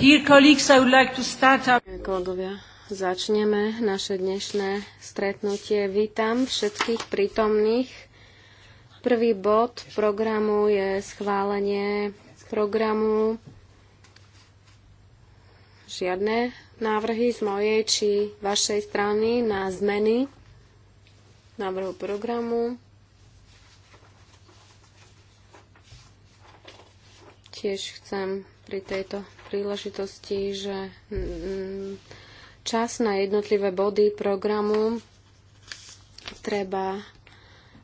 Dear colleagues, I would like to start up. Kolegovia, začneme naše dnešné stretnutie. Vítam všetkých prítomných. Prvý bod programu je schválenie programu. Žiadne návrhy z mojej či vašej strany na zmeny návrhu programu. Tiež chcem pri tejto príležitosti, že mm, čas na jednotlivé body programu treba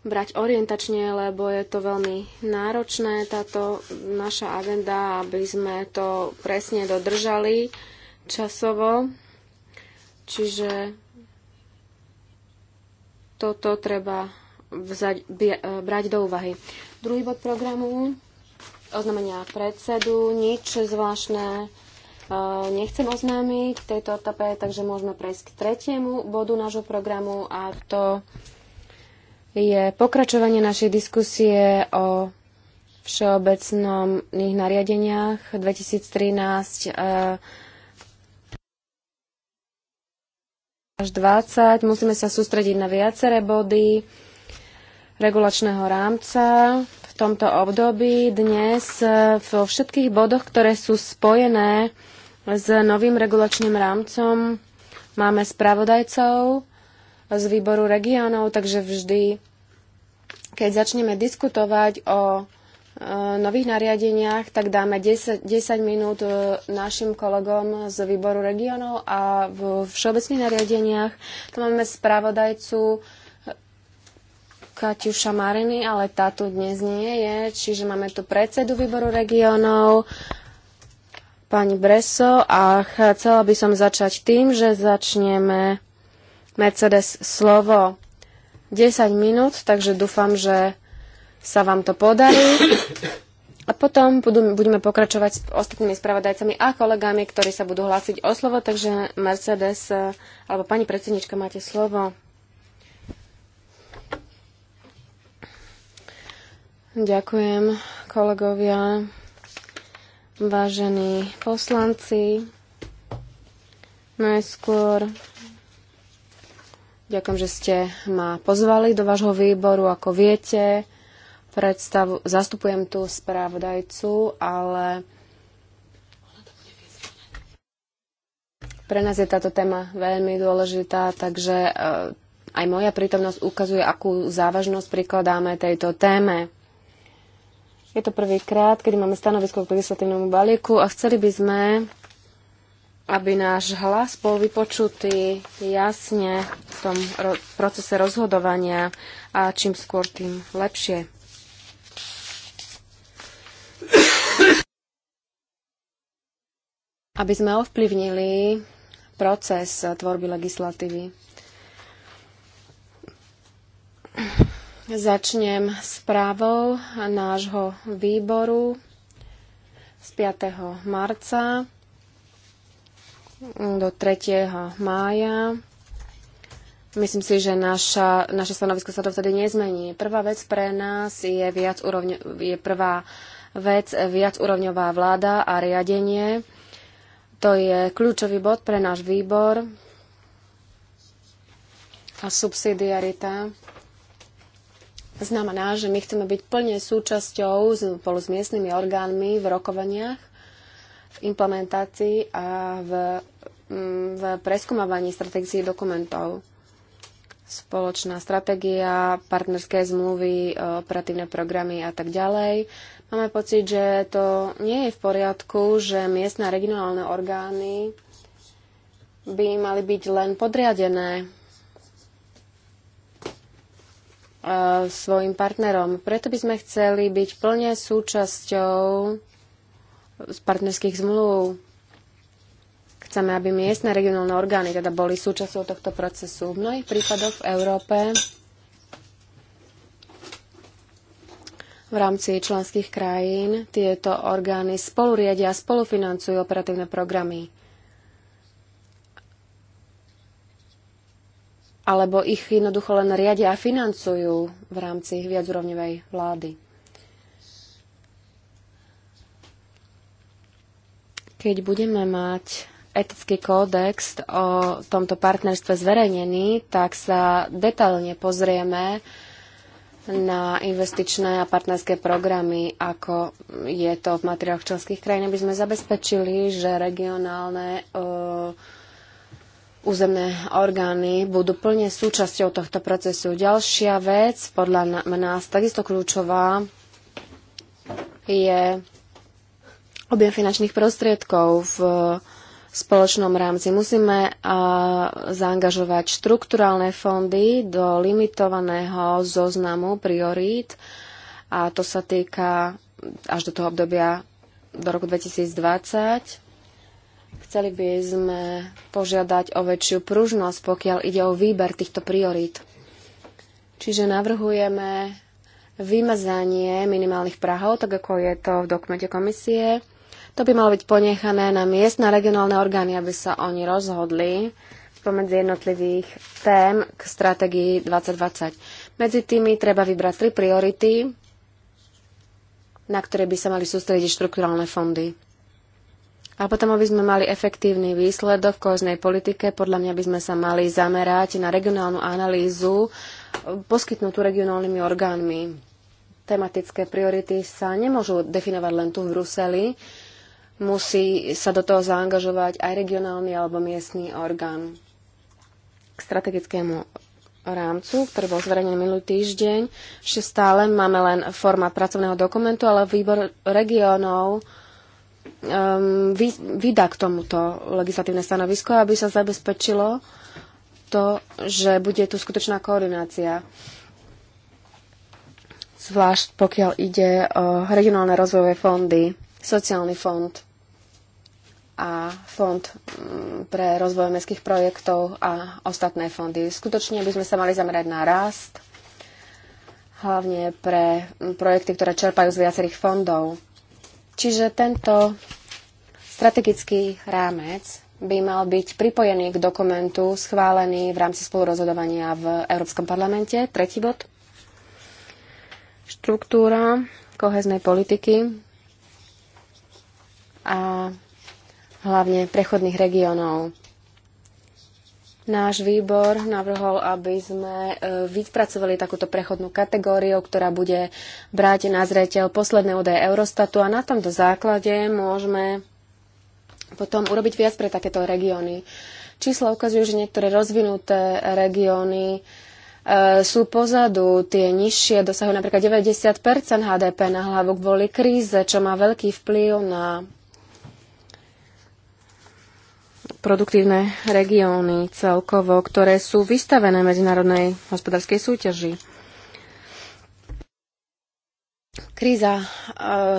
brať orientačne, lebo je to veľmi náročné, táto naša agenda, aby sme to presne dodržali časovo. Čiže toto treba vzať, brať do úvahy. Druhý bod programu oznámenia predsedu, nič zvláštne e, nechcem oznámiť v tejto etape, takže môžeme prejsť k tretiemu bodu nášho programu a to je pokračovanie našej diskusie o všeobecných nariadeniach 2013 e, až 20. Musíme sa sústrediť na viaceré body regulačného rámca, v tomto období. Dnes e, vo všetkých bodoch, ktoré sú spojené s novým regulačným rámcom, máme spravodajcov z výboru regiónov, takže vždy, keď začneme diskutovať o e, nových nariadeniach, tak dáme 10, 10 minút e, našim kolegom z výboru regionov a v všeobecných nariadeniach tu máme spravodajcu Katiuša Mariny, ale tu dnes nie je, čiže máme tu predsedu výboru regionov, pani Breso a chcela by som začať tým, že začneme Mercedes slovo 10 minút, takže dúfam, že sa vám to podarí. A potom budú, budeme pokračovať s ostatnými spravodajcami a kolegami, ktorí sa budú hlásiť o slovo, takže Mercedes eh, alebo pani predsednička máte slovo. Ďakujem, kolegovia, vážení poslanci. Najskôr ďakujem, že ste ma pozvali do vášho výboru. Ako viete, predstavu, zastupujem tu správodajcu, ale pre nás je táto téma veľmi dôležitá, takže e, aj moja prítomnosť ukazuje, akú závažnosť prikladáme tejto téme. Je to prvýkrát, kedy máme stanovisko k legislatívnemu balíku a chceli by sme, aby náš hlas bol vypočutý jasne v tom ro- procese rozhodovania a čím skôr, tým lepšie. aby sme ovplyvnili proces tvorby legislatívy. Začnem správou nášho výboru z 5. marca do 3. mája. Myslím si, že naša, naše stanovisko sa dovtedy nezmení. Prvá vec pre nás je, viac úrovň, je prvá vec viacúrovňová vláda a riadenie. To je kľúčový bod pre náš výbor a subsidiarita znamená, že my chceme byť plne súčasťou spolu s miestnymi orgánmi v rokovaniach, v implementácii a v, mm, v preskúmavaní strategií dokumentov. Spoločná stratégia, partnerské zmluvy, e, operatívne programy a tak ďalej. Máme pocit, že to nie je v poriadku, že miestne a regionálne orgány by mali byť len podriadené E, svojim partnerom. Preto by sme chceli byť plne súčasťou z partnerských zmluv. Chceme, aby miestne regionálne orgány teda boli súčasťou tohto procesu. V mnohých prípadoch v Európe v rámci členských krajín tieto orgány spoluriedia a spolufinancujú operatívne programy. alebo ich jednoducho len riadia a financujú v rámci viacúrovňovej vlády. Keď budeme mať etický kódex o tomto partnerstve zverejnený, tak sa detailne pozrieme na investičné a partnerské programy, ako je to v materiáloch členských krajín, aby sme zabezpečili, že regionálne uh, územné orgány budú plne súčasťou tohto procesu. Ďalšia vec, podľa nás takisto kľúčová, je objem finančných prostriedkov v spoločnom rámci. Musíme zaangažovať štrukturálne fondy do limitovaného zoznamu priorít a to sa týka až do toho obdobia do roku 2020 Chceli by sme požiadať o väčšiu pružnosť, pokiaľ ide o výber týchto priorít. Čiže navrhujeme vymazanie minimálnych prahov, tak ako je to v dokumente komisie. To by malo byť ponechané na miestne regionálne orgány, aby sa oni rozhodli spomedzi jednotlivých tém k stratégii 2020. Medzi tými treba vybrať tri priority, na ktoré by sa mali sústrediť štrukturálne fondy. A potom, aby sme mali efektívny výsledok v koznej politike, podľa mňa by sme sa mali zamerať na regionálnu analýzu poskytnutú regionálnymi orgánmi. Tematické priority sa nemôžu definovať len tu v Bruseli, musí sa do toho zaangažovať aj regionálny alebo miestny orgán. K strategickému rámcu, ktorý bol zverejnený minulý týždeň. Ešte stále máme len forma pracovného dokumentu, ale výbor regionov um, vy, vydá k tomuto legislatívne stanovisko, aby sa zabezpečilo to, že bude tu skutočná koordinácia. Zvlášť pokiaľ ide o regionálne rozvojové fondy, sociálny fond a fond mm, pre rozvoj mestských projektov a ostatné fondy. Skutočne by sme sa mali zamerať na rast, hlavne pre projekty, ktoré čerpajú z viacerých fondov Čiže tento strategický rámec by mal byť pripojený k dokumentu schválený v rámci spolurozhodovania v Európskom parlamente. Tretí bod. Štruktúra koheznej politiky a hlavne prechodných regiónov. Náš výbor navrhol, aby sme e, vypracovali takúto prechodnú kategóriu, ktorá bude brať na zreteľ posledné údaje Eurostatu a na tomto základe môžeme potom urobiť viac pre takéto regióny. Čísla ukazujú, že niektoré rozvinuté regióny e, sú pozadu, tie nižšie dosahujú napríklad 90 HDP na hlavu kvôli kríze, čo má veľký vplyv na produktívne regióny celkovo, ktoré sú vystavené medzinárodnej hospodárskej súťaži. Kríza e,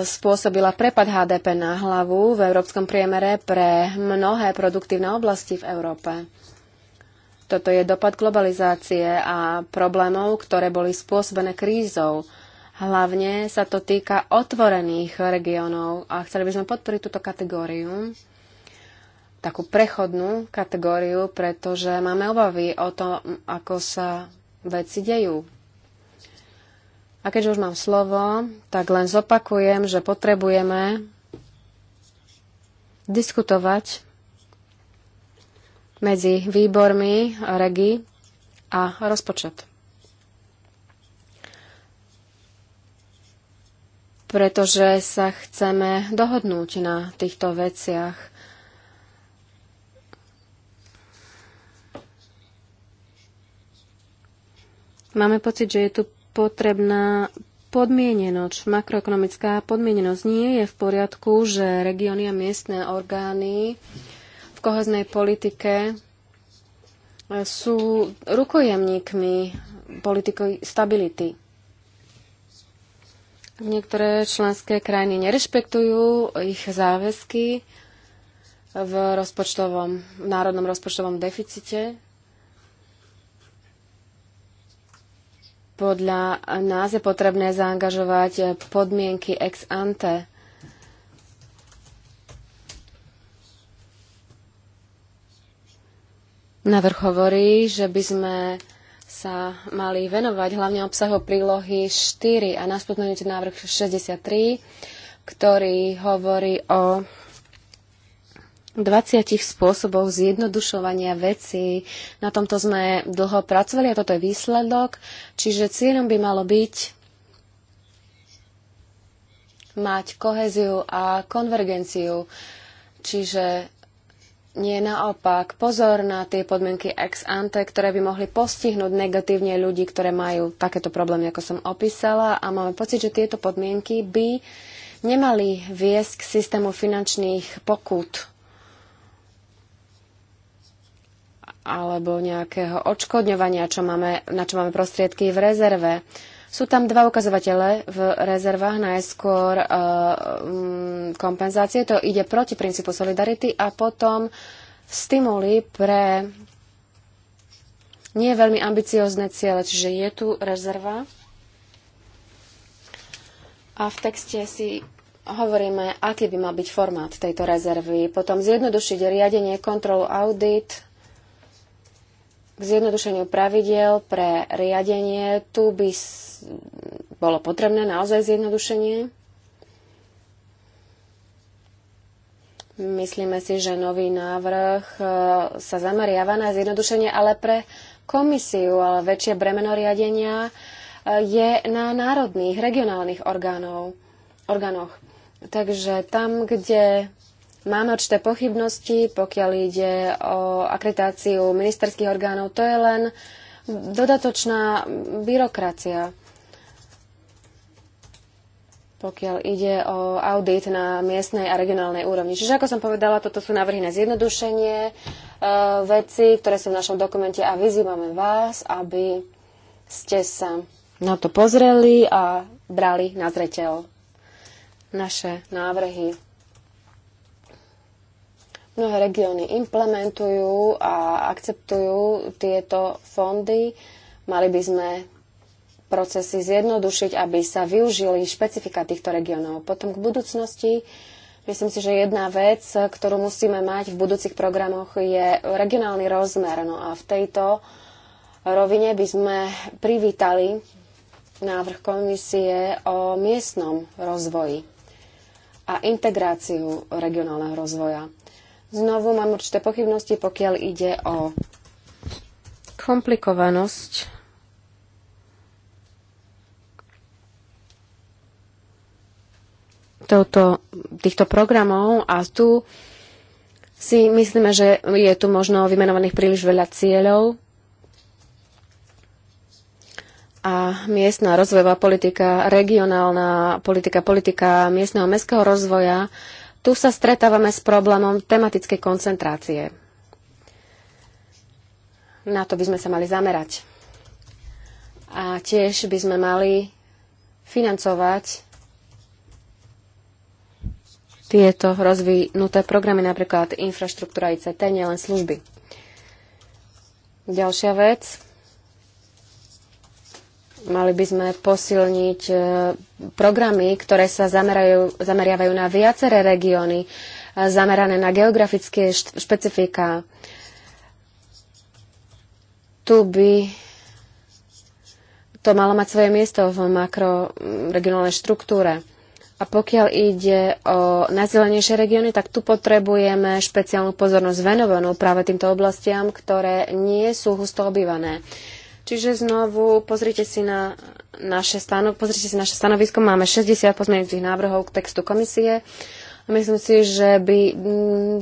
spôsobila prepad HDP na hlavu v európskom priemere pre mnohé produktívne oblasti v Európe. Toto je dopad globalizácie a problémov, ktoré boli spôsobené krízou. Hlavne sa to týka otvorených regiónov a chceli by sme podporiť túto kategóriu takú prechodnú kategóriu, pretože máme obavy o tom, ako sa veci dejú. A keďže už mám slovo, tak len zopakujem, že potrebujeme diskutovať medzi výbormi regi a rozpočet. Pretože sa chceme dohodnúť na týchto veciach Máme pocit, že je tu potrebná podmienenosť, makroekonomická podmienenosť. Nie je v poriadku, že regióny a miestne orgány v koheznej politike sú rukojemníkmi politiky stability. Niektoré členské krajiny nerešpektujú ich záväzky v rozpočtovom, v národnom rozpočtovom deficite Podľa nás je potrebné zaangažovať podmienky ex ante. Navrh hovorí, že by sme sa mali venovať hlavne obsahu prílohy 4 a nás návrh 63, ktorý hovorí o 20 spôsobov zjednodušovania vecí. Na tomto sme dlho pracovali a toto je výsledok. Čiže cieľom by malo byť mať koheziu a konvergenciu. Čiže nie naopak. Pozor na tie podmienky ex ante, ktoré by mohli postihnúť negatívne ľudí, ktoré majú takéto problémy, ako som opísala. A máme pocit, že tieto podmienky by nemali viesť k systému finančných pokút alebo nejakého odškodňovania, čo máme, na čo máme prostriedky v rezerve. Sú tam dva ukazovatele v rezervách, najskôr uh, kompenzácie, to ide proti princípu solidarity a potom stimuli pre nie veľmi ambiciozne ciele, čiže je tu rezerva. A v texte si hovoríme, aký by mal byť formát tejto rezervy. Potom zjednodušiť riadenie, kontrolu, audit, k zjednodušeniu pravidiel pre riadenie. Tu by bolo potrebné naozaj zjednodušenie. Myslíme si, že nový návrh e, sa zameriava na zjednodušenie, ale pre komisiu, ale väčšie bremeno riadenia e, je na národných, regionálnych orgánov, orgánoch. Takže tam, kde Máme určité pochybnosti, pokiaľ ide o akreditáciu ministerských orgánov. To je len dodatočná byrokracia. Pokiaľ ide o audit na miestnej a regionálnej úrovni. Čiže ako som povedala, toto sú návrhy na zjednodušenie e, veci, ktoré sú v našom dokumente a vyzývame vás, aby ste sa na to pozreli a brali na zreteľ naše návrhy. Mnohé regióny implementujú a akceptujú tieto fondy. Mali by sme procesy zjednodušiť, aby sa využili špecifika týchto regiónov. Potom k budúcnosti. Myslím si, že jedna vec, ktorú musíme mať v budúcich programoch, je regionálny rozmer. No a v tejto rovine by sme privítali návrh komisie o miestnom rozvoji a integráciu regionálneho rozvoja. Znovu mám určité pochybnosti, pokiaľ ide o komplikovanosť touto, týchto programov a tu si myslíme, že je tu možno vymenovaných príliš veľa cieľov a miestna rozvojová politika, regionálna politika, politika miestneho mestského rozvoja tu sa stretávame s problémom tematickej koncentrácie. Na to by sme sa mali zamerať. A tiež by sme mali financovať tieto rozvinuté programy, napríklad infraštruktúra ICT, nielen služby. Ďalšia vec, Mali by sme posilniť e, programy, ktoré sa zamerajú, zameriavajú na viaceré regióny, e, zamerané na geografické špecifika. Tu by to malo mať svoje miesto v makroregionálnej štruktúre. A pokiaľ ide o najzelenejšie regióny, tak tu potrebujeme špeciálnu pozornosť venovanú práve týmto oblastiam, ktoré nie sú husto obývané. Uh, Čiže znovu pozrite si na naše, stano, pozrite si naše stanovisko. Máme 60 pozmeňujúcich návrhov k textu komisie. A myslím si, že by mm,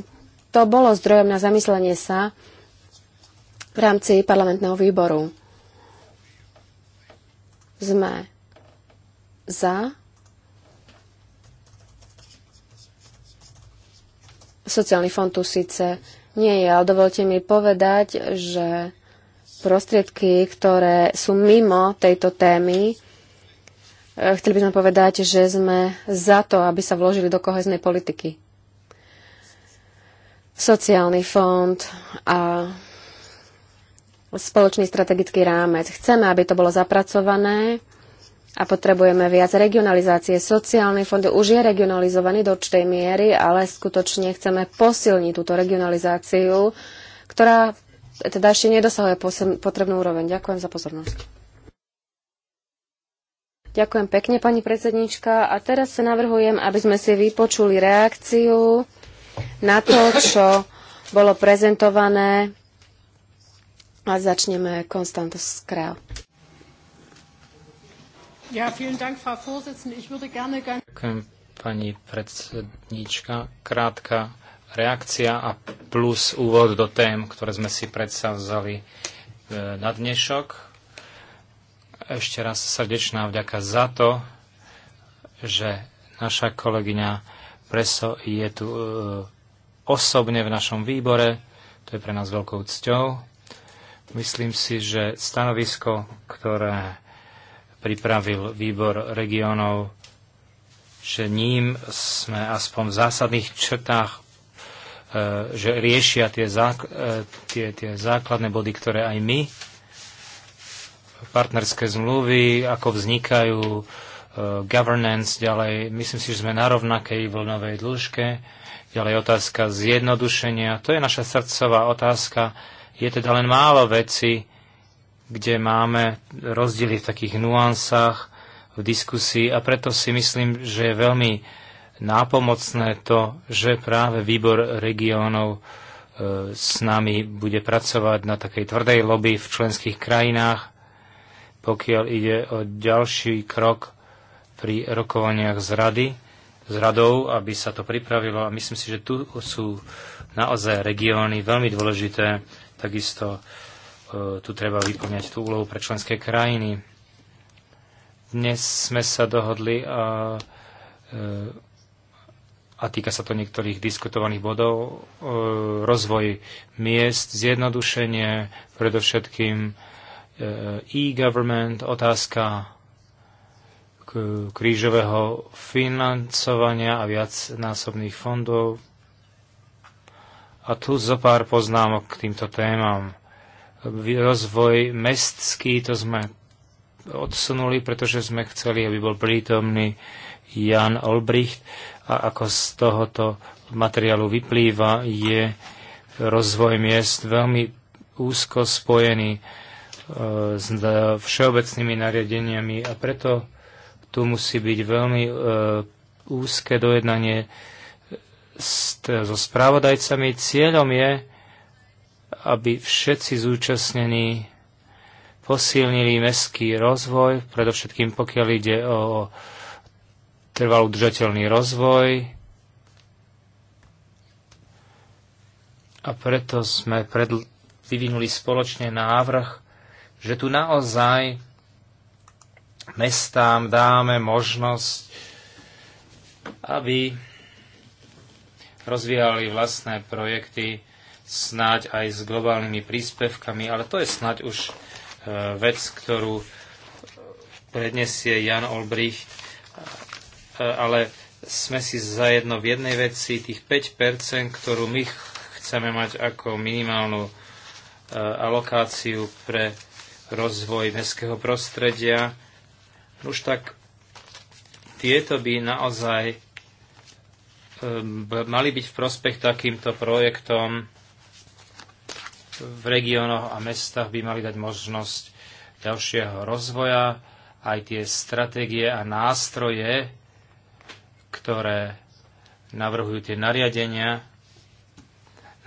to bolo zdrojom na zamyslenie sa v rámci parlamentného výboru. Sme za sociálny fond tu síce nie je, ale dovolte mi povedať, že prostriedky, ktoré sú mimo tejto témy. E, chceli by sme povedať, že sme za to, aby sa vložili do koheznej politiky. Sociálny fond a spoločný strategický rámec. Chceme, aby to bolo zapracované a potrebujeme viac regionalizácie. Sociálny fond už je regionalizovaný do určitej miery, ale skutočne chceme posilniť túto regionalizáciu, ktorá teda ešte nedosahuje potrebnú úroveň. Ďakujem za pozornosť. Ďakujem pekne, pani predsednička. A teraz sa navrhujem, aby sme si vypočuli reakciu na to, čo bolo prezentované. A začneme Konstantos Kráv. Ďakujem, pani predsednička. Krátka reakcia a plus úvod do tém, ktoré sme si predsa vzali e, na dnešok. Ešte raz srdečná vďaka za to, že naša kolegyňa Preso je tu e, osobne v našom výbore. To je pre nás veľkou cťou. Myslím si, že stanovisko, ktoré pripravil výbor regionov, že ním sme aspoň v zásadných črtách Eh, že riešia tie, zák- eh, tie, tie základné body, ktoré aj my, partnerské zmluvy, ako vznikajú, eh, governance, ďalej, myslím si, že sme na rovnakej vlnovej dĺžke, ďalej otázka zjednodušenia, to je naša srdcová otázka, je teda len málo veci, kde máme rozdiely v takých nuansách, v diskusii a preto si myslím, že je veľmi nápomocné to, že práve výbor regiónov e, s nami bude pracovať na takej tvrdej lobby v členských krajinách, pokiaľ ide o ďalší krok pri rokovaniach z rady, s radou, aby sa to pripravilo. A myslím si, že tu sú naozaj regióny veľmi dôležité. Takisto e, tu treba vyplňať tú úlohu pre členské krajiny. Dnes sme sa dohodli a e, a týka sa to niektorých diskutovaných bodov, e, rozvoj miest, zjednodušenie, predovšetkým e, e-government, otázka krížového financovania a viacnásobných fondov. A tu zo pár poznámok k týmto témam. Rozvoj mestský, to sme odsunuli, pretože sme chceli, aby bol prítomný Jan Olbricht a ako z tohoto materiálu vyplýva, je rozvoj miest veľmi úzko spojený e, s e, všeobecnými nariadeniami a preto tu musí byť veľmi e, úzke dojednanie so správodajcami. Cieľom je, aby všetci zúčastnení posilnili mestský rozvoj, predovšetkým pokiaľ ide o, trval udržateľný rozvoj a preto sme predl- vyvinuli spoločne návrh, že tu naozaj mestám dáme možnosť, aby rozvíjali vlastné projekty snáď aj s globálnymi príspevkami, ale to je snáď už e, vec, ktorú prednesie Jan Olbrich E, ale sme si zajedno v jednej veci, tých 5%, ktorú my chceme mať ako minimálnu e, alokáciu pre rozvoj mestského prostredia. Už tak tieto by naozaj mali byť v prospech takýmto projektom v regiónoch a mestách by mali dať možnosť ďalšieho rozvoja, aj tie stratégie a nástroje, ktoré navrhujú tie nariadenia,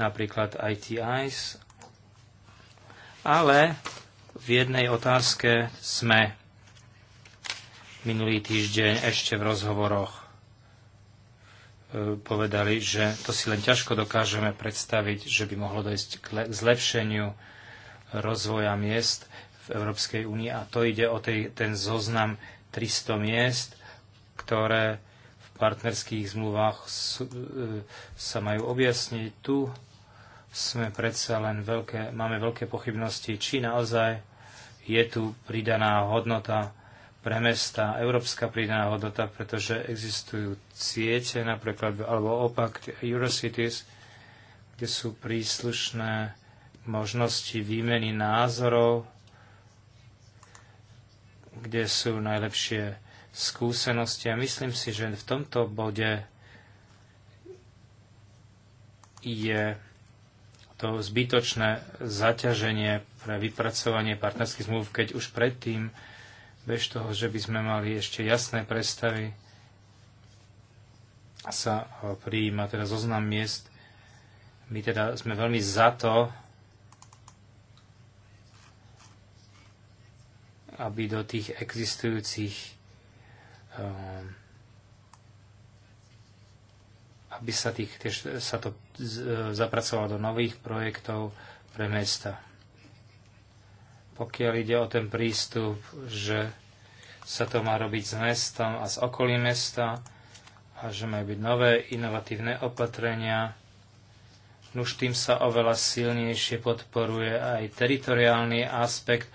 napríklad ITIs, ale v jednej otázke sme minulý týždeň ešte v rozhovoroch e, povedali, že to si len ťažko dokážeme predstaviť, že by mohlo dojsť k zlepšeniu rozvoja miest v Európskej únii. A to ide o tej, ten zoznam 300 miest, ktoré partnerských zmluvách e, sa majú objasniť. Tu sme predsa len veľké, máme veľké pochybnosti, či naozaj je tu pridaná hodnota pre mesta, európska pridaná hodnota, pretože existujú siete, napríklad, alebo opak Eurocities, kde sú príslušné možnosti výmeny názorov, kde sú najlepšie skúsenosti a myslím si, že v tomto bode je to zbytočné zaťaženie pre vypracovanie partnerských zmluv, keď už predtým, bez toho, že by sme mali ešte jasné predstavy, sa eh, prijíma teda zoznam miest. My teda sme veľmi za to, aby do tých existujúcich Ehm, aby sa, tých, tiež, sa to e, zapracovalo do nových projektov pre mesta. Pokiaľ ide o ten prístup, že sa to má robiť s mestom a z okolí mesta a že majú byť nové inovatívne opatrenia, už tým sa oveľa silnejšie podporuje aj teritoriálny aspekt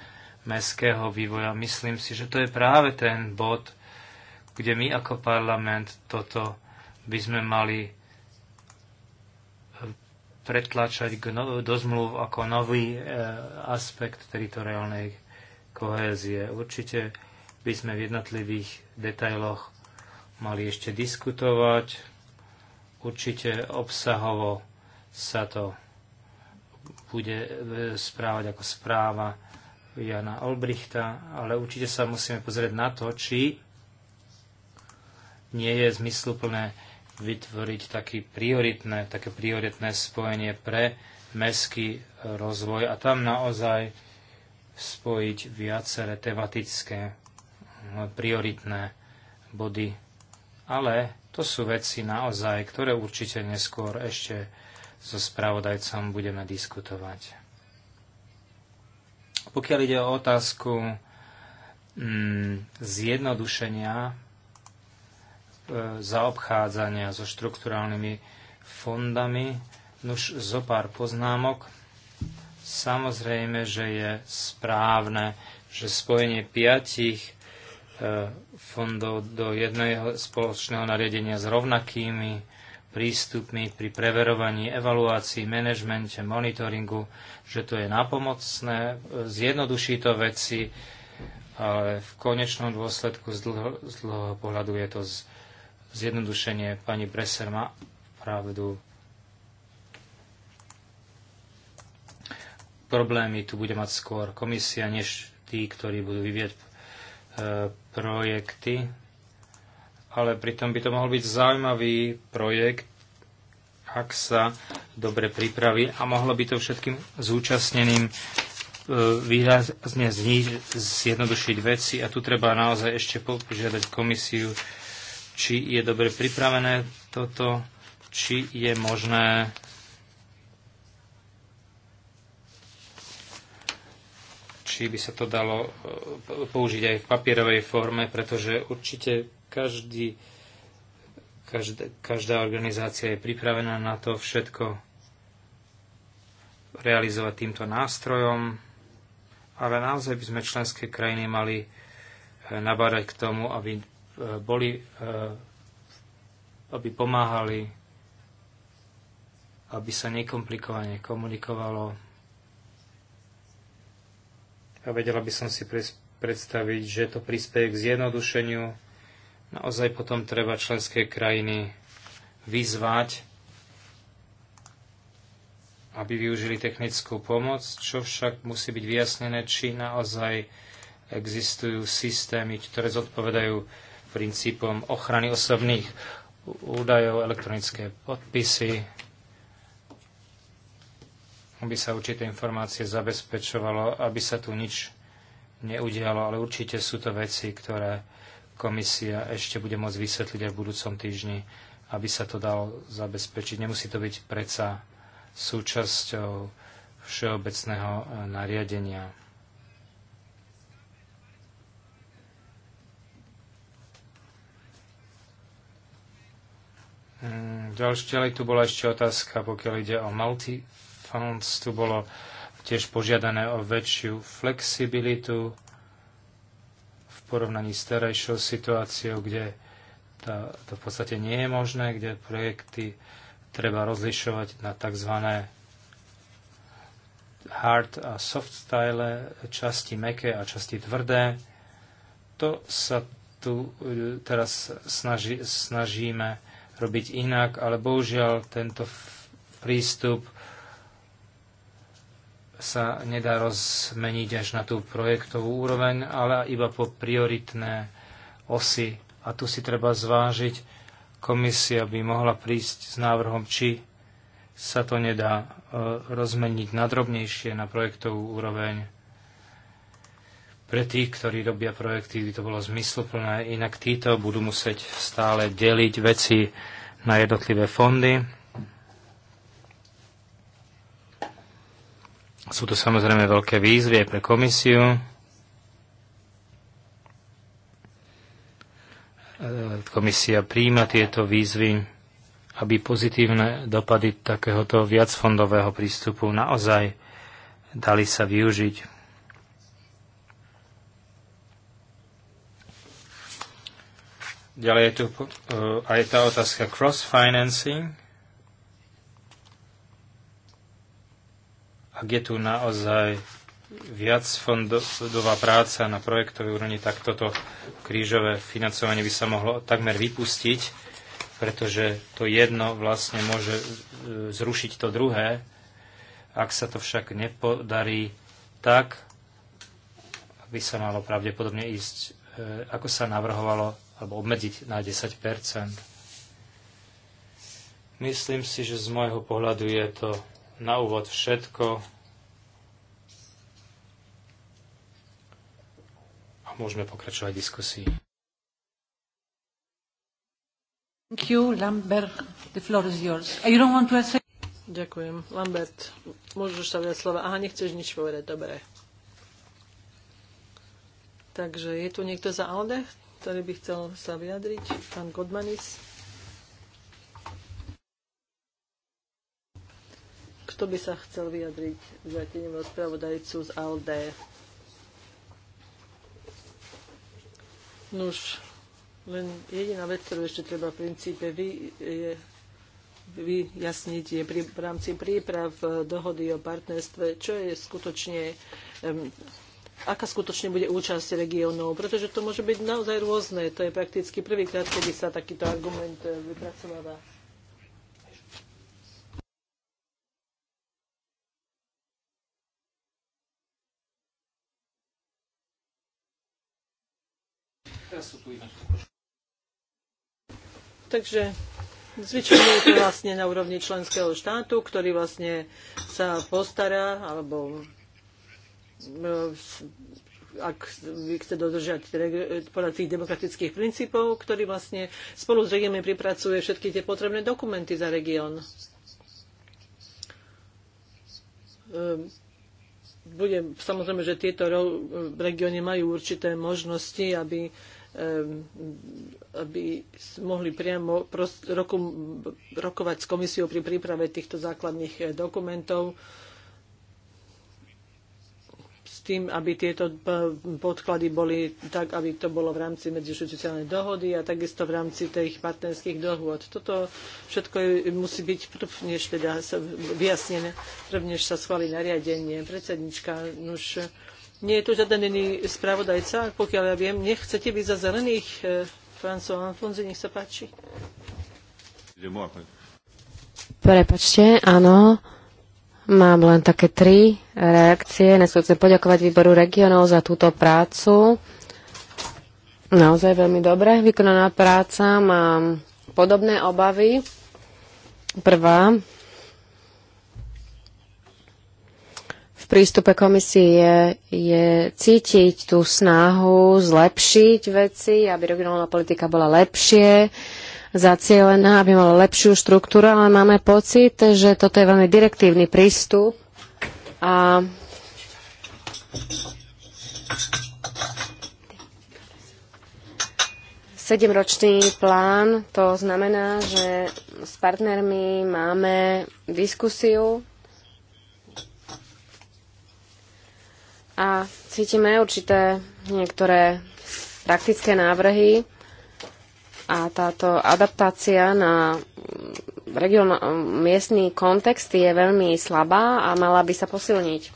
mestského vývoja. Myslím si, že to je práve ten bod, kde my ako parlament toto by sme mali e, pretlačať no-, do zmluv ako nový e, aspekt teritoriálnej kohézie. Určite by sme v jednotlivých detailoch mali ešte diskutovať. Určite obsahovo sa to bude e, správať ako správa Jana Olbrichta, ale určite sa musíme pozrieť na to, či nie je zmysluplné vytvoriť taký prioritné, také prioritné spojenie pre mestský rozvoj a tam naozaj spojiť viaceré tematické hm, prioritné body. Ale to sú veci naozaj, ktoré určite neskôr ešte so spravodajcom budeme diskutovať. Pokiaľ ide o otázku mm, zjednodušenia E, zaobchádzania so štrukturálnymi fondami. Nuž zo pár poznámok. Samozrejme, že je správne, že spojenie piatich e, fondov do jedného spoločného nariadenia s rovnakými prístupmi pri preverovaní, evaluácii, manažmente, monitoringu, že to je napomocné, e, zjednoduší to veci, ale v konečnom dôsledku z dlhého, pohľadu je to z, zjednodušenie. Pani preser má pravdu. Problémy tu bude mať skôr komisia, než tí, ktorí budú vyvieť e, projekty. Ale pritom by to mohol byť zaujímavý projekt, ak sa dobre pripraví a mohlo by to všetkým zúčastneným e, výrazne zjednodušiť veci a tu treba naozaj ešte požiadať komisiu, či je dobre pripravené toto, či je možné či by sa to dalo e, použiť aj v papierovej forme, pretože určite každý, každá, každá organizácia je pripravená na to všetko realizovať týmto nástrojom, ale naozaj by sme členské krajiny mali e, nabárať k tomu, aby boli, e, aby pomáhali, aby sa nekomplikovane komunikovalo. A vedela by som si predstaviť, že to prispieje k zjednodušeniu. Naozaj potom treba členské krajiny vyzvať, aby využili technickú pomoc, čo však musí byť vyjasnené, či naozaj existujú systémy, ktoré zodpovedajú princípom ochrany osobných údajov, elektronické podpisy, aby sa určité informácie zabezpečovalo, aby sa tu nič neudialo, ale určite sú to veci, ktoré komisia ešte bude môcť vysvetliť aj v budúcom týždni, aby sa to dalo zabezpečiť. Nemusí to byť predsa súčasťou všeobecného nariadenia. Mm, ďalej, tu bola ešte otázka, pokiaľ ide o multifunds, tu bolo tiež požiadané o väčšiu flexibilitu v porovnaní s terajšou situáciou, kde to v podstate nie je možné, kde projekty treba rozlišovať na tzv. hard a soft style, časti meké a časti tvrdé. To sa tu e, teraz snaži, snažíme robiť inak, ale bohužiaľ tento prístup sa nedá rozmeniť až na tú projektovú úroveň, ale iba po prioritné osy. A tu si treba zvážiť, komisia by mohla prísť s návrhom, či sa to nedá e, rozmeniť na drobnejšie na projektovú úroveň. Pre tých, ktorí robia projekty, by to bolo zmysluplné, inak títo budú musieť stále deliť veci na jednotlivé fondy. Sú to samozrejme veľké výzvy pre komisiu. Komisia príjma tieto výzvy, aby pozitívne dopady takéhoto viacfondového prístupu naozaj dali sa využiť. Ďalej je tu eh, aj tá otázka cross-financing. Ak je tu naozaj viac fondová práca na projektovej úrovni, tak toto krížové financovanie by sa mohlo takmer vypustiť, pretože to jedno vlastne môže eh, zrušiť to druhé. Ak sa to však nepodarí tak, by sa malo pravdepodobne ísť, eh, ako sa navrhovalo, alebo obmedziť na 10 Myslím si, že z môjho pohľadu je to na úvod všetko. A môžeme pokračovať diskusii. Thank you, Lambert. The floor is yours. Uh, you don't want to answer? Ďakujem. Lambert, môžeš sa viac slova. Aha, nechceš nič povedať. Dobre. Takže je tu niekto za Aldech? ktorý by chcel sa vyjadriť, pán Godmanis. Kto by sa chcel vyjadriť za tým spravodajcu z ALDE? Nuž, len jediná vec, ktorú ešte treba v princípe vy, je, vyjasniť je pri, v rámci príprav dohody o partnerstve, čo je skutočne um, aká skutočne bude účasť regiónov, pretože to môže byť naozaj rôzne. To je prakticky prvýkrát, kedy sa takýto argument eh, vypracováva. Takže zvyčajne je to vlastne na úrovni členského štátu, ktorý vlastne sa postará alebo E, ak chce dodržať podľa tých demokratických princípov, ktorý vlastne spolu s regiónmi pripracuje všetky tie potrebné dokumenty za región. E, bude, samozrejme, že tieto regióny majú určité možnosti, aby e, aby mohli priamo roku, rokovať s komisiou pri príprave týchto základných dokumentov tým, aby tieto eh, podklady boli tak, aby to bolo v rámci medzišudiciálnej dohody a takisto v rámci tých partnerských dohôd. Toto všetko musí byť prv, než teda vyjasnené, prv, než sa schváli nariadenie. Predsednička, už nie je tu žiaden iný spravodajca, pokiaľ ja viem. Nechcete byť za zelených, eh, François Anfonzi, nech sa páči. Prepačte, áno. Mám len také tri reakcie. Dnes chcem poďakovať výboru regionov za túto prácu. Naozaj veľmi dobre vykonaná práca. Mám podobné obavy. Prvá. V prístupe komisie je cítiť tú snahu zlepšiť veci, aby regionálna politika bola lepšie zacielená, aby mala lepšiu štruktúru, ale máme pocit, že toto je veľmi direktívny prístup a sedemročný plán, to znamená, že s partnermi máme diskusiu a cítime určité niektoré praktické návrhy. A táto adaptácia na region, miestný kontext je veľmi slabá a mala by sa posilniť.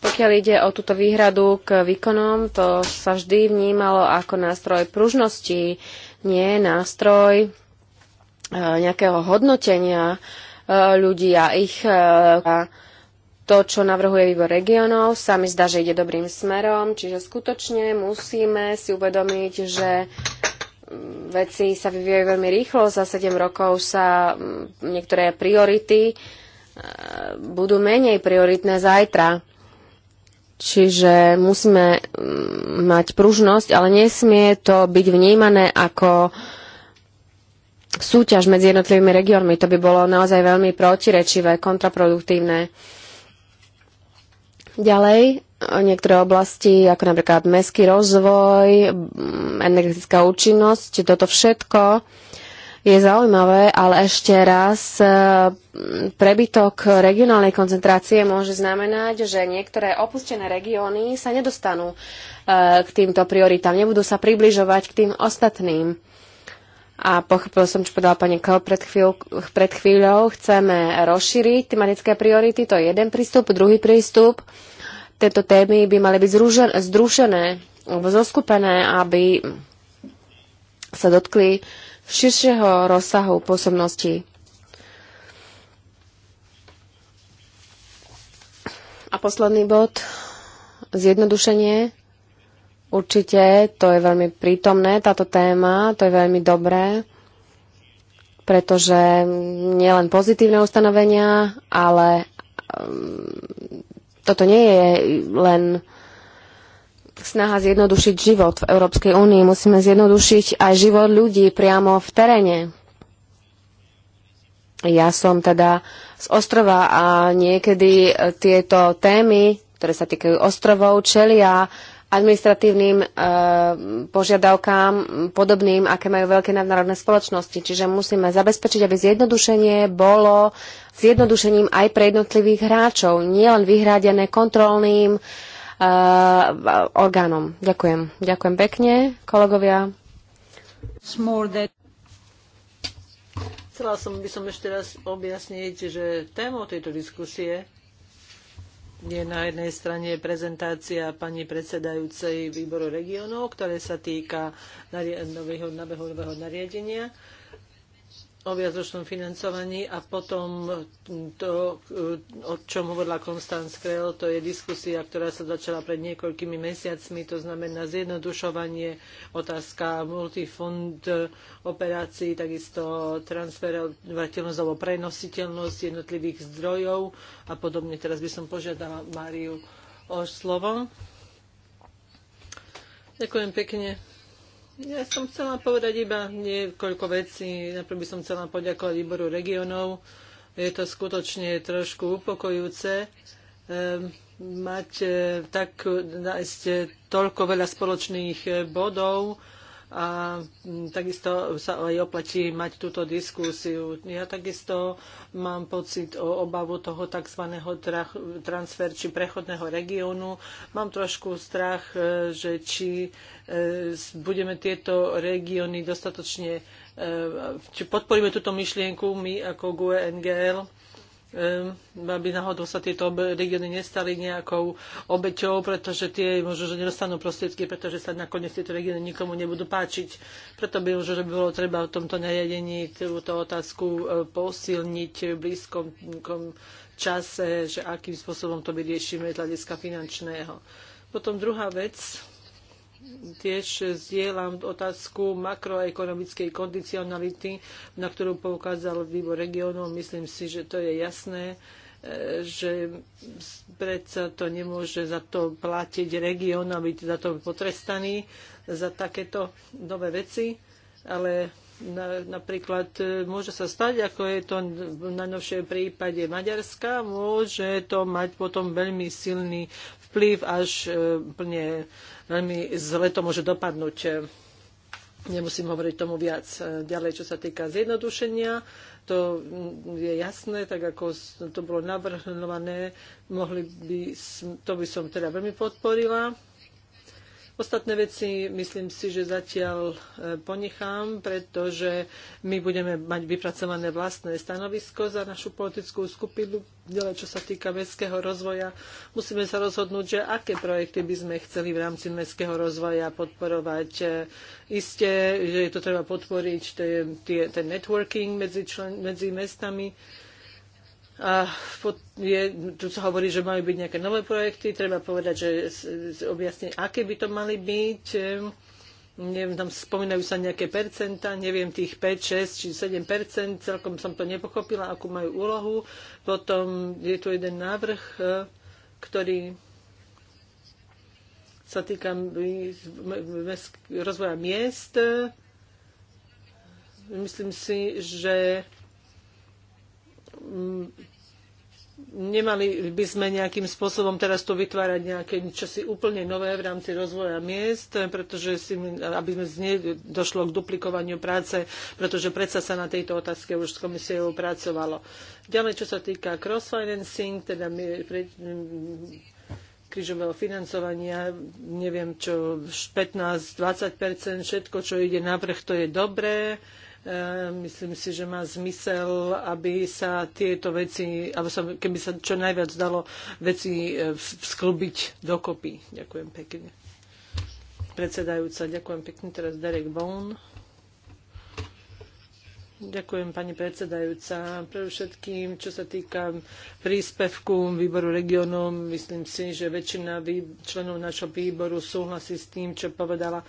Pokiaľ ide o túto výhradu k výkonom, to sa vždy vnímalo ako nástroj pružnosti, nie nástroj e, nejakého hodnotenia e, ľudí a ich e, a to, čo navrhuje výbor regionov, sa mi zdá, že ide dobrým smerom, čiže skutočne musíme si uvedomiť, že veci sa vyvíjajú veľmi rýchlo, za 7 rokov sa niektoré priority e, budú menej prioritné zajtra. Čiže musíme mať pružnosť, ale nesmie to byť vnímané ako súťaž medzi jednotlivými regiónmi. To by bolo naozaj veľmi protirečivé, kontraproduktívne. Ďalej, niektoré oblasti, ako napríklad mestský rozvoj, energetická účinnosť, toto všetko je zaujímavé, ale ešte raz e, prebytok regionálnej koncentrácie môže znamenať, že niektoré opustené regióny sa nedostanú e, k týmto prioritám, nebudú sa približovať k tým ostatným a pochopil som, čo povedala pani Kel. pred, pred chvíľou. Chceme rozšíriť tematické priority, to je jeden prístup. Druhý prístup, tieto témy by mali byť zružen, združené, zoskupené, aby sa dotkli širšieho rozsahu pôsobnosti. A posledný bod, zjednodušenie Určite to je veľmi prítomné, táto téma, to je veľmi dobré, pretože nielen pozitívne ustanovenia, ale um, toto nie je len snaha zjednodušiť život v Európskej únii. Musíme zjednodušiť aj život ľudí priamo v teréne. Ja som teda z ostrova a niekedy tieto témy, ktoré sa týkajú ostrovov, čelia administratívnym e, požiadavkám podobným, aké majú veľké nadnárodné spoločnosti. Čiže musíme zabezpečiť, aby zjednodušenie bolo zjednodušením aj pre jednotlivých hráčov, nielen vyhradené kontrolným e, orgánom. Ďakujem. Ďakujem pekne, kolegovia. Chcela som by som ešte raz objasniť, že témou tejto diskusie je na jednej strane prezentácia pani predsedajúcej výboru regiónov, ktoré sa týka nového, nového nariadenia o viacročnom financovaní a potom to, o čom hovorila Constance Krell, to je diskusia, ktorá sa začala pred niekoľkými mesiacmi, to znamená zjednodušovanie, otázka multifond operácií, takisto transferovateľnosť alebo prenositeľnosť jednotlivých zdrojov a podobne. Teraz by som požiadala Máriu o slovo. Ďakujem pekne. Ja som chcela povedať iba niekoľko vecí. Najprv by som chcela poďakovať výboru regionov. Je to skutočne trošku upokojúce ehm, mať e, tak, e, nájsť e, toľko veľa spoločných bodov a mm, takisto sa aj oplatí mať túto diskusiu. Ja takisto mám pocit o obavu toho tzv. transfer či prechodného regiónu. Mám trošku strach, e, že či e, budeme tieto regióny dostatočne e, či podporíme túto myšlienku my ako GUE NGL Ehm, aby náhodou sa tieto regióny nestali nejakou obeťou, pretože tie možno, že nedostanú prostriedky, pretože sa nakoniec tieto regióny nikomu nebudú páčiť. Preto by možno, že by bolo treba v tomto nariadení túto otázku e, posilniť v blízkom čase, že akým spôsobom to vyriešime z hľadiska finančného. Potom druhá vec, tiež zdieľam otázku makroekonomickej kondicionality, na ktorú poukázal výbor regionov. Myslím si, že to je jasné e, že predsa to nemôže za to platiť región a byť za to potrestaný za takéto nové veci, ale na, napríklad e, môže sa stať, ako je to v najnovšom prípade Maďarska, môže to mať potom veľmi silný vplyv, až e, plne veľmi zle to môže dopadnúť. E, nemusím hovoriť tomu viac. E, ďalej, čo sa týka zjednodušenia, to je jasné, tak ako to bolo navrhnované, mohli by, to by som teda veľmi podporila Ostatné veci myslím si, že zatiaľ e, ponechám, pretože my budeme mať vypracované vlastné stanovisko za našu politickú skupinu, ale čo sa týka mestského rozvoja. Musíme sa rozhodnúť, že aké projekty by sme chceli v rámci mestského rozvoja podporovať. E, Isté, že je to treba podporiť, ten networking medzi, člen, medzi mestami a je, tu sa hovorí, že majú byť nejaké nové projekty, treba povedať, že objasniť, aké by to mali byť. Neviem, tam spomínajú sa nejaké percenta, neviem tých 5, 6 či 7 percent, celkom som to nepochopila, akú majú úlohu. Potom je tu jeden návrh, e, ktorý sa týka rozvoja miest. Myslím si, že Mm, nemali by sme nejakým spôsobom teraz tu vytvárať nejaké čosi úplne nové v rámci rozvoja miest, pretože si, aby sme zne, došlo k duplikovaniu práce, pretože predsa sa na tejto otázke už s komisiou pracovalo. Ďalej, čo sa týka crossfinancing, teda my, pre, mm, krížového financovania, neviem čo, 15-20%, všetko, čo ide na vrch, to je dobré. Ehm, myslím si, že má zmysel, aby sa tieto veci, aby sa, keby sa čo najviac dalo veci ehm, sklbiť dokopy. Ďakujem pekne. Predsedajúca, ďakujem pekne. Teraz Derek Bone. Ďakujem, pani predsedajúca. Pre všetkým, čo sa týka príspevku výboru regionom, myslím si, že väčšina členov našho výboru súhlasí s tým, čo povedala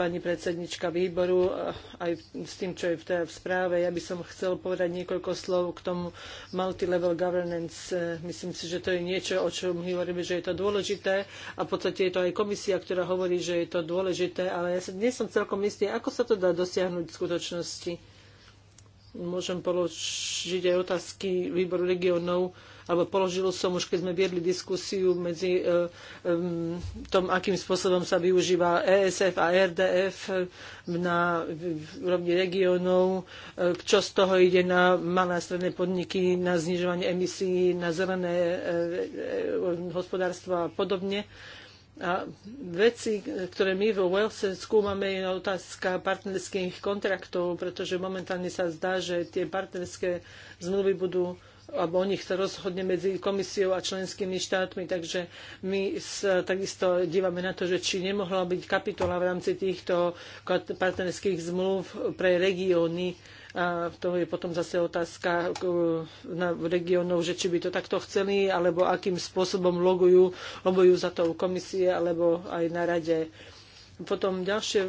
pani predsednička výboru eh, aj s tým, čo je v, teda v správe. Ja by som chcel povedať niekoľko slov k tomu multilevel governance. Eh, myslím si, že to je niečo, o čom my hovoríme, že je to dôležité a v podstate je to aj komisia, ktorá hovorí, že je to dôležité, ale ja sa dnes som celkom istý, ako sa to dá dosiahnuť v skutočnosti. Môžem položiť aj otázky výboru regionov alebo položil som už, keď sme viedli diskusiu medzi e, e, tom, akým spôsobom sa využíva ESF a RDF e, na úrovni regiónov, čo z toho ide na malé a stredné podniky, na znižovanie emisí, na zelené hospodárstva a podobne. A veci, ktoré my vo Walese skúmame, je otázka partnerských kontraktov, pretože momentálne sa zdá, že tie partnerské zmluvy budú alebo o nich sa rozhodne medzi komisiou a členskými štátmi, takže my sa takisto dívame na to, že či nemohla byť kapitola v rámci týchto partnerských zmluv pre regióny, a to je potom zase otázka uh, na regiónov, že či by to takto chceli, alebo akým spôsobom logujú, lobujú za to u komisie, alebo aj na rade. Potom ďalšie,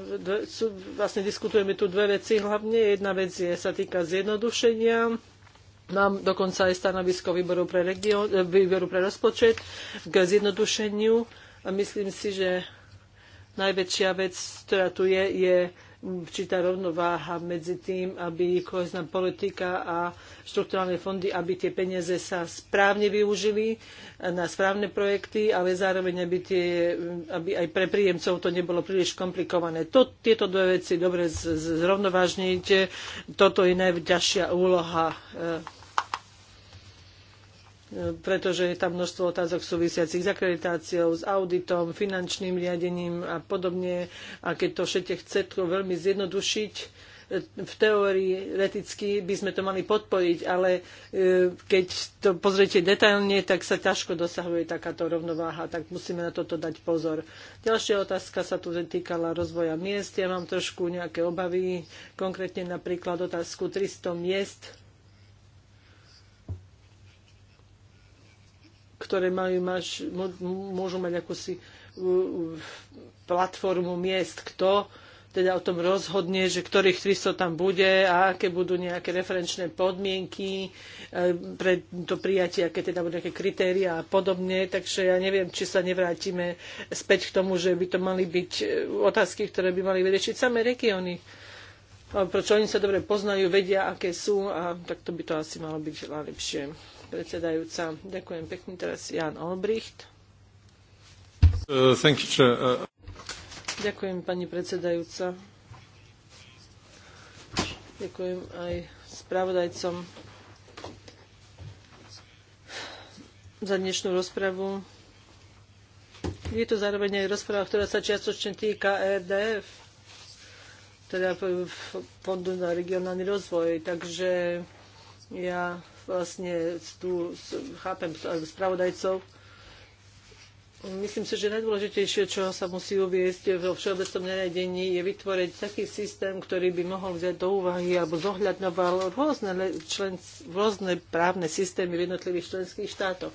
vlastne diskutujeme tu dve veci. Hlavne jedna vec je, sa týka zjednodušenia Mám dokonca aj stanovisko výboru pre, region, eh, výboru pre rozpočet k zjednodušeniu a myslím si, že najväčšia vec, ktorá tu je, je určitá rovnováha medzi tým, aby kohezná politika a štruktúrálne fondy, aby tie peniaze sa správne využili eh, na správne projekty, ale zároveň, aby, tie, eh, aby aj pre príjemcov to nebolo príliš komplikované. To, tieto dve veci dobre zrovnovážnite. toto je najťažšia úloha pretože je tam množstvo otázok súvisiacich s akreditáciou, s auditom, finančným riadením a podobne. A keď to všetko chce to veľmi zjednodušiť, e, v teórii reticky by sme to mali podporiť, ale e, keď to pozriete detailne, tak sa ťažko dosahuje takáto rovnováha, tak musíme na toto dať pozor. Ďalšia otázka sa tu týkala rozvoja miest. Ja mám trošku nejaké obavy, konkrétne napríklad otázku 300 miest ktoré majú, maž, môžu mať akúsi platformu miest, kto teda o tom rozhodne, že ktorých 300 tam bude a aké budú nejaké referenčné podmienky e, pre to prijatie, aké teda budú nejaké kritéria a podobne. Takže ja neviem, či sa nevrátime späť k tomu, že by to mali byť e, otázky, ktoré by mali vyriešiť samé regióny. Prečo oni sa dobre poznajú, vedia, aké sú a takto by to asi malo byť lepšie predsedajúca. Ďakujem pekne. Teraz Jan Olbricht. Uh, you, uh, Ďakujem, pani predsedajúca. Ďakujem aj spravodajcom za dnešnú rozpravu. Je to zároveň aj rozpráva, ktorá sa čiastočne týka RDF, e teda Fondu na regionálny rozvoj. Takže ja vlastne tu chápem spravodajcov. Myslím si, že najdôležitejšie, čo sa musí uviezť vo všeobecnom nariadení, je vytvoriť taký systém, ktorý by mohol vziať do úvahy alebo zohľadňoval rôzne, člen, rôzne právne systémy v jednotlivých členských štátoch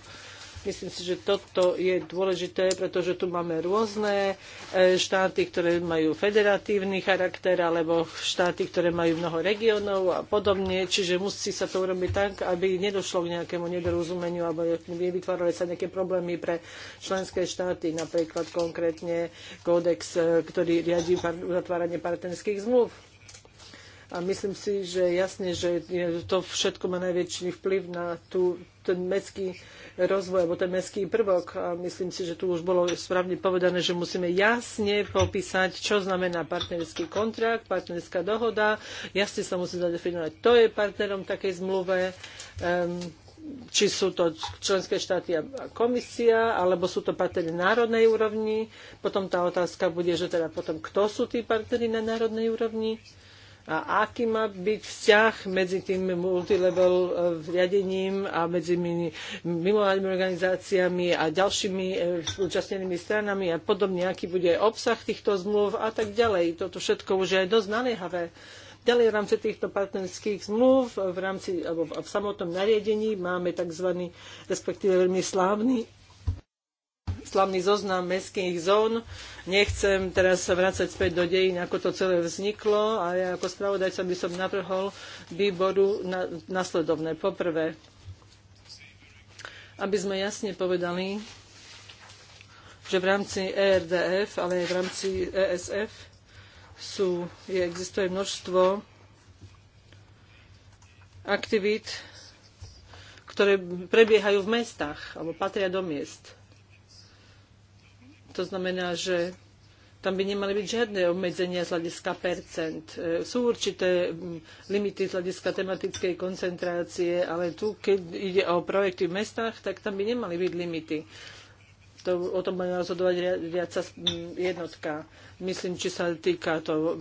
Myslím si, že toto je dôležité, pretože tu máme rôzne e, štáty, ktoré majú federatívny charakter, alebo štáty, ktoré majú mnoho regiónov a podobne. Čiže musí sa to urobiť tak, aby nedošlo k nejakému nedorozumeniu alebo vytvárali sa nejaké problémy pre členské štáty, napríklad konkrétne kódex, e, ktorý riadí zatváranie partnerských zmluv. A myslím si, že jasne, že to všetko má najväčší vplyv na tú, ten mestský rozvoj, alebo ten mestský prvok. A myslím si, že tu už bolo správne povedané, že musíme jasne popísať, čo znamená partnerský kontrakt, partnerská dohoda. Jasne sa musí zadefinovať, to je partnerom takej zmluve. Um, či sú to členské štáty a komisia, alebo sú to partnery národnej úrovni. Potom tá otázka bude, že teda potom kto sú tí partnery na národnej úrovni a aký má byť vzťah medzi tým multilevel e, riadením a medzi mimovládnymi organizáciami a ďalšími e, účastnenými stranami a podobne, aký bude obsah týchto zmluv a tak ďalej. Toto všetko už je dosť naliehavé. Ďalej v rámci týchto partnerských zmluv, v rámci, alebo v samotnom nariadení máme tzv. respektíve veľmi slávny slavný zoznam mestských zón. Nechcem teraz sa vrácať späť do dejín, ako to celé vzniklo a ja ako spravodajca by som navrhol výboru na, nasledovné. Poprvé, aby sme jasne povedali, že v rámci ERDF, ale aj v rámci ESF sú, je, existuje množstvo aktivít, ktoré prebiehajú v mestách alebo patria do miest. To znamená, že tam by nemali byť žiadne obmedzenia z hľadiska percent. E, sú určité limity z hľadiska tematickej koncentrácie, ale tu, keď ide o projekty v mestách, tak tam by nemali byť limity to, o tom bude rozhodovať viac jednotka. Myslím, či sa týka to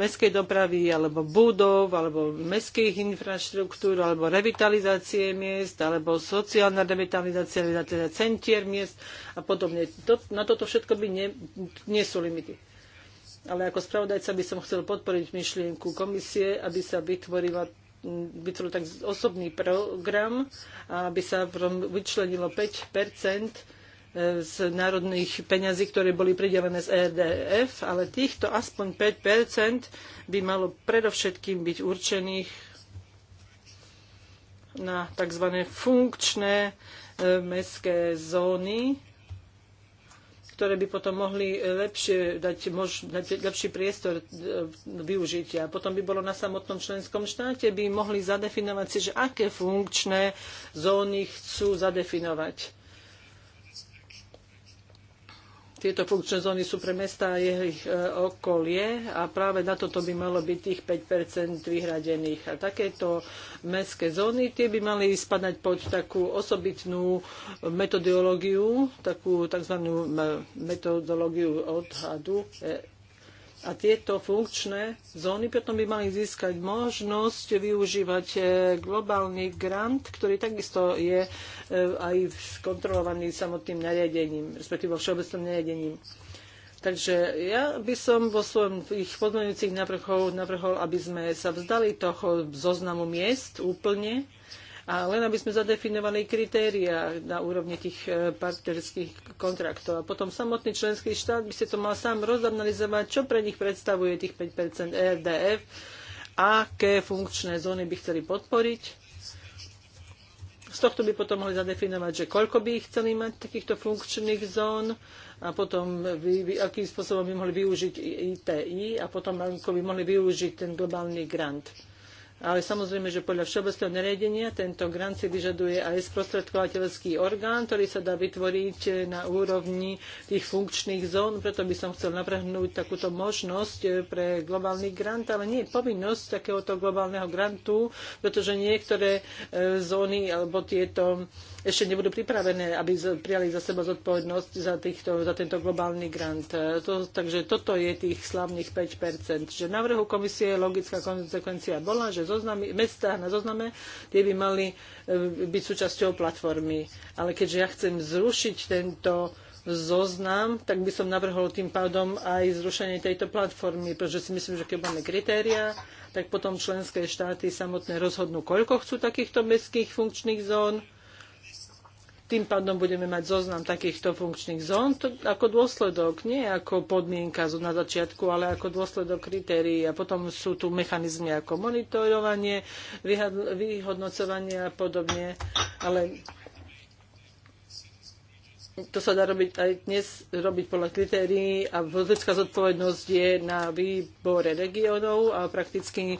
mestskej dopravy, alebo budov, alebo mestských infraštruktúr, alebo revitalizácie miest, alebo sociálna revitalizácia, teda centier miest a podobne. To, na toto všetko by nie, nie sú limity. Ale ako spravodajca by som chcel podporiť myšlienku komisie, aby sa vytvorila vytvoril tak osobný program, aby sa vyčlenilo 5 e, z národných peňazí, ktoré boli pridelené z EDF, ale týchto aspoň 5 by malo predovšetkým byť určených na tzv. funkčné e, mestské zóny, ktoré by potom mohli e, lepšie dať, mož, dať lepší priestor e, využitia. Potom by bolo na samotnom členskom štáte, by mohli zadefinovať si, že aké funkčné zóny chcú zadefinovať. Tieto funkčné zóny sú pre mesta a ich e, okolie a práve na toto by malo byť tých 5 vyhradených. A takéto mestské zóny, tie by mali spadať pod takú osobitnú metodológiu, takú tzv. metodológiu odhadu e, a tieto funkčné zóny potom by mali získať možnosť využívať e, globálny grant, ktorý takisto je e, aj skontrolovaný samotným nariadením, respektíve všeobecným nariadením. Takže ja by som vo svojich pozmeňujúcich navrhol, navrhol, aby sme sa vzdali toho zoznamu miest úplne, a len aby sme zadefinovali kritéria na úrovni tých e, partnerských kontraktov. A potom samotný členský štát by si to mal sám rozanalizovať, čo pre nich predstavuje tých 5% ERDF, aké funkčné zóny by chceli podporiť. Z tohto by potom mohli zadefinovať, že koľko by ich chceli mať takýchto funkčných zón a potom by, by, akým spôsobom by mohli využiť ITI a potom ako by mohli využiť ten globálny grant ale samozrejme, že podľa všeobecného nariadenia tento grant si vyžaduje aj sprostredkovateľský orgán, ktorý sa dá vytvoriť na úrovni tých funkčných zón. Preto by som chcel navrhnúť takúto možnosť eh, pre globálny grant, ale nie je povinnosť takéhoto globálneho grantu, pretože niektoré eh, zóny alebo tieto ešte nebudú pripravené, aby prijali za seba zodpovednosť za, týchto, za tento globálny grant. Eh, to, takže toto je tých slavných 5%. Že návrhu komisie logická konsekvencia bola, že zoznamy, mesta na zozname, tie by mali e, byť súčasťou platformy. Ale keďže ja chcem zrušiť tento zoznam, tak by som navrhol tým pádom aj zrušenie tejto platformy, pretože si myslím, že keď máme kritéria, tak potom členské štáty samotné rozhodnú, koľko chcú takýchto mestských funkčných zón tým pádom budeme mať zoznam takýchto funkčných zón to, ako dôsledok, nie ako podmienka na začiatku, ale ako dôsledok kritérií. A potom sú tu mechanizmy ako monitorovanie, vyhodnocovanie a podobne. Ale to sa dá robiť aj dnes, robiť podľa kritérií a politická zodpovednosť je na výbore regiónov a prakticky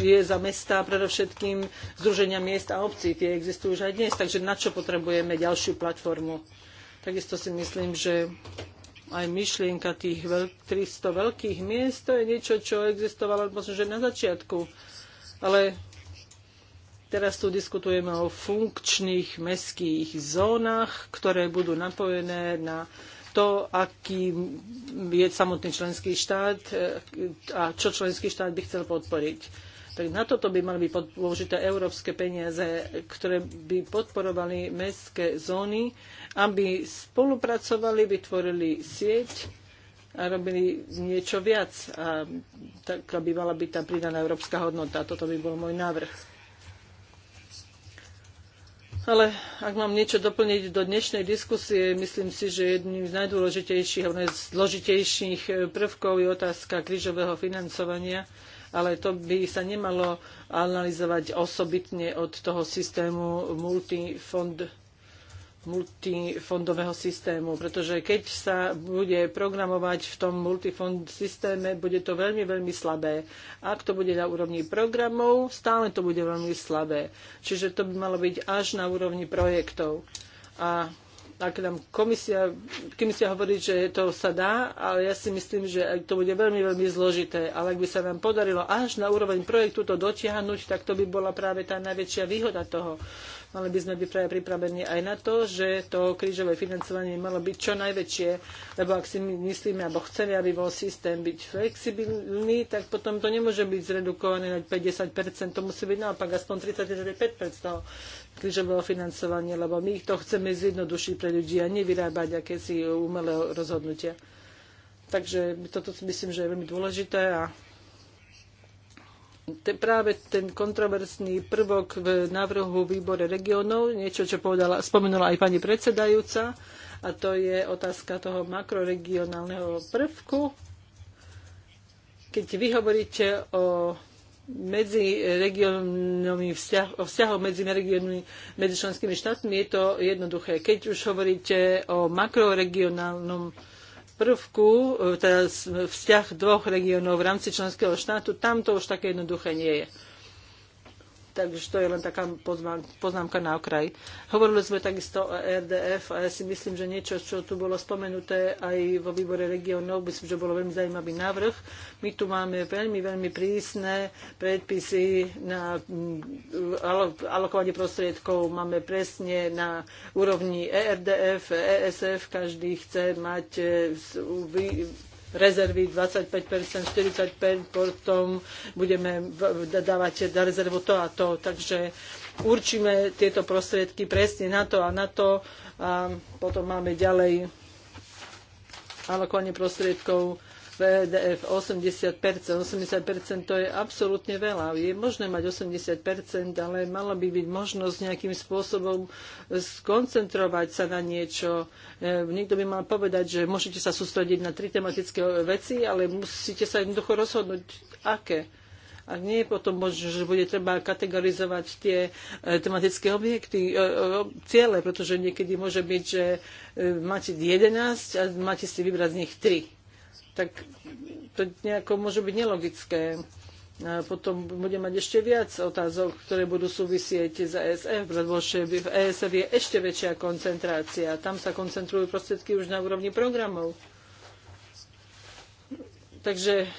je za mesta, predovšetkým združenia miest a obcí. Tie existujú už aj dnes, takže na čo potrebujeme ďalšiu platformu? Takisto si myslím, že aj myšlienka tých 300 veľkých miest, to je niečo, čo existovalo možno, že na začiatku. Ale Teraz tu diskutujeme o funkčných mestských zónach, ktoré budú napojené na to, aký je samotný členský štát eh, a čo členský štát by chcel podporiť. Tak na toto by mali byť použité európske peniaze, ktoré by podporovali mestské zóny, aby spolupracovali, vytvorili sieť a robili niečo viac. A tak by mala byť tam pridaná európska hodnota. Toto by bol môj návrh. Ale ak mám niečo doplniť do dnešnej diskusie, myslím si, že jedným z najdôležitejších a zložitejších prvkov je otázka krížového financovania, ale to by sa nemalo analyzovať osobitne od toho systému multifond multifondového systému, pretože keď sa bude programovať v tom multifond systéme, bude to veľmi, veľmi slabé. Ak to bude na úrovni programov, stále to bude veľmi slabé. Čiže to by malo byť až na úrovni projektov. A ak nám komisia, komisia hovorí, že to sa dá, ale ja si myslím, že to bude veľmi, veľmi zložité. Ale ak by sa nám podarilo až na úroveň projektu to dotiahnuť, tak to by bola práve tá najväčšia výhoda toho Mali by sme byť pripravení aj na to, že to krížové financovanie malo byť čo najväčšie, lebo ak si my myslíme, alebo chceme, aby bol systém byť flexibilný, tak potom to nemôže byť zredukované na 50%, to musí byť naopak aspoň 35 toho krížového financovania, lebo my to chceme zjednodušiť pre ľudí a nevyrábať akési umelé rozhodnutia. Takže toto si myslím, že je veľmi dôležité a te, práve ten kontroverzný prvok v návrhu výbore regionov, niečo, čo povedala, spomenula aj pani predsedajúca, a to je otázka toho makroregionálneho prvku. Keď vy hovoríte o medzi regionami, o vzťahov medzi regionmi, medzi členskými štátmi, je to jednoduché. Keď už hovoríte o makroregionálnom prvku, e, teda vzťah dvoch regiónov v rámci členského štátu, tam to už také jednoduché nie je. Takže to je len taká poznámka na okraj. Hovorili sme takisto o e RDF a ja si myslím, že niečo, čo tu bolo spomenuté aj vo výbore regionov, myslím, že bolo veľmi zaujímavý návrh. My tu máme veľmi, veľmi prísne predpisy na mm, alokovanie prostriedkov. Máme presne na úrovni ERDF, ESF. Každý chce mať e, rezervy 25%, 45% potom budeme dávať na rezervu to a to. Takže určíme tieto prostriedky presne na to a na to a potom máme ďalej alokovanie prostriedkov v 80%. 80% to je absolútne veľa. Je možné mať 80%, ale mala by byť možnosť nejakým spôsobom e, skoncentrovať sa na niečo. E, niekto by mal povedať, že môžete sa sústrediť na tri tematické veci, ale musíte sa jednoducho rozhodnúť, aké. Ak nie, je potom možno, že bude treba kategorizovať tie e, tematické objekty, ciele, pretože niekedy môže byť, že máte 11 a máte si vybrať z nich 3 tak to nejako môže byť nelogické. A potom budem mať ešte viac otázok, ktoré budú súvisieť s ESF, pretože v ESF je ešte väčšia koncentrácia. Tam sa koncentrujú prostriedky už na úrovni programov. Takže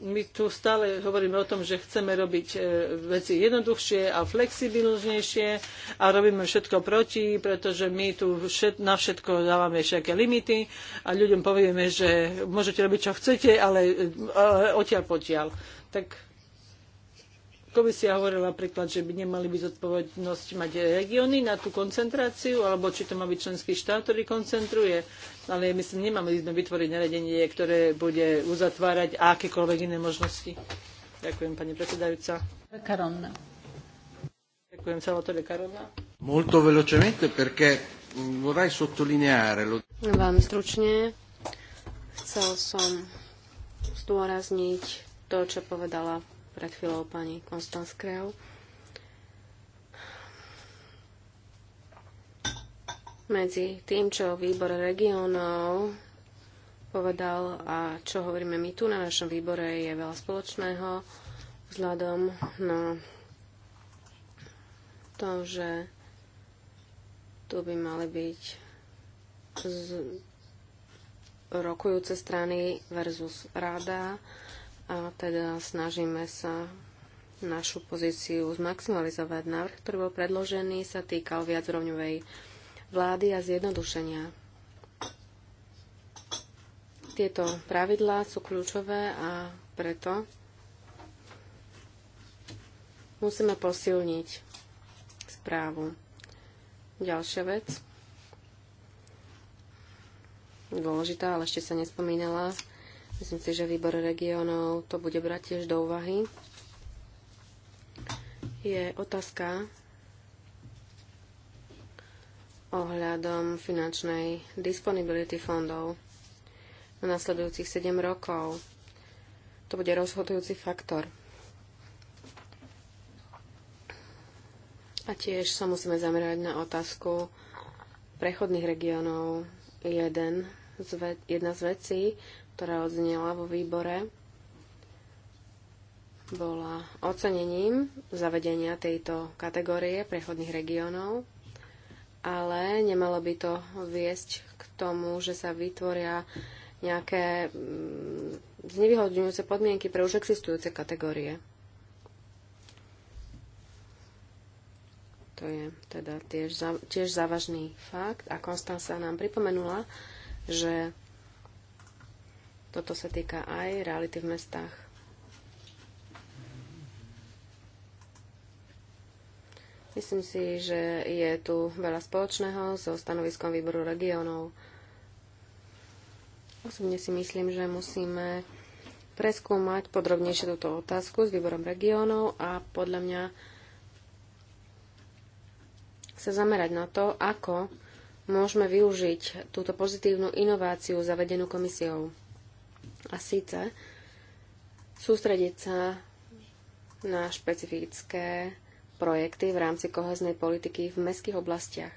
my tu stále hovoríme o tom, že chceme robiť e, veci jednoduchšie a flexibilnejšie a robíme všetko proti, pretože my tu všet, na všetko dávame všaké limity a ľuďom povieme, že môžete robiť, čo chcete, ale, ale e, odtiaľ potiaľ. Tak Komisia hovorila napríklad, že by nemali byť zodpovednosť mať regióny na tú koncentráciu, alebo či to má byť členský štát, ktorý koncentruje. Ale myslím, nemáme sme vytvoriť naredenie, ktoré bude uzatvárať akékoľvek iné možnosti. Ďakujem, pani predsedajúca. Karonna. Ďakujem, Salvatore Karonna. Molto velocemente perché mm, vorrei sottolineare... Veľmi stručne chcel som zdôrazniť to, čo povedala pred chvíľou pani Konstanz Kreu. Medzi tým, čo výbor regionov povedal a čo hovoríme my tu na našom výbore, je veľa spoločného vzhľadom na to, že tu by mali byť z rokujúce strany versus ráda. A teda snažíme sa našu pozíciu zmaximalizovať. Návrh, ktorý bol predložený, sa týkal viacrovňovej vlády a zjednodušenia. Tieto pravidlá sú kľúčové a preto musíme posilniť správu. Ďalšia vec, dôležitá, ale ešte sa nespomínala, Myslím si, že výbor regionov to bude brať tiež do úvahy. Je otázka ohľadom finančnej disponibility fondov na nasledujúcich 7 rokov. To bude rozhodujúci faktor. A tiež sa musíme zamerať na otázku prechodných regiónov. Jeden z ve- jedna z vecí, ktorá odznela vo výbore, bola ocenením zavedenia tejto kategórie prechodných regiónov, ale nemalo by to viesť k tomu, že sa vytvoria nejaké mm, znevýhodňujúce podmienky pre už existujúce kategórie. To je teda tiež, tiež závažný fakt a Konstanca nám pripomenula, že toto sa týka aj reality v mestách. Myslím si, že je tu veľa spoločného so stanoviskom výboru regionov. Osobne si myslím, že musíme preskúmať podrobnejšie túto otázku s výborom regionov a podľa mňa sa zamerať na to, ako môžeme využiť túto pozitívnu inováciu zavedenú komisiou. A síce sústrediť sa na špecifické projekty v rámci koheznej politiky v mestských oblastiach.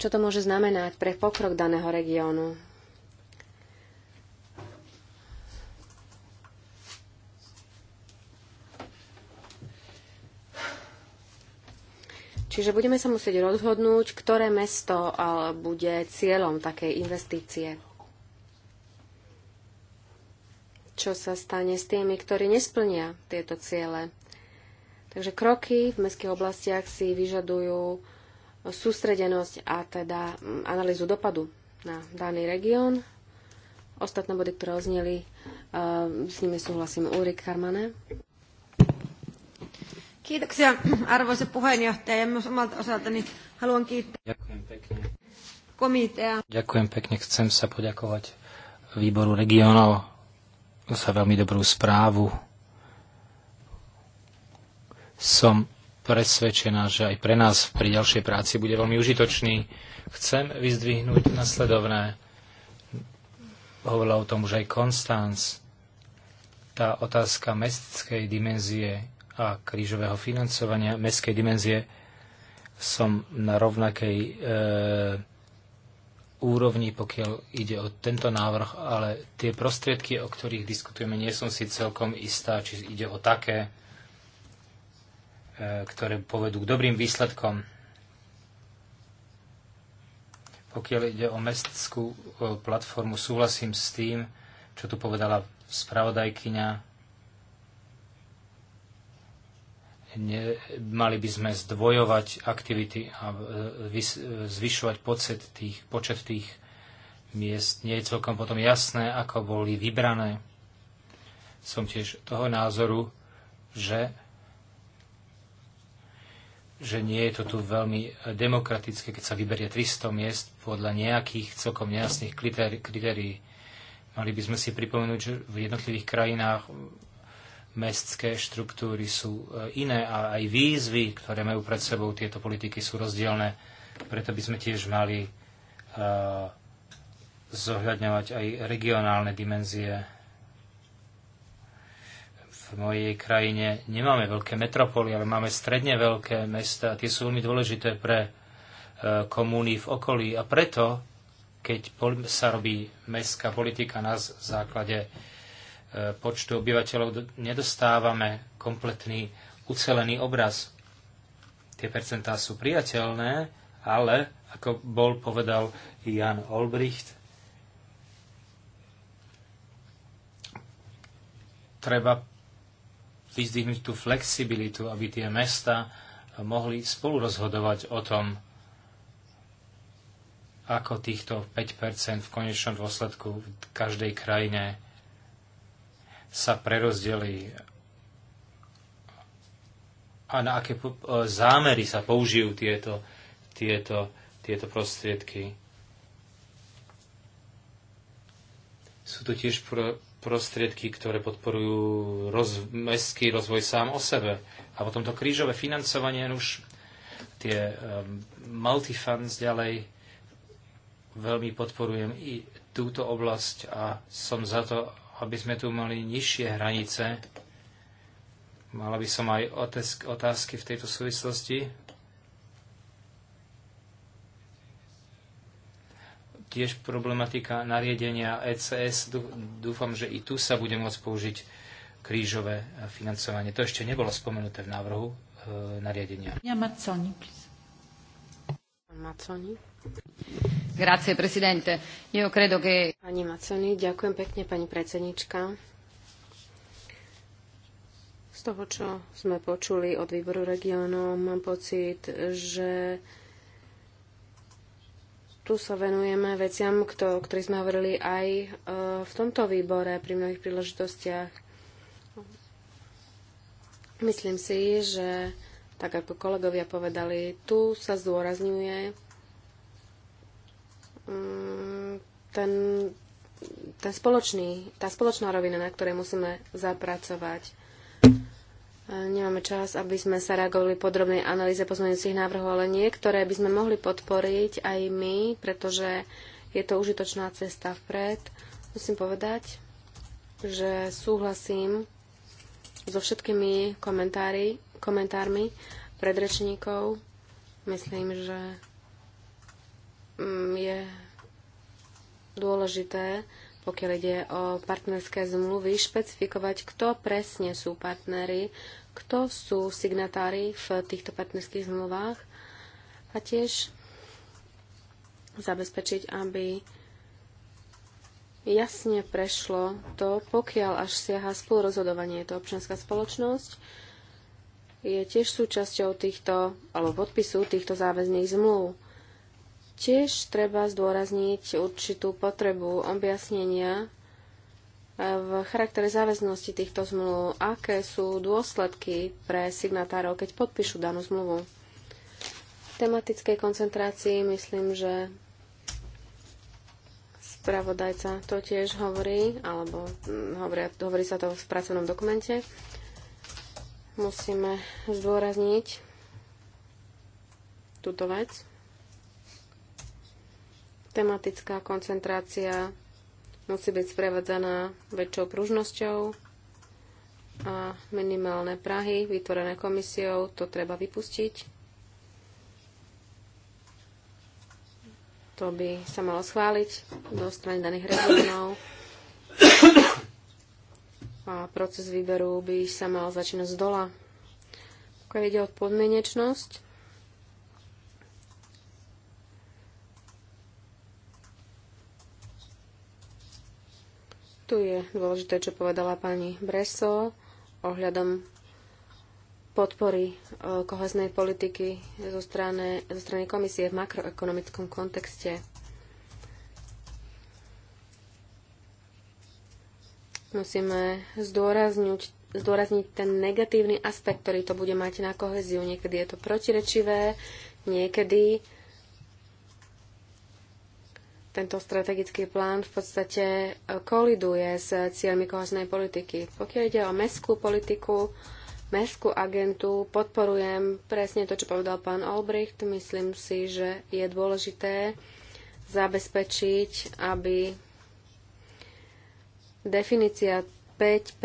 Čo to môže znamenať pre pokrok daného regiónu? Čiže budeme sa musieť rozhodnúť, ktoré mesto bude cieľom takej investície. Čo sa stane s tými, ktorí nesplnia tieto ciele? Takže kroky v mestských oblastiach si vyžadujú sústredenosť a teda analýzu dopadu na daný región. Ostatné body, ktoré ozneli, s nimi súhlasím Ulrik Karmane. Kiitoksia arvoisa puheenjohtaja ja myös omalta osaltani haluan kiittää. Ďakujem pekne. Komitea. Ďakujem pekne, chcem sa poďakovať výboru regionov za veľmi dobrú správu. Som presvedčená, že aj pre nás pri ďalšej práci bude veľmi užitočný. Chcem vyzdvihnúť nasledovné. Hovorila o tom už aj Konstanc. Tá otázka mestskej dimenzie a krížového financovania mestskej dimenzie som na rovnakej e, úrovni, pokiaľ ide o tento návrh, ale tie prostriedky, o ktorých diskutujeme, nie som si celkom istá, či ide o také, e, ktoré povedú k dobrým výsledkom. Pokiaľ ide o mestskú e, platformu, súhlasím s tým, čo tu povedala spravodajkyňa Ne, mali by sme zdvojovať aktivity a e, vys, e, zvyšovať počet tých, počet tých miest. Nie je celkom potom jasné, ako boli vybrané. Som tiež toho názoru, že že nie je to tu veľmi demokratické, keď sa vyberie 300 miest podľa nejakých celkom nejasných kritérií. Mali by sme si pripomenúť, že v jednotlivých krajinách mestské štruktúry sú e, iné a aj výzvy, ktoré majú pred sebou tieto politiky, sú rozdielne. Preto by sme tiež mali uh, zohľadňovať aj regionálne dimenzie. V mojej krajine nemáme veľké metropoly, ale máme stredne veľké mesta a tie sú veľmi dôležité pre uh, komúny v okolí a preto, keď sa robí mestská politika na základe uh, počtu obyvateľov nedostávame kompletný, ucelený obraz. Tie percentá sú priateľné, ale, ako bol povedal Jan Olbricht, treba vyzdvihnúť tú flexibilitu, aby tie mesta mohli spolu rozhodovať o tom, ako týchto 5% v konečnom dôsledku v každej krajine sa prerozdelí a na aké e, zámery sa použijú tieto, tieto, tieto prostriedky. Sú to tiež pro, prostriedky, ktoré podporujú roz, mestský rozvoj sám o sebe. A potom to krížové financovanie už tie um, multifunds ďalej veľmi podporujem i túto oblasť a som za to, aby sme tu mali nižšie hranice. Mala by som aj otázky v tejto súvislosti. Tiež problematika nariadenia ECS. Dúfam, že i tu sa bude môcť použiť krížové financovanie. To ešte nebolo spomenuté v návrhu e, nariadenia. Ja, Maconi, Maconi. Grazie, presidente. Io credo che... Pani Maconi, ďakujem pekne, pani predsednička. Z toho, čo sme počuli od výboru regionov, mám pocit, že tu sa venujeme veciam, kto, o ktorých sme hovorili aj e, v tomto výbore pri mnohých príležitostiach. Myslím si, že tak ako kolegovia povedali, tu sa zdôrazňuje mm, ten, ten spoločný, tá spoločná rovina, na ktorej musíme zapracovať. E, nemáme čas, aby sme sa reagovali podrobnej analýze pozmeňujúcich návrhov, ale niektoré by sme mohli podporiť aj my, pretože je to užitočná cesta vpred. Musím povedať, že súhlasím so všetkými komentári, komentármi predrečníkov. Myslím, že mm, je dôležité, pokiaľ ide o partnerské zmluvy, špecifikovať, kto presne sú partnery, kto sú signatári v týchto partnerských zmluvách a tiež zabezpečiť, aby jasne prešlo to, pokiaľ až siaha spolurozhodovanie. Je to občianská spoločnosť, je tiež súčasťou týchto, alebo podpisu týchto záväzných zmluv. Tiež treba zdôrazniť určitú potrebu objasnenia eh, v charaktere záväznosti týchto zmluv, aké sú dôsledky pre signatárov, keď podpíšu danú zmluvu. V tematickej koncentrácii myslím, že spravodajca to tiež hovorí, alebo hm, hovorí, hovorí sa to v pracovnom dokumente musíme zdôrazniť túto vec. Tematická koncentrácia musí byť sprevedzená väčšou pružnosťou a minimálne Prahy vytvorené komisiou to treba vypustiť. to by sa malo schváliť do strany daných regionov a proces výberu by sa mal začínať z dola. Pokiaľ ide o podmienečnosť, tu je dôležité, čo povedala pani Breso ohľadom podpory e, kohesnej politiky zo strany, zo strany komisie v makroekonomickom kontexte. Musíme zdôrazniť, zdôrazniť ten negatívny aspekt, ktorý to bude mať na koheziu. Niekedy je to protirečivé, niekedy tento strategický plán v podstate e, koliduje s cieľmi kohoznej politiky. Pokiaľ ide o mestskú politiku, mestskú agentu, podporujem presne to, čo povedal pán Olbricht. Myslím si, že je dôležité zabezpečiť, aby Definícia 5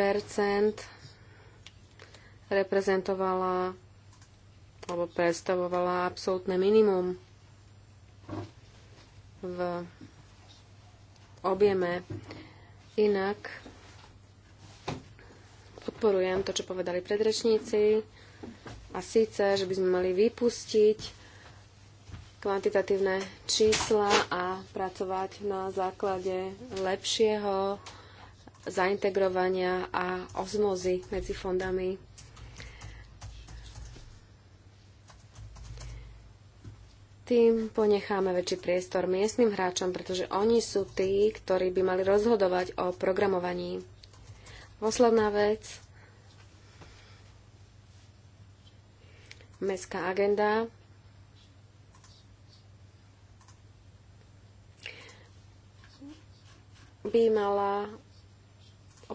reprezentovala alebo predstavovala absolútne minimum v objeme. Inak podporujem to, čo povedali predrečníci a síce, že by sme mali vypustiť kvantitatívne čísla a pracovať na základe lepšieho zaintegrovania a osmozy medzi fondami. Tým ponecháme väčší priestor miestnym hráčom, pretože oni sú tí, ktorí by mali rozhodovať o programovaní. Posledná vec. Mestská agenda. by mala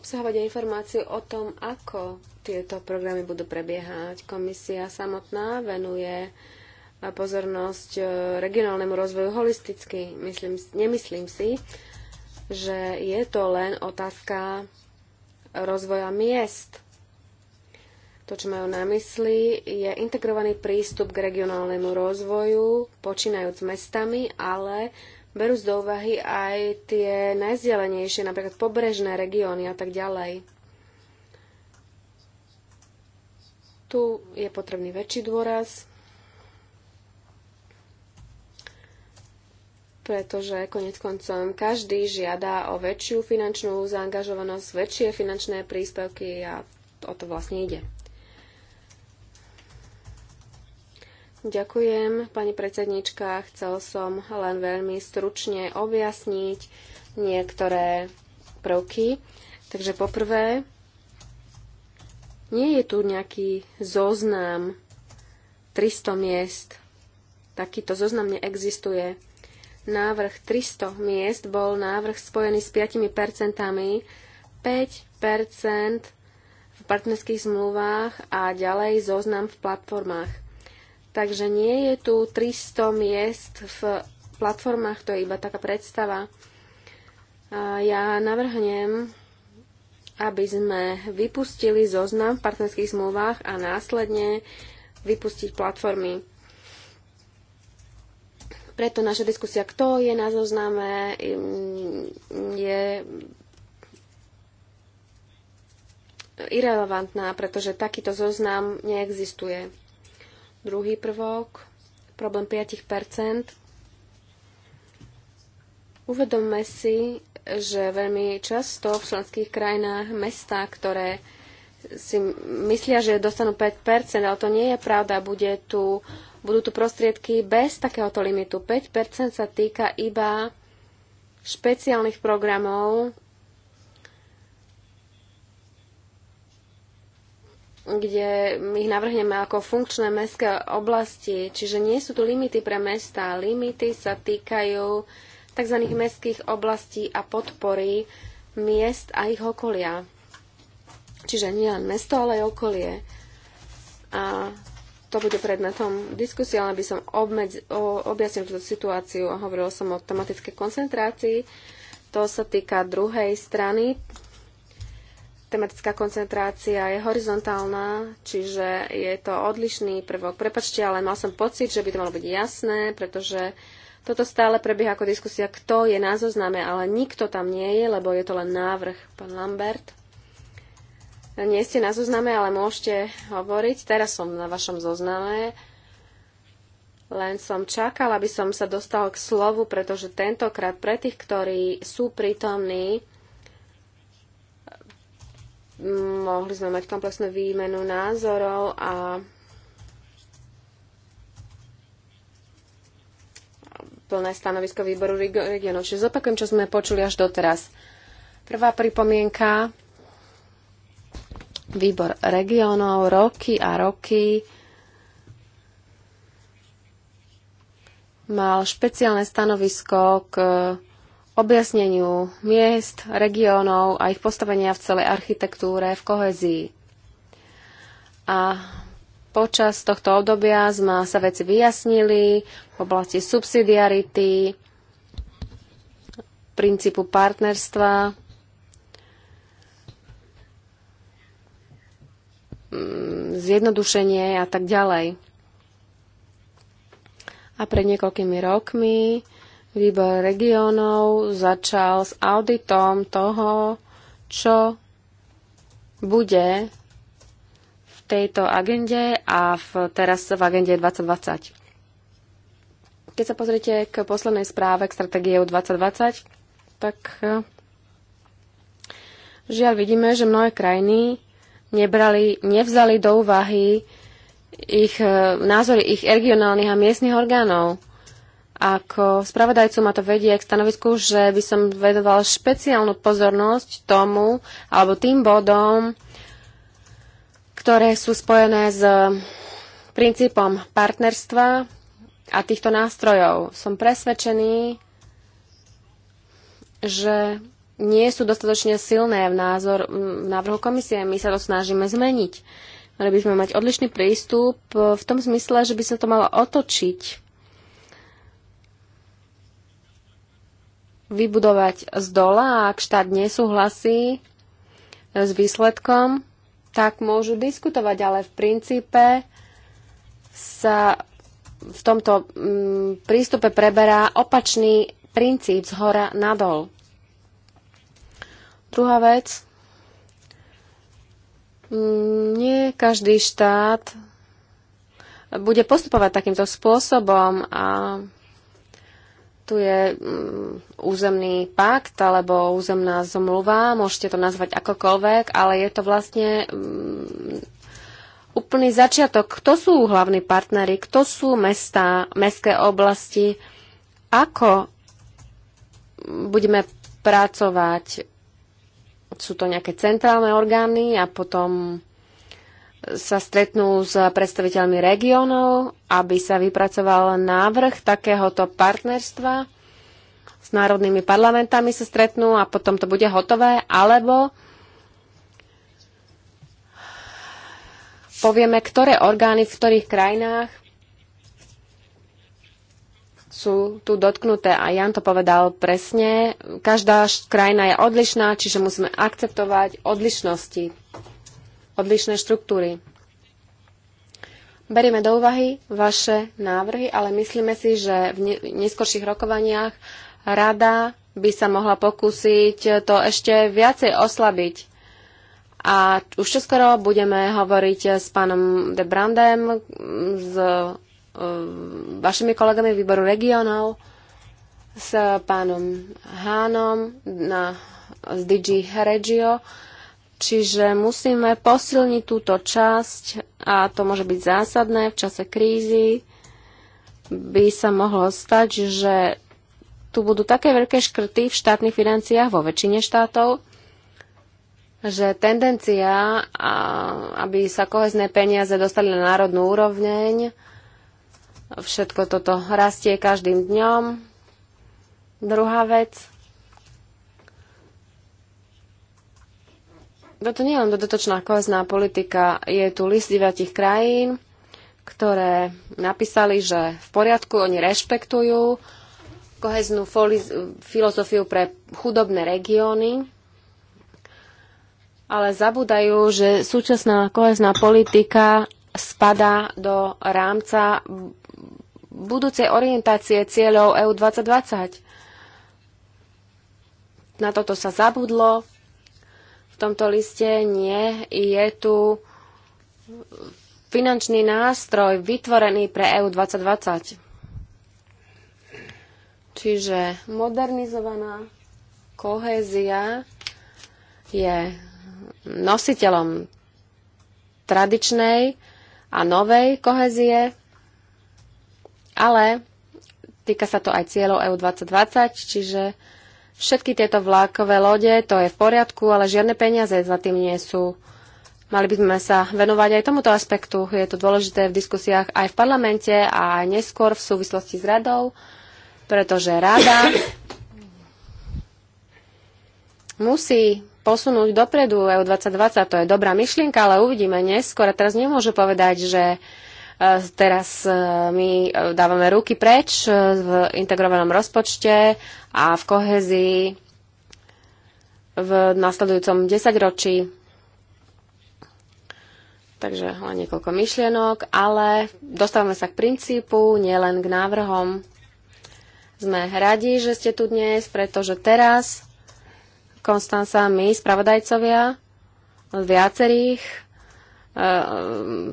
obsahovať informáciu o tom, ako tieto programy budú prebiehať. Komisia samotná venuje pozornosť e, regionálnemu rozvoju holisticky. Myslím, nemyslím si, že je to len otázka rozvoja miest. To, čo majú na mysli, je integrovaný prístup k regionálnemu rozvoju, počínajúc mestami, ale berú z do úvahy aj tie najzdelenejšie, napríklad pobrežné regióny a tak ďalej. Tu je potrebný väčší dôraz, pretože konec koncom každý žiada o väčšiu finančnú zaangažovanosť, väčšie finančné príspevky a o to vlastne ide. Ďakujem, pani predsednička. Chcel som len veľmi stručne objasniť niektoré prvky. Takže poprvé, nie je tu nejaký zoznam 300 miest. Takýto zoznam neexistuje. Návrh 300 miest bol návrh spojený s 5 percentami. 5 percent v partnerských zmluvách a ďalej zoznam v platformách. Takže nie je tu 300 miest v platformách, to je iba taká predstava. Ja navrhnem, aby sme vypustili zoznam v partnerských zmluvách a následne vypustiť platformy. Preto naša diskusia, kto je na zozname, je irrelevantná, pretože takýto zoznam neexistuje. Druhý prvok, problém 5 Uvedomme si, že veľmi často v členských krajinách mesta, ktoré si myslia, že dostanú 5%, ale to nie je pravda. Bude tu, budú tu prostriedky bez takéhoto limitu. 5% sa týka iba špeciálnych programov kde ich navrhneme ako funkčné mestské oblasti, čiže nie sú tu limity pre mesta. Limity sa týkajú tzv. mestských oblastí a podpory miest a ich okolia. Čiže nie len mesto, ale aj okolie. A to bude predmetom diskusie, ale by som obmedz, o, objasnil túto situáciu a hovoril som o tematickej koncentrácii. To sa týka druhej strany tematická koncentrácia je horizontálna, čiže je to odlišný prvok. Prepačte, ale mal som pocit, že by to malo byť jasné, pretože toto stále prebieha ako diskusia, kto je na zozname, ale nikto tam nie je, lebo je to len návrh. Pán Lambert, nie ste na zozname, ale môžete hovoriť. Teraz som na vašom zozname. Len som čakal, aby som sa dostal k slovu, pretože tentokrát pre tých, ktorí sú prítomní, mohli sme mať komplexnú výmenu názorov a plné stanovisko výboru regionov. Čiže zopakujem, čo sme počuli až doteraz. Prvá pripomienka. Výbor regionov roky a roky mal špeciálne stanovisko k objasneniu miest, regiónov a ich postavenia v celej architektúre v kohezii. A počas tohto obdobia sme sa veci vyjasnili v oblasti subsidiarity, princípu partnerstva, mm, zjednodušenie a tak ďalej. A pred niekoľkými rokmi Výbor regiónov začal s auditom toho, čo bude v tejto agende a v, teraz v agende 2020. Keď sa pozriete k poslednej správe k stratégie 2020, tak eh, žiaľ vidíme, že mnohé krajiny nebrali, nevzali do úvahy ich eh, názory ich regionálnych a miestnych orgánov ako spravodajcu ma to vedie k stanovisku, že by som vedoval špeciálnu pozornosť tomu alebo tým bodom, ktoré sú spojené s princípom partnerstva a týchto nástrojov. Som presvedčený, že nie sú dostatočne silné v, názor, v návrhu komisie. My sa to snažíme zmeniť. Mali by sme mať odlišný prístup v tom zmysle, že by sa to malo otočiť vybudovať z dola a ak štát nesúhlasí s výsledkom, tak môžu diskutovať, ale v princípe sa v tomto mm, prístupe preberá opačný princíp z hora nadol. Druhá vec. Mm, nie každý štát bude postupovať takýmto spôsobom a existuje mm, územný pakt alebo územná zmluva, môžete to nazvať akokoľvek, ale je to vlastne mm, úplný začiatok. Kto sú hlavní partnery, kto sú mesta, mestské oblasti, ako budeme pracovať. Sú to nejaké centrálne orgány a potom sa stretnú s predstaviteľmi regiónov, aby sa vypracoval návrh takéhoto partnerstva. S národnými parlamentami sa stretnú a potom to bude hotové, alebo povieme, ktoré orgány v ktorých krajinách sú tu dotknuté a Jan to povedal presne. Každá krajina je odlišná, čiže musíme akceptovať odlišnosti odlišné štruktúry. Berieme do úvahy vaše návrhy, ale myslíme si, že v neskôrších rokovaniach rada by sa mohla pokúsiť to ešte viacej oslabiť. A už čoskoro budeme hovoriť s pánom De Brandem, s e, vašimi kolegami výboru regionov, s pánom Hánom na, z DG Regio Čiže musíme posilniť túto časť a to môže byť zásadné v čase krízy. By sa mohlo stať, že tu budú také veľké škrty v štátnych financiách vo väčšine štátov, že tendencia, aby sa kohezné peniaze dostali na národnú úrovneň, všetko toto rastie každým dňom. Druhá vec, Toto no nie je len dodatočná kohezná politika, je tu list deviatich krajín, ktoré napísali, že v poriadku oni rešpektujú koheznú filozofiu pre chudobné regióny, ale zabúdajú, že súčasná kohezná politika spadá do rámca budúcej orientácie cieľov EU 2020. Na toto sa zabudlo, tomto liste. Nie, je tu finančný nástroj vytvorený pre EU 2020. Čiže modernizovaná kohézia je nositeľom tradičnej a novej kohézie. ale týka sa to aj cieľov EU 2020, čiže všetky tieto vlákové lode, to je v poriadku, ale žiadne peniaze za tým nie sú. Mali by sme sa venovať aj tomuto aspektu. Je to dôležité v diskusiách aj v parlamente a aj neskôr v súvislosti s radou, pretože rada musí posunúť dopredu EU 2020. To je dobrá myšlienka, ale uvidíme neskôr. A teraz nemôžu povedať, že Eh, teraz eh, my eh, dávame ruky preč v integrovanom rozpočte a v kohezii v nasledujúcom desaťročí. Takže len niekoľko myšlienok, ale dostávame sa k princípu, nielen k návrhom. Sme radi, že ste tu dnes, pretože teraz Konstanca, my, spravodajcovia, z viacerých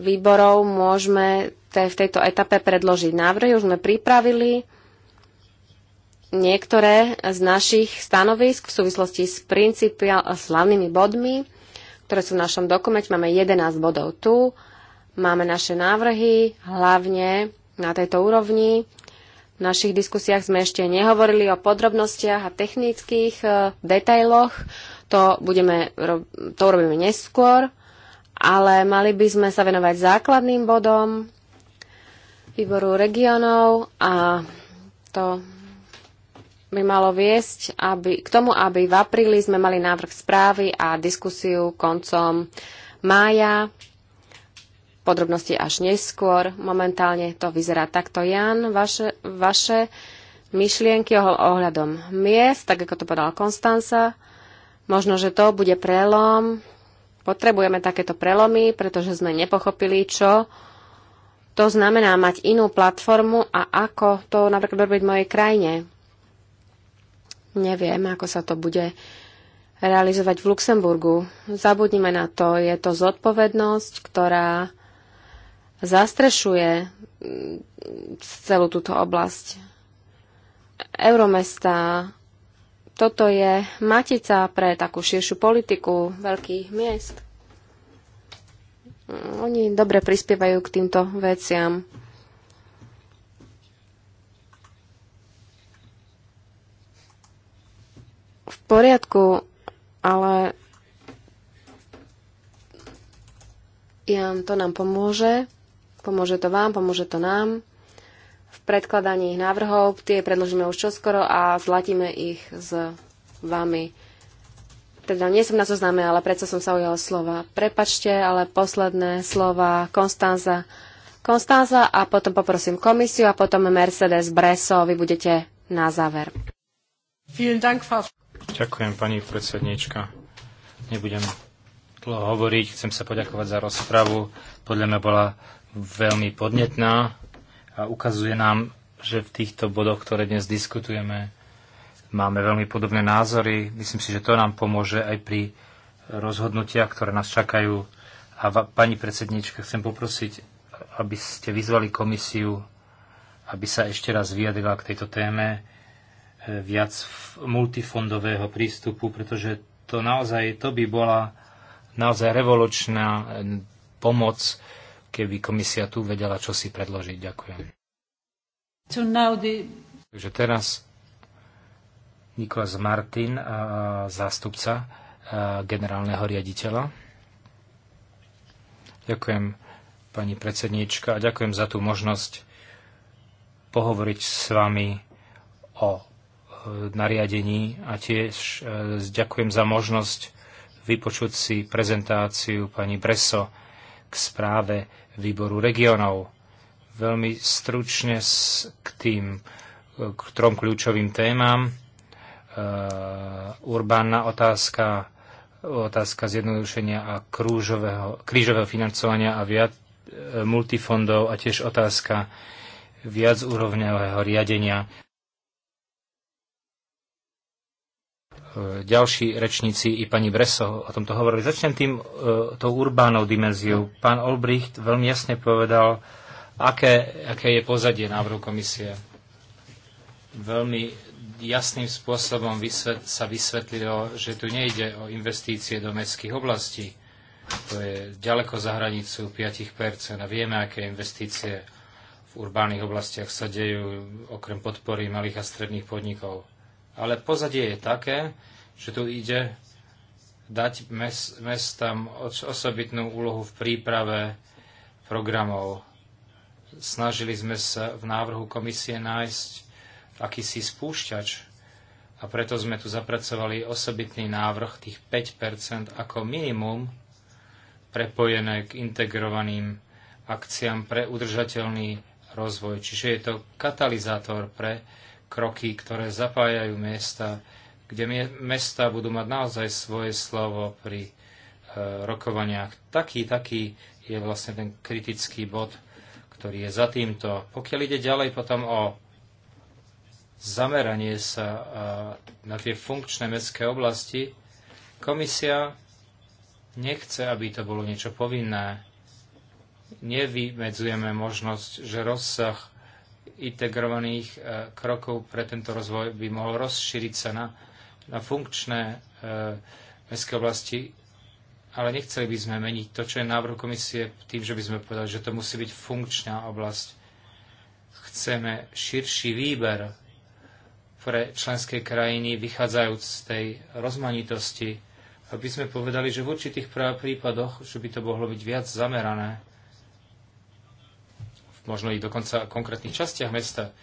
výborov môžeme v tejto etape predložiť návrhy. Už sme pripravili niektoré z našich stanovisk v súvislosti s principiál a hlavnými bodmi, ktoré sú v našom dokumente. Máme 11 bodov tu. Máme naše návrhy, hlavne na tejto úrovni. V našich diskusiách sme ešte nehovorili o podrobnostiach a technických e, detailoch. To, budeme, to urobíme neskôr ale mali by sme sa venovať základným bodom výboru regionov a to by malo viesť aby, k tomu, aby v apríli sme mali návrh správy a diskusiu koncom mája. Podrobnosti až neskôr. Momentálne to vyzerá takto. Jan, vaše, vaše myšlienky ohľadom miest, tak ako to podala Konstanca, možno, že to bude prelom Potrebujeme takéto prelomy, pretože sme nepochopili, čo to znamená mať inú platformu a ako to napríklad robiť v mojej krajine. Neviem, ako sa to bude realizovať v Luxemburgu. Zabudnime na to, je to zodpovednosť, ktorá zastrešuje mm, celú túto oblasť. Euromesta, toto je matica pre takú širšiu politiku veľkých miest. Mm, oni dobre prispievajú k týmto veciam. V poriadku, ale ja, to nám pomôže. Pomôže to vám, pomôže to nám predkladaní návrhov. Tie predložíme už čoskoro a zlatíme ich s vami. Teda nie som na zozname, ale predsa som sa ujala slova. Prepačte, ale posledné slova Konstanza. Konstanza a potom poprosím komisiu a potom Mercedes Breso. Vy budete na záver. Ďakujem, pani predsedníčka. Nebudem dlho hovoriť. Chcem sa poďakovať za rozpravu. Podľa mňa bola veľmi podnetná a ukazuje nám, že v týchto bodoch, ktoré dnes diskutujeme, máme veľmi podobné názory. Myslím si, že to nám pomôže aj pri rozhodnutiach, ktoré nás čakajú. A pani predsednička, chcem poprosiť, aby ste vyzvali komisiu, aby sa ešte raz vyjadrila k tejto téme e, viac multifondového prístupu, pretože to naozaj, to by bola naozaj revolučná e, pomoc keby komisia tu vedela, čo si predložiť. Ďakujem. So the... Takže teraz Nikolás Martin, zástupca generálneho riaditeľa. Ďakujem, pani predsedníčka, a ďakujem za tú možnosť pohovoriť s vami o e, nariadení a tiež e, ďakujem za možnosť vypočuť si prezentáciu pani Breso k správe výboru regionov. Veľmi stručne k tým k trom kľúčovým témam. E, urbánna otázka, otázka zjednodušenia a krúžového, krížového financovania a viac e, multifondov a tiež otázka viacúrovňového riadenia E, ďalší rečníci i pani Breso o tomto hovorili. Začnem tým, e, tou urbánou dimenziou. Pán Olbricht veľmi jasne povedal, aké, aké je pozadie návrhu komisie. Veľmi jasným spôsobom vysvet, sa vysvetlilo, že tu nejde o investície do mestských oblastí. To je ďaleko za hranicu 5% a vieme, aké investície v urbánnych oblastiach sa dejú okrem podpory malých a stredných podnikov ale pozadie je také, že tu ide dať mes, mestám osobitnú úlohu v príprave programov. Snažili sme sa v návrhu komisie nájsť akýsi spúšťač a preto sme tu zapracovali osobitný návrh tých 5 ako minimum prepojené k integrovaným akciám pre udržateľný rozvoj. Čiže je to katalizátor pre kroky, ktoré zapájajú miesta, kde mesta budú mať naozaj svoje slovo pri e, rokovaniach. Taký, taký je vlastne ten kritický bod, ktorý je za týmto. Pokiaľ ide ďalej potom o zameranie sa e, na tie funkčné mestské oblasti, komisia nechce, aby to bolo niečo povinné. Nevymedzujeme možnosť, že rozsah integrovaných e, krokov pre tento rozvoj by mohol rozšíriť sa na, na funkčné e, mestské oblasti, ale nechceli by sme meniť to, čo je návrh komisie tým, že by sme povedali, že to musí byť funkčná oblasť. Chceme širší výber pre členské krajiny vychádzajúc z tej rozmanitosti, aby sme povedali, že v určitých práv prípadoch, že by to mohlo byť viac zamerané možno i dokonca v konkrétnych častiach mesta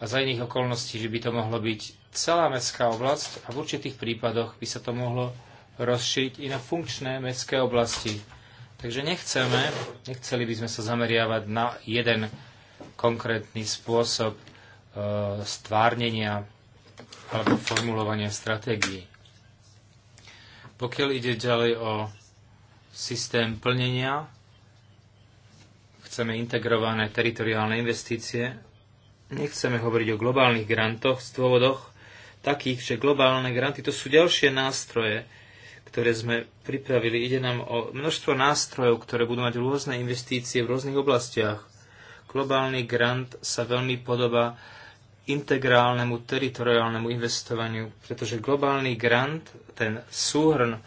a za iných okolností, že by to mohlo byť celá mestská oblasť a v určitých prípadoch by sa to mohlo rozšíriť i na funkčné mestské oblasti. Takže nechceme, nechceli by sme sa zameriavať na jeden konkrétny spôsob e, stvárnenia alebo formulovania stratégií. Pokiaľ ide ďalej o systém plnenia, chceme integrované teritoriálne investície, nechceme hovoriť o globálnych grantoch z dôvodoch takých, že globálne granty to sú ďalšie nástroje, ktoré sme pripravili. Ide nám o množstvo nástrojov, ktoré budú mať rôzne investície v rôznych oblastiach. Globálny grant sa veľmi podobá integrálnemu teritoriálnemu investovaniu, pretože globálny grant, ten súhrn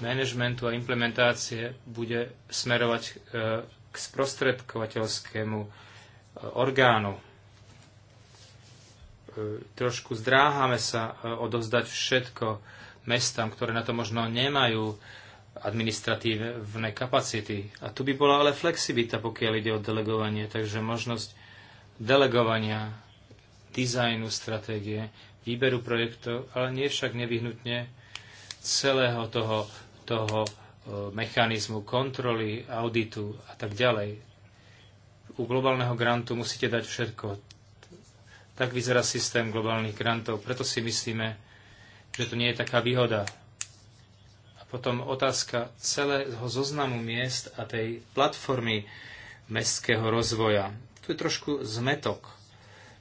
manažmentu a implementácie bude smerovať e, k sprostredkovateľskému e, orgánu. E, trošku zdráhame sa e, odovzdať všetko mestám, ktoré na to možno nemajú administratívne kapacity. A tu by bola ale flexibilita, pokiaľ ide o delegovanie, takže možnosť delegovania, dizajnu stratégie, výberu projektov, ale nie však nevyhnutne celého toho, toho E, mechanizmu kontroly, auditu a tak ďalej. U globálneho grantu musíte dať všetko. Tak vyzerá systém globálnych grantov. Preto si myslíme, že to nie je taká výhoda. A potom otázka celého zoznamu miest a tej platformy mestského rozvoja. Tu je trošku zmetok.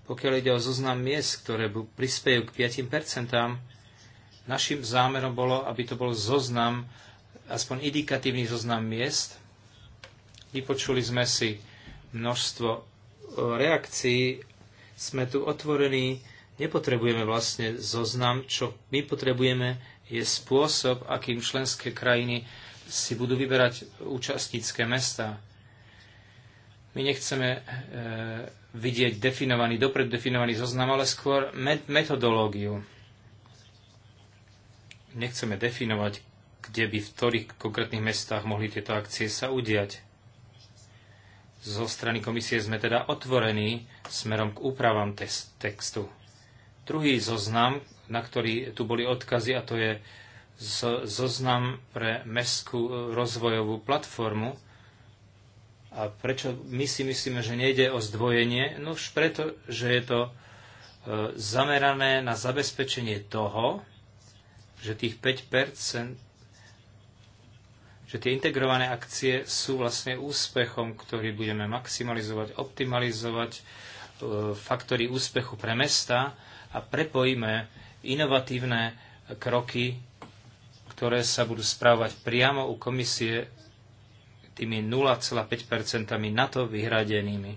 Pokiaľ ide o zoznam miest, ktoré prispejú k 5%, našim zámerom bolo, aby to bol zoznam aspoň indikatívny zoznam miest. Vypočuli sme si množstvo e, reakcií. Sme tu otvorení, nepotrebujeme vlastne zoznam. Čo my potrebujeme je spôsob, akým členské krajiny si budú vyberať účastnícke mesta. My nechceme e, vidieť definovaný, dopred definovaný zoznam, ale skôr met- metodológiu. Nechceme definovať, kde by v ktorých konkrétnych mestách mohli tieto akcie sa udiať. Zo strany komisie sme teda otvorení smerom k úpravám textu. Druhý zoznam, na ktorý tu boli odkazy, a to je zoznam pre mestskú e, rozvojovú platformu. A prečo my si myslíme, že nejde o zdvojenie? No už preto, že je to e, zamerané na zabezpečenie toho, že tých 5 že tie integrované akcie sú vlastne úspechom, ktorý budeme maximalizovať, optimalizovať e, faktory úspechu pre mesta a prepojíme inovatívne kroky, ktoré sa budú správať priamo u komisie tými 0,5% na to vyhradenými.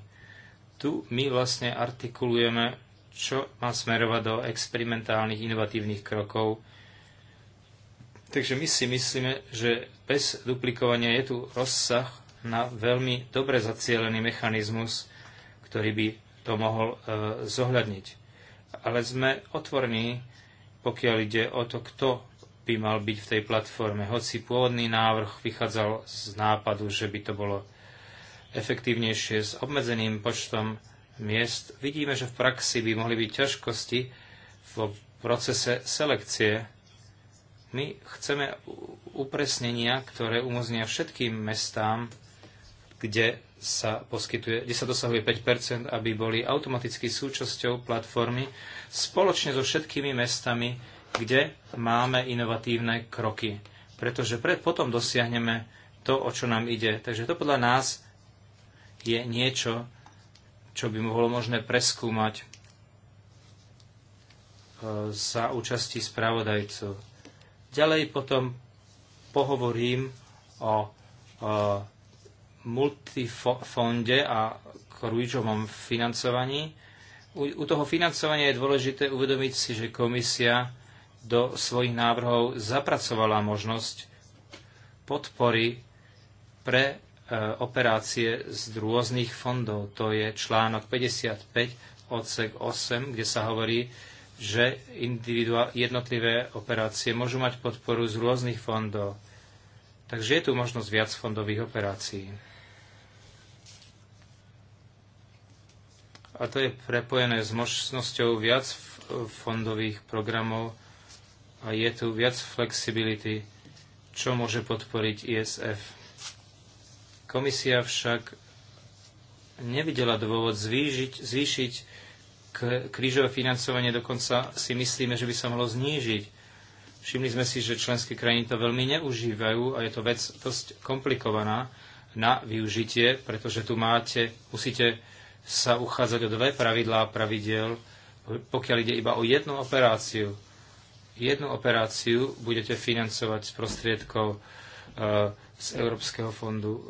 Tu my vlastne artikulujeme, čo má smerovať do experimentálnych inovatívnych krokov. Takže my si myslíme, že bez duplikovania je tu rozsah na veľmi dobre zacielený mechanizmus, ktorý by to mohol e, zohľadniť. Ale sme otvorní, pokiaľ ide o to, kto by mal byť v tej platforme. Hoci pôvodný návrh vychádzal z nápadu, že by to bolo efektívnejšie s obmedzeným počtom miest, vidíme, že v praxi by mohli byť ťažkosti v procese selekcie. My chceme upresnenia, ktoré umožnia všetkým mestám, kde sa, poskytuje, kde sa dosahuje 5 aby boli automaticky súčasťou platformy spoločne so všetkými mestami, kde máme inovatívne kroky. Pretože pred, potom dosiahneme to, o čo nám ide. Takže to podľa nás je niečo, čo by mohlo možné preskúmať e, za účasti spravodajcov. Ďalej potom pohovorím o, o multifonde a Rujčovom financovaní. U, u toho financovania je dôležité uvedomiť si, že komisia do svojich návrhov zapracovala možnosť podpory pre e, operácie z rôznych fondov. To je článok 55 odsek 8, kde sa hovorí, že jednotlivé operácie môžu mať podporu z rôznych fondov. Takže je tu možnosť viac fondových operácií. A to je prepojené s možnosťou viac fondových programov a je tu viac flexibility, čo môže podporiť ISF. Komisia však nevidela dôvod zvýšiť, zvýšiť krížové financovanie dokonca si myslíme, že by sa mohlo znížiť. Všimli sme si, že členské krajiny to veľmi neužívajú a je to vec dosť komplikovaná na využitie, pretože tu máte, musíte sa uchádzať o dve pravidlá pravidel, pokiaľ ide iba o jednu operáciu. Jednu operáciu budete financovať z prostriedkov eh, z Európskeho fondu e,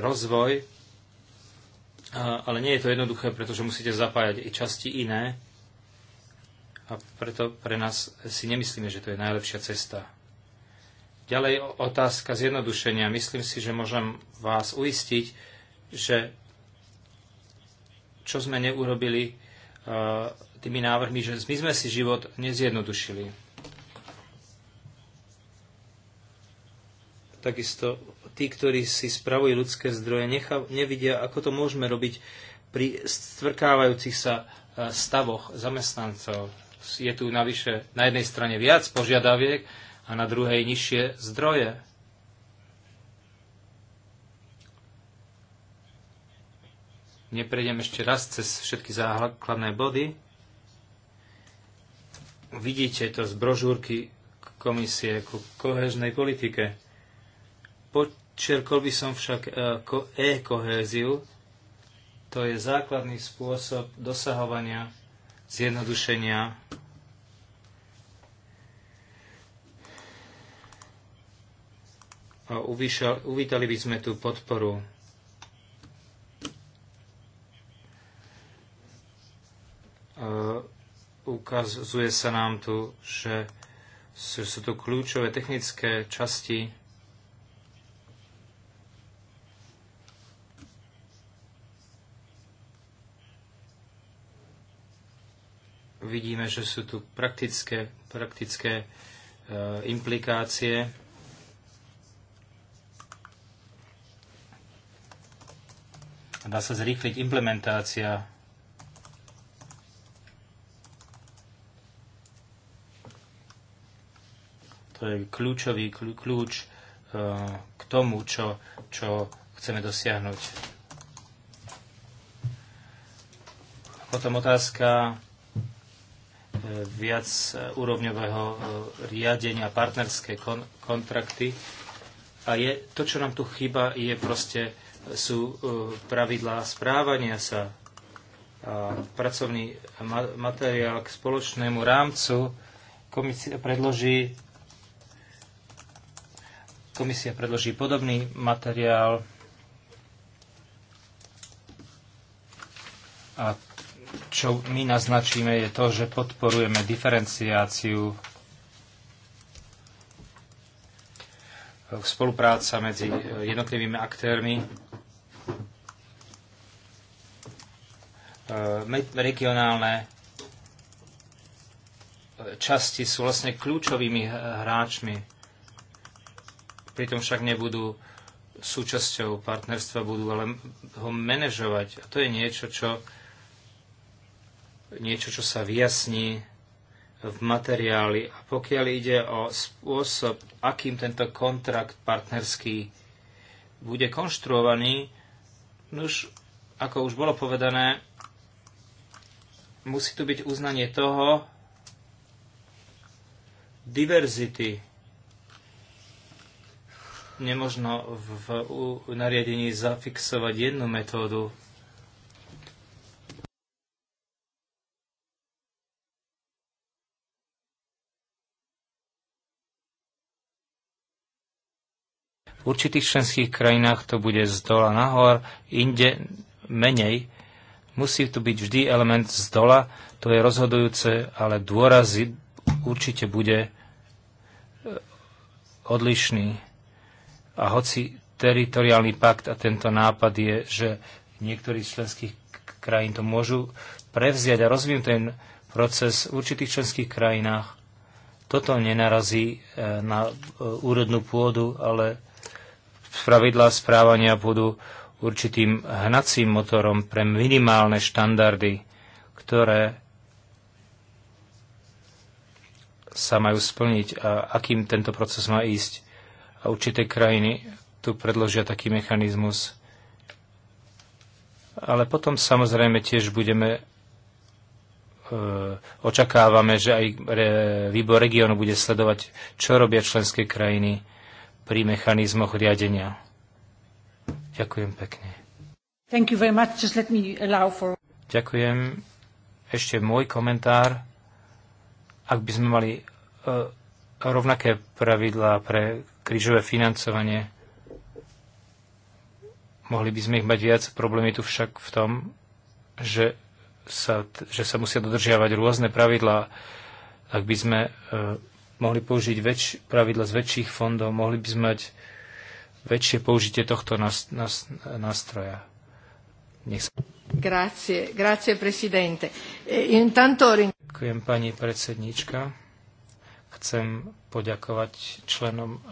rozvoj ale nie je to jednoduché, pretože musíte zapájať i časti iné a preto pre nás si nemyslíme, že to je najlepšia cesta. Ďalej otázka zjednodušenia. Myslím si, že môžem vás uistiť, že čo sme neurobili tými návrhmi, že my sme si život nezjednodušili. Takisto tí, ktorí si spravujú ľudské zdroje, necha, nevidia, ako to môžeme robiť pri stvrkávajúcich sa e, stavoch zamestnancov. Je tu navyše na jednej strane viac požiadaviek a na druhej nižšie zdroje. Neprejdem ešte raz cez všetky základné body. Vidíte to z brožúrky komisie ku kohežnej politike. Po, Čerkol by som však e koheziu to je základný spôsob dosahovania zjednodušenia a uvítali by sme tú podporu. E, ukazuje sa nám tu, že sú tu kľúčové technické časti vidíme, že sú tu praktické, praktické e, implikácie. Dá sa zrýchliť implementácia to je kľúčový kľúč e, k tomu, čo, čo chceme dosiahnuť. Potom otázka viac eh, úrovňového eh, riadenia, partnerské kon- kontrakty. A je, to, čo nám tu chýba, je proste, sú eh, pravidlá správania sa, a pracovný ma- materiál k spoločnému rámcu. Komisia predloží, komisia predloží podobný materiál a čo my naznačíme, je to, že podporujeme diferenciáciu spolupráca medzi jednotlivými aktérmi, e, regionálne časti sú vlastne kľúčovými hráčmi. Pritom však nebudú súčasťou partnerstva, budú ale ho manažovať. A to je niečo, čo niečo, čo sa vyjasní v materiáli. A pokiaľ ide o spôsob, akým tento kontrakt partnerský bude konštruovaný, no už, ako už bolo povedané, musí tu byť uznanie toho diverzity. Nemožno v, v, v nariadení zafixovať jednu metódu V určitých členských krajinách to bude z dola nahor, inde menej. Musí tu byť vždy element z dola, to je rozhodujúce, ale dôraz určite bude e, odlišný. A hoci teritoriálny pakt a tento nápad je, že niektorí z členských krajín to môžu prevziať a rozvinúť ten proces v určitých členských krajinách. Toto nenarazí e, na e, úrodnú pôdu, ale Pravidlá správania budú určitým hnacím motorom pre minimálne štandardy, ktoré sa majú splniť a akým tento proces má ísť. A určité krajiny tu predložia taký mechanizmus. Ale potom samozrejme tiež budeme e, očakávame, že aj výbor regionu bude sledovať, čo robia členské krajiny pri mechanizmoch riadenia. Ďakujem pekne. Thank you very much. Just let me allow for... Ďakujem. Ešte môj komentár. Ak by sme mali uh, rovnaké pravidlá pre krížové financovanie, mohli by sme ich mať viac. Problém je tu však v tom, že sa, že sa musia dodržiavať rôzne pravidlá. Ak by sme e, mohli použiť väč- pravidla z väčších fondov, mohli by sme mať väčšie použitie tohto nás- nás- nástroja. Nech sa... Grazie, grazie presidente. E, intanto... Ďakujem pani predsedníčka. Chcem poďakovať členom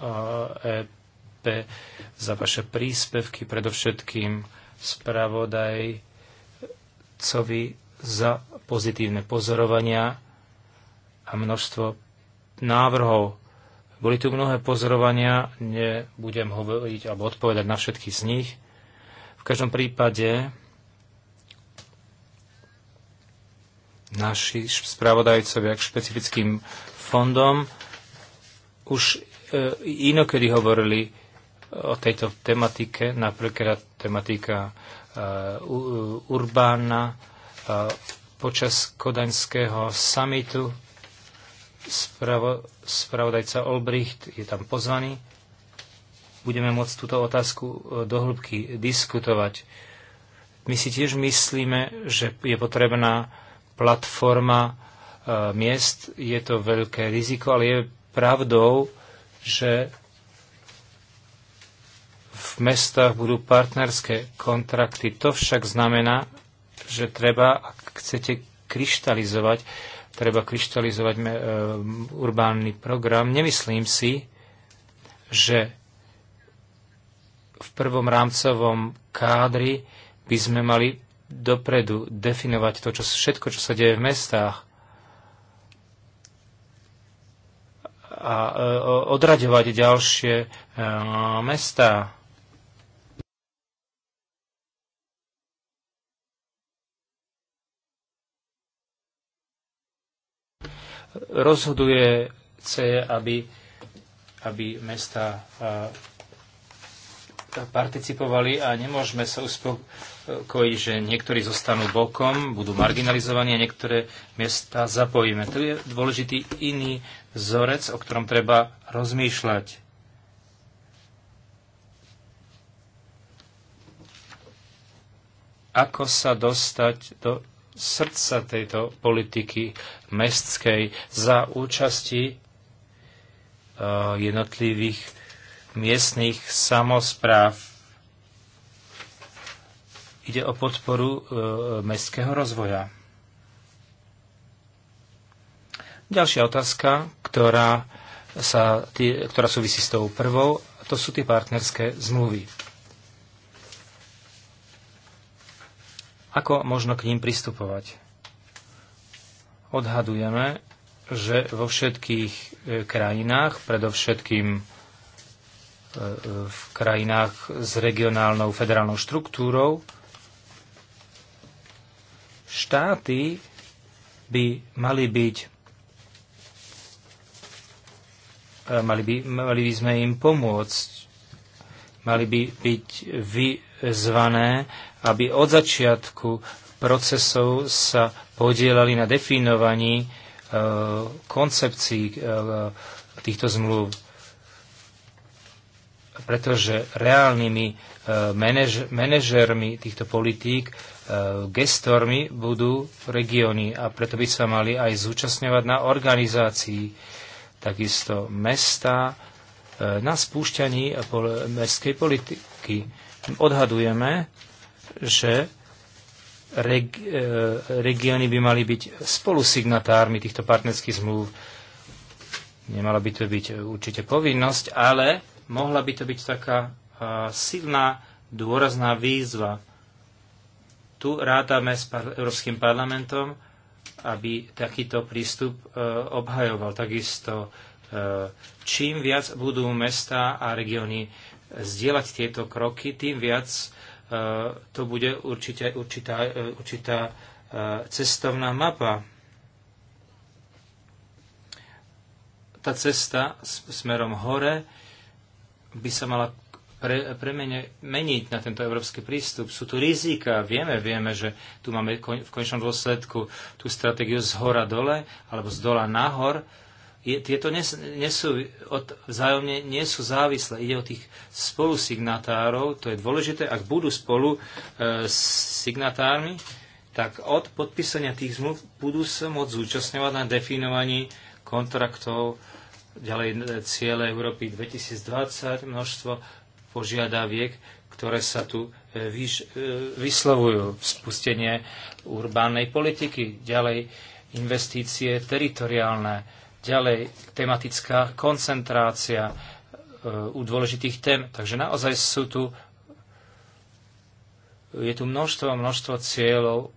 EP za vaše príspevky, predovšetkým spravodajcovi za pozitívne pozorovania a množstvo návrhov. Boli tu mnohé pozorovania, nebudem hovoriť alebo odpovedať na všetky z nich. V každom prípade naši spravodajcovia k špecifickým fondom už e, inokedy hovorili o tejto tematike, napríklad tematika e, e, urbána počas kodaňského samitu Spravo, spravodajca Olbricht je tam pozvaný. Budeme môcť túto otázku e, hĺbky diskutovať. My si tiež myslíme, že je potrebná platforma e, miest. Je to veľké riziko, ale je pravdou, že v mestách budú partnerské kontrakty. To však znamená, že treba, ak chcete kryštalizovať treba kryštalizovať e, urbánny program. Nemyslím si, že v prvom rámcovom kádri by sme mali dopredu definovať to, čo, všetko, čo sa deje v mestách a e, odraďovať ďalšie e, mestá. rozhoduje C, aby, aby mesta participovali a nemôžeme sa uspokojiť, že niektorí zostanú bokom, budú marginalizovaní a niektoré miesta zapojíme. To je dôležitý iný vzorec, o ktorom treba rozmýšľať. Ako sa dostať do srdca tejto politiky mestskej za účasti eh, jednotlivých miestných samozpráv. Ide o podporu eh, mestského rozvoja. Ďalšia otázka, ktorá, sa, ktorá súvisí s tou prvou, to sú tie partnerské zmluvy. Ako možno k ním pristupovať? Odhadujeme, že vo všetkých e, krajinách, predovšetkým e, e, v krajinách s regionálnou federálnou štruktúrou, štáty by mali byť mali by, mali by sme im pomôcť mali by byť vyzvané, aby od začiatku procesov sa podielali na definovaní e, koncepcií e, týchto zmluv. Pretože reálnymi e, manaž, manažermi týchto politík, gestormi budú regióny a preto by sa mali aj zúčastňovať na organizácii takisto mesta, na spúšťaní mestskej politiky. Odhadujeme, že e, regióny by mali byť spolusignatármi týchto partnerských zmluv. Nemala by to byť určite povinnosť, ale mohla by to byť taká e, silná, dôrazná výzva. Tu rátame s Európskym parlamentom, aby takýto prístup e, obhajoval. Takisto E, čím viac budú mesta a regióny zdieľať tieto kroky, tým viac e, to bude určite, určitá, e, určitá cestovná mapa. Tá cesta smerom hore by sa mala pre, premene, meniť na tento európsky prístup. Sú tu rizika, vieme, vieme, že tu máme v konečnom dôsledku tú stratégiu z hora dole alebo z dola nahor je, tieto nes, nesú, od, vzájomne nie sú závislé. Ide o tých spolusignatárov, to je dôležité, ak budú spolu e, signatármi, tak od podpísania tých zmluv budú sa môcť zúčastňovať na definovaní kontraktov, ďalej e, ciele Európy 2020, množstvo požiadaviek, ktoré sa tu e, vyš, e, vyslovujú. Spustenie urbánnej politiky, ďalej investície teritoriálne, Ďalej, tematická koncentrácia e, u dôležitých tém. Takže naozaj sú tu, je tu množstvo, množstvo cieľov.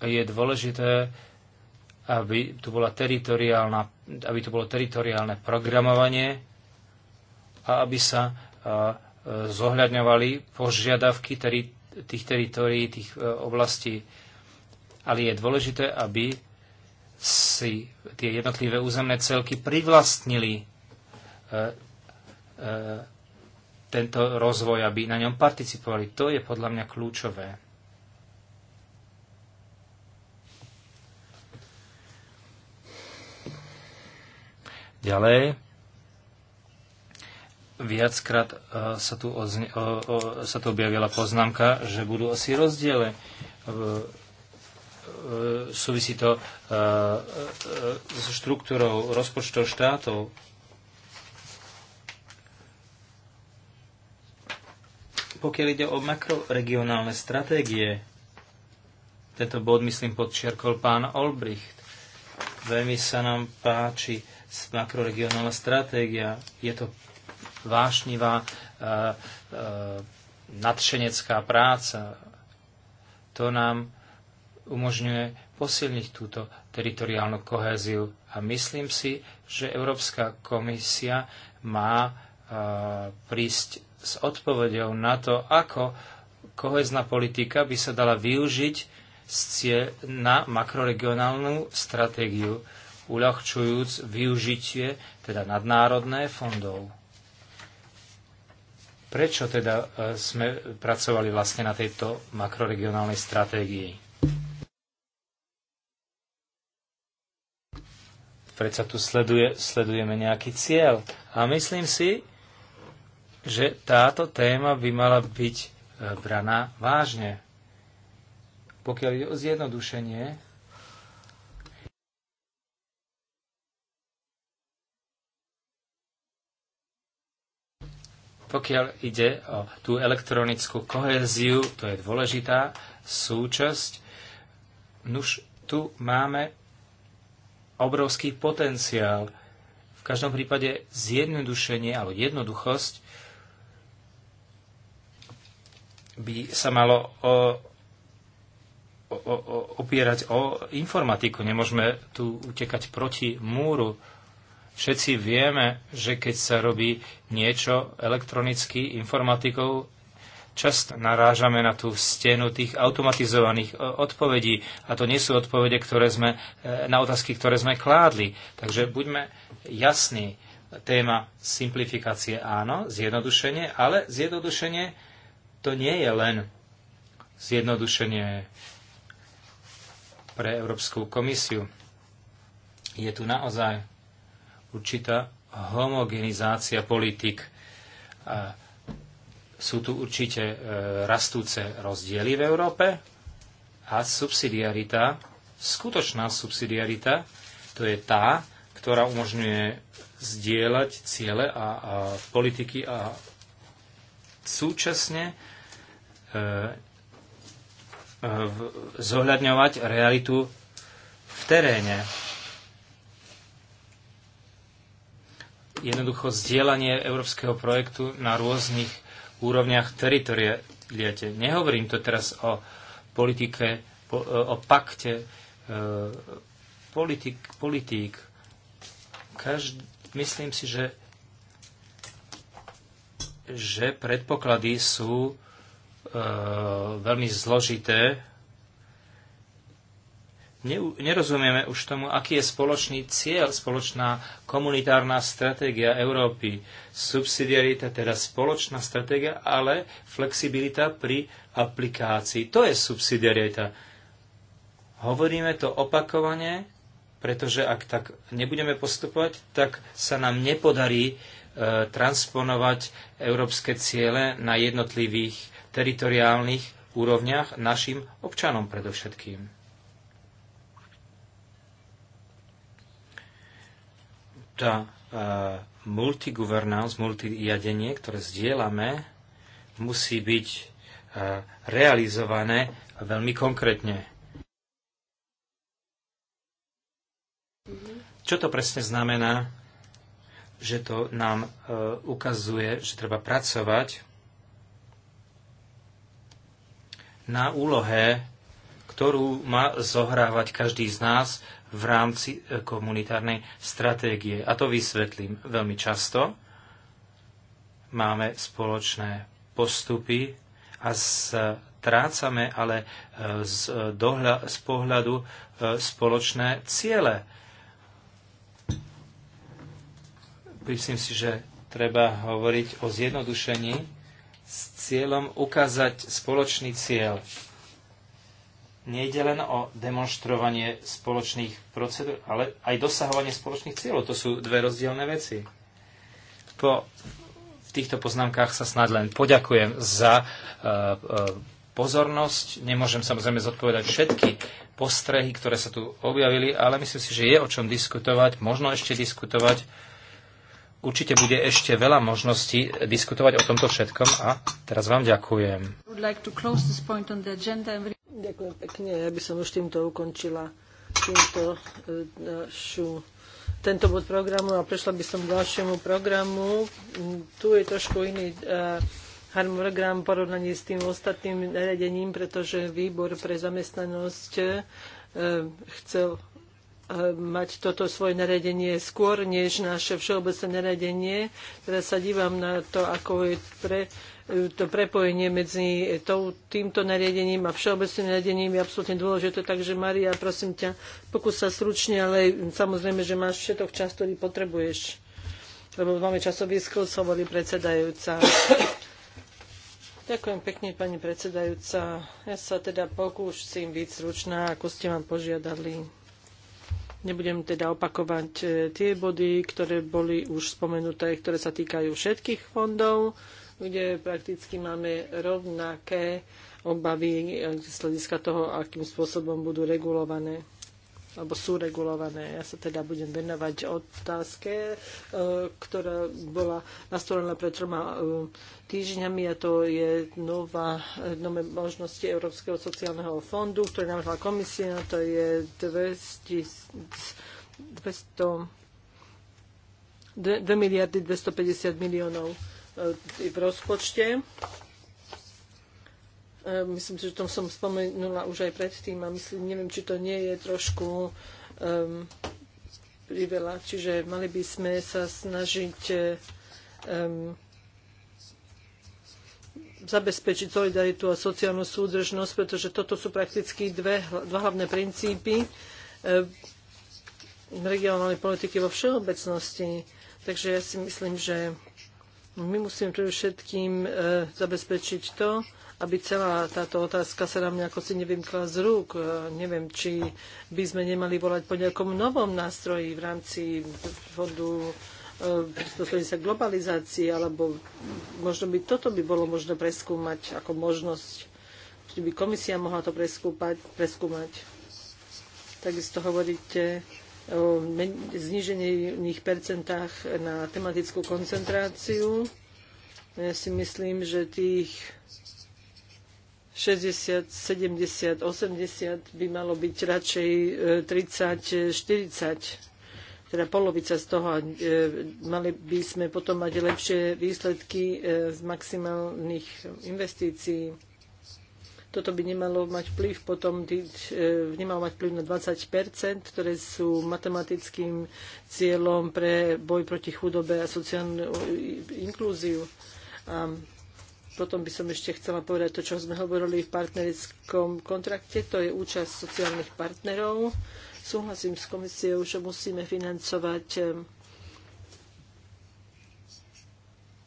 Je dôležité, aby tu, bola teritoriálna, aby tu bolo teritoriálne programovanie a aby sa e, zohľadňovali požiadavky tých teritórií, tých e, oblastí. Ale je dôležité, aby si tie jednotlivé územné celky privlastnili e, e, tento rozvoj, aby na ňom participovali. To je podľa mňa kľúčové. Ďalej, viackrát e, sa tu, ozne, o, o, sa tu objavila poznámka, že budú asi rozdiele e, E, súvisí to e, e, so štruktúrou rozpočtov štátov. Pokiaľ ide o makroregionálne stratégie, tento bod, myslím, podčiarkol pán Olbricht. Veľmi sa nám páči makroregionálna stratégia. Je to vášnivá nadšenecká práca. To nám umožňuje posilniť túto teritoriálnu kohéziu. A myslím si, že Európska komisia má e, prísť s odpovedou na to, ako kohezná politika by sa dala využiť na makroregionálnu stratégiu, uľahčujúc využitie teda nadnárodné fondov. Prečo teda e, sme pracovali vlastne na tejto makroregionálnej stratégii? Predsa tu sleduje, sledujeme nejaký cieľ. A myslím si, že táto téma by mala byť e, braná vážne. Pokiaľ ide o zjednodušenie, pokiaľ ide o tú elektronickú kohéziu, to je dôležitá súčasť. Nuž, tu máme obrovský potenciál. V každom prípade zjednodušenie alebo jednoduchosť by sa malo o, o, o, opierať o informatiku. Nemôžeme tu utekať proti múru. Všetci vieme, že keď sa robí niečo elektronicky informatikou, často narážame na tú stenu tých automatizovaných e, odpovedí a to nie sú odpovede, ktoré sme, e, na otázky, ktoré sme kládli. Takže buďme jasní, téma simplifikácie áno, zjednodušenie, ale zjednodušenie to nie je len zjednodušenie pre Európsku komisiu. Je tu naozaj určitá homogenizácia politik. A sú tu určite e, rastúce rozdiely v Európe a subsidiarita, skutočná subsidiarita, to je tá, ktorá umožňuje zdieľať ciele a, a politiky a súčasne e, e, zohľadňovať realitu v teréne. Jednoducho zdieľanie európskeho projektu na rôznych úrovniach teritorialiate. Nehovorím to teraz o politike, e, o pakte e, politik, politík. Každý, myslím si, že, že predpoklady sú e, veľmi zložité nerozumieme už tomu, aký je spoločný cieľ, spoločná komunitárna stratégia Európy. Subsidiarita, teda spoločná stratégia, ale flexibilita pri aplikácii. To je subsidiarita. Hovoríme to opakovane, pretože ak tak nebudeme postupovať, tak sa nám nepodarí e, transponovať európske ciele na jednotlivých teritoriálnych úrovniach našim občanom predovšetkým. tá e, multigovernance, multijadenie, ktoré zdieľame, musí byť e, realizované veľmi konkrétne. Čo to presne znamená, že to nám e, ukazuje, že treba pracovať na úlohe, ktorú má zohrávať každý z nás v rámci e, komunitárnej stratégie. A to vysvetlím veľmi často. Máme spoločné postupy a strácame ale e, z, dohľa, z pohľadu e, spoločné ciele. Myslím si, že treba hovoriť o zjednodušení s cieľom ukázať spoločný cieľ nejde len o demonstrovanie spoločných procedúr, ale aj dosahovanie spoločných cieľov. To sú dve rozdielne veci. Po v týchto poznámkach sa snad len poďakujem za e, e, pozornosť. Nemôžem samozrejme zodpovedať všetky postrehy, ktoré sa tu objavili, ale myslím si, že je o čom diskutovať, možno ešte diskutovať. Určite bude ešte veľa možností diskutovať o tomto všetkom a teraz vám ďakujem. Ďakujem pekne. Ja by som už týmto ukončila týmto e, našu tento bod programu a prešla by som k ďalšiemu programu. Tu je trošku iný uh, harmonogram v porovnaní s tým ostatným naredením, pretože výbor pre zamestnanosť uh, chcel mať toto svoje naredenie skôr, než naše všeobecné naredenie. Teraz sa dívam na to, ako je pre, to prepojenie medzi týmto nariadením a všeobecným nariadením je absolútne dôležité. Takže Maria, prosím ťa, pokús sa stručne, ale samozrejme, že máš všetok čas, ktorý potrebuješ. Lebo máme časový skos, hovorí predsedajúca. Ďakujem pekne, pani predsedajúca. Ja sa teda pokúsim byť stručná, ako ste vám požiadali. Nebudem teda opakovať e, tie body, ktoré boli už spomenuté, ktoré sa týkajú všetkých fondov kde prakticky máme rovnaké obavy z hľadiska toho, akým spôsobom budú regulované alebo sú regulované. Ja sa teda budem venovať otázke, e, ktorá bola nastolená pred troma e, týždňami a to je nová, nové možnosti Európskeho sociálneho fondu, ktorý navrhla komisia, to je 200, 200 2 miliardy 250 miliónov E, v rozpočte. E, myslím, si, že to som spomenula už aj predtým a myslím, neviem, či to nie je trošku um, priveľa. Čiže mali by sme sa snažiť um, zabezpečiť solidaritu a sociálnu súdržnosť, pretože toto sú prakticky dve, dva hlavné princípy regionálnej politiky vo všeobecnosti. Takže ja si myslím, že my musíme predovšetkým e, zabezpečiť to, aby celá táto otázka sa nám nejako si nevymkla z rúk. E, neviem, či by sme nemali volať po nejakom novom nástroji v rámci fondu prispôsobenie sa globalizácii, alebo možno by toto by bolo možno preskúmať ako možnosť, či by komisia mohla to preskúpať, preskúmať. Takisto hovoríte o znižených percentách na tematickú koncentráciu. Ja si myslím, že tých 60, 70, 80 by malo byť radšej 30, e, 40, e, teda polovica z toho. E, mali by sme potom mať lepšie výsledky z maximálnych investícií toto by nemalo mať vplyv potom, e, nemalo mať vplyv na 20 ktoré sú matematickým cieľom pre boj proti chudobe a sociálnu e, inklúziu. A potom by som ešte chcela povedať to, čo sme hovorili v partnerickom kontrakte, to je účasť sociálnych partnerov. Súhlasím s komisiou, že musíme financovať e,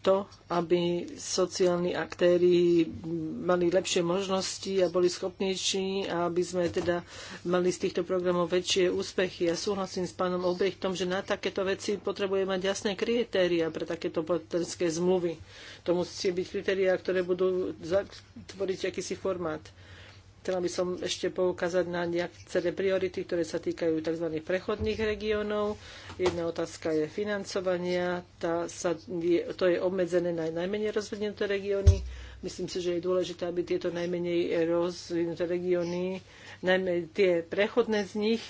to, aby sociálni aktéry mali lepšie možnosti a boli schopnejší a aby sme teda mali z týchto programov väčšie úspechy. Ja súhlasím s pánom Obrechtom, že na takéto veci potrebuje mať jasné kritéria pre takéto partnerské zmluvy. To musí byť kritéria, ktoré budú tvoriť akýsi formát. Chcela by som ešte poukázať na nejaké priority, ktoré sa týkajú tzv. prechodných regiónov. Jedna otázka je financovania. Tá sa, to je obmedzené na najmenej rozvinuté regióny. Myslím si, že je dôležité, aby tieto najmenej rozvinuté regióny, najmä tie prechodné z nich,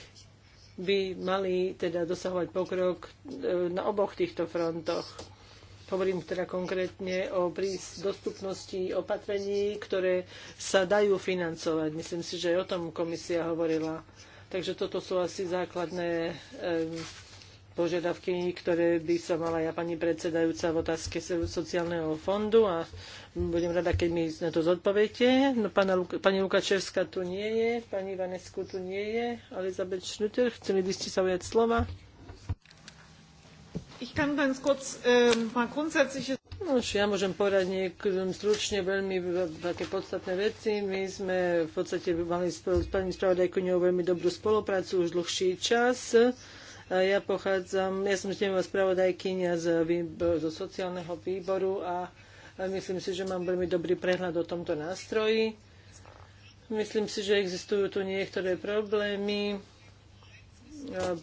by mali teda dosahovať pokrok e, na oboch týchto frontoch Hovorím teda konkrétne o dostupnosti opatrení, ktoré sa dajú financovať. Myslím si, že aj o tom komisia hovorila. Takže toto sú asi základné požiadavky, ktoré by som mala ja pani predsedajúca v otázke sociálneho fondu a budem rada, keď mi na to zodpoviete. No, pána, pani Lukačevská tu nie je, pani Vanesku tu nie je, Elizabeth Šnuter, chceli by ste sa ujať slova? ich kann ganz kurz ähm, mal No, ja môžem povedať niekým stručne veľmi také podstatné veci. My sme v podstate mali s pani spravodajkuňou veľmi dobrú spoluprácu už dlhší čas. Ja pochádzam, ja som tieňová spravodajkynia z, zo sociálneho výboru a myslím si, že mám veľmi dobrý prehľad o tomto nástroji. Myslím si, že existujú tu niektoré problémy,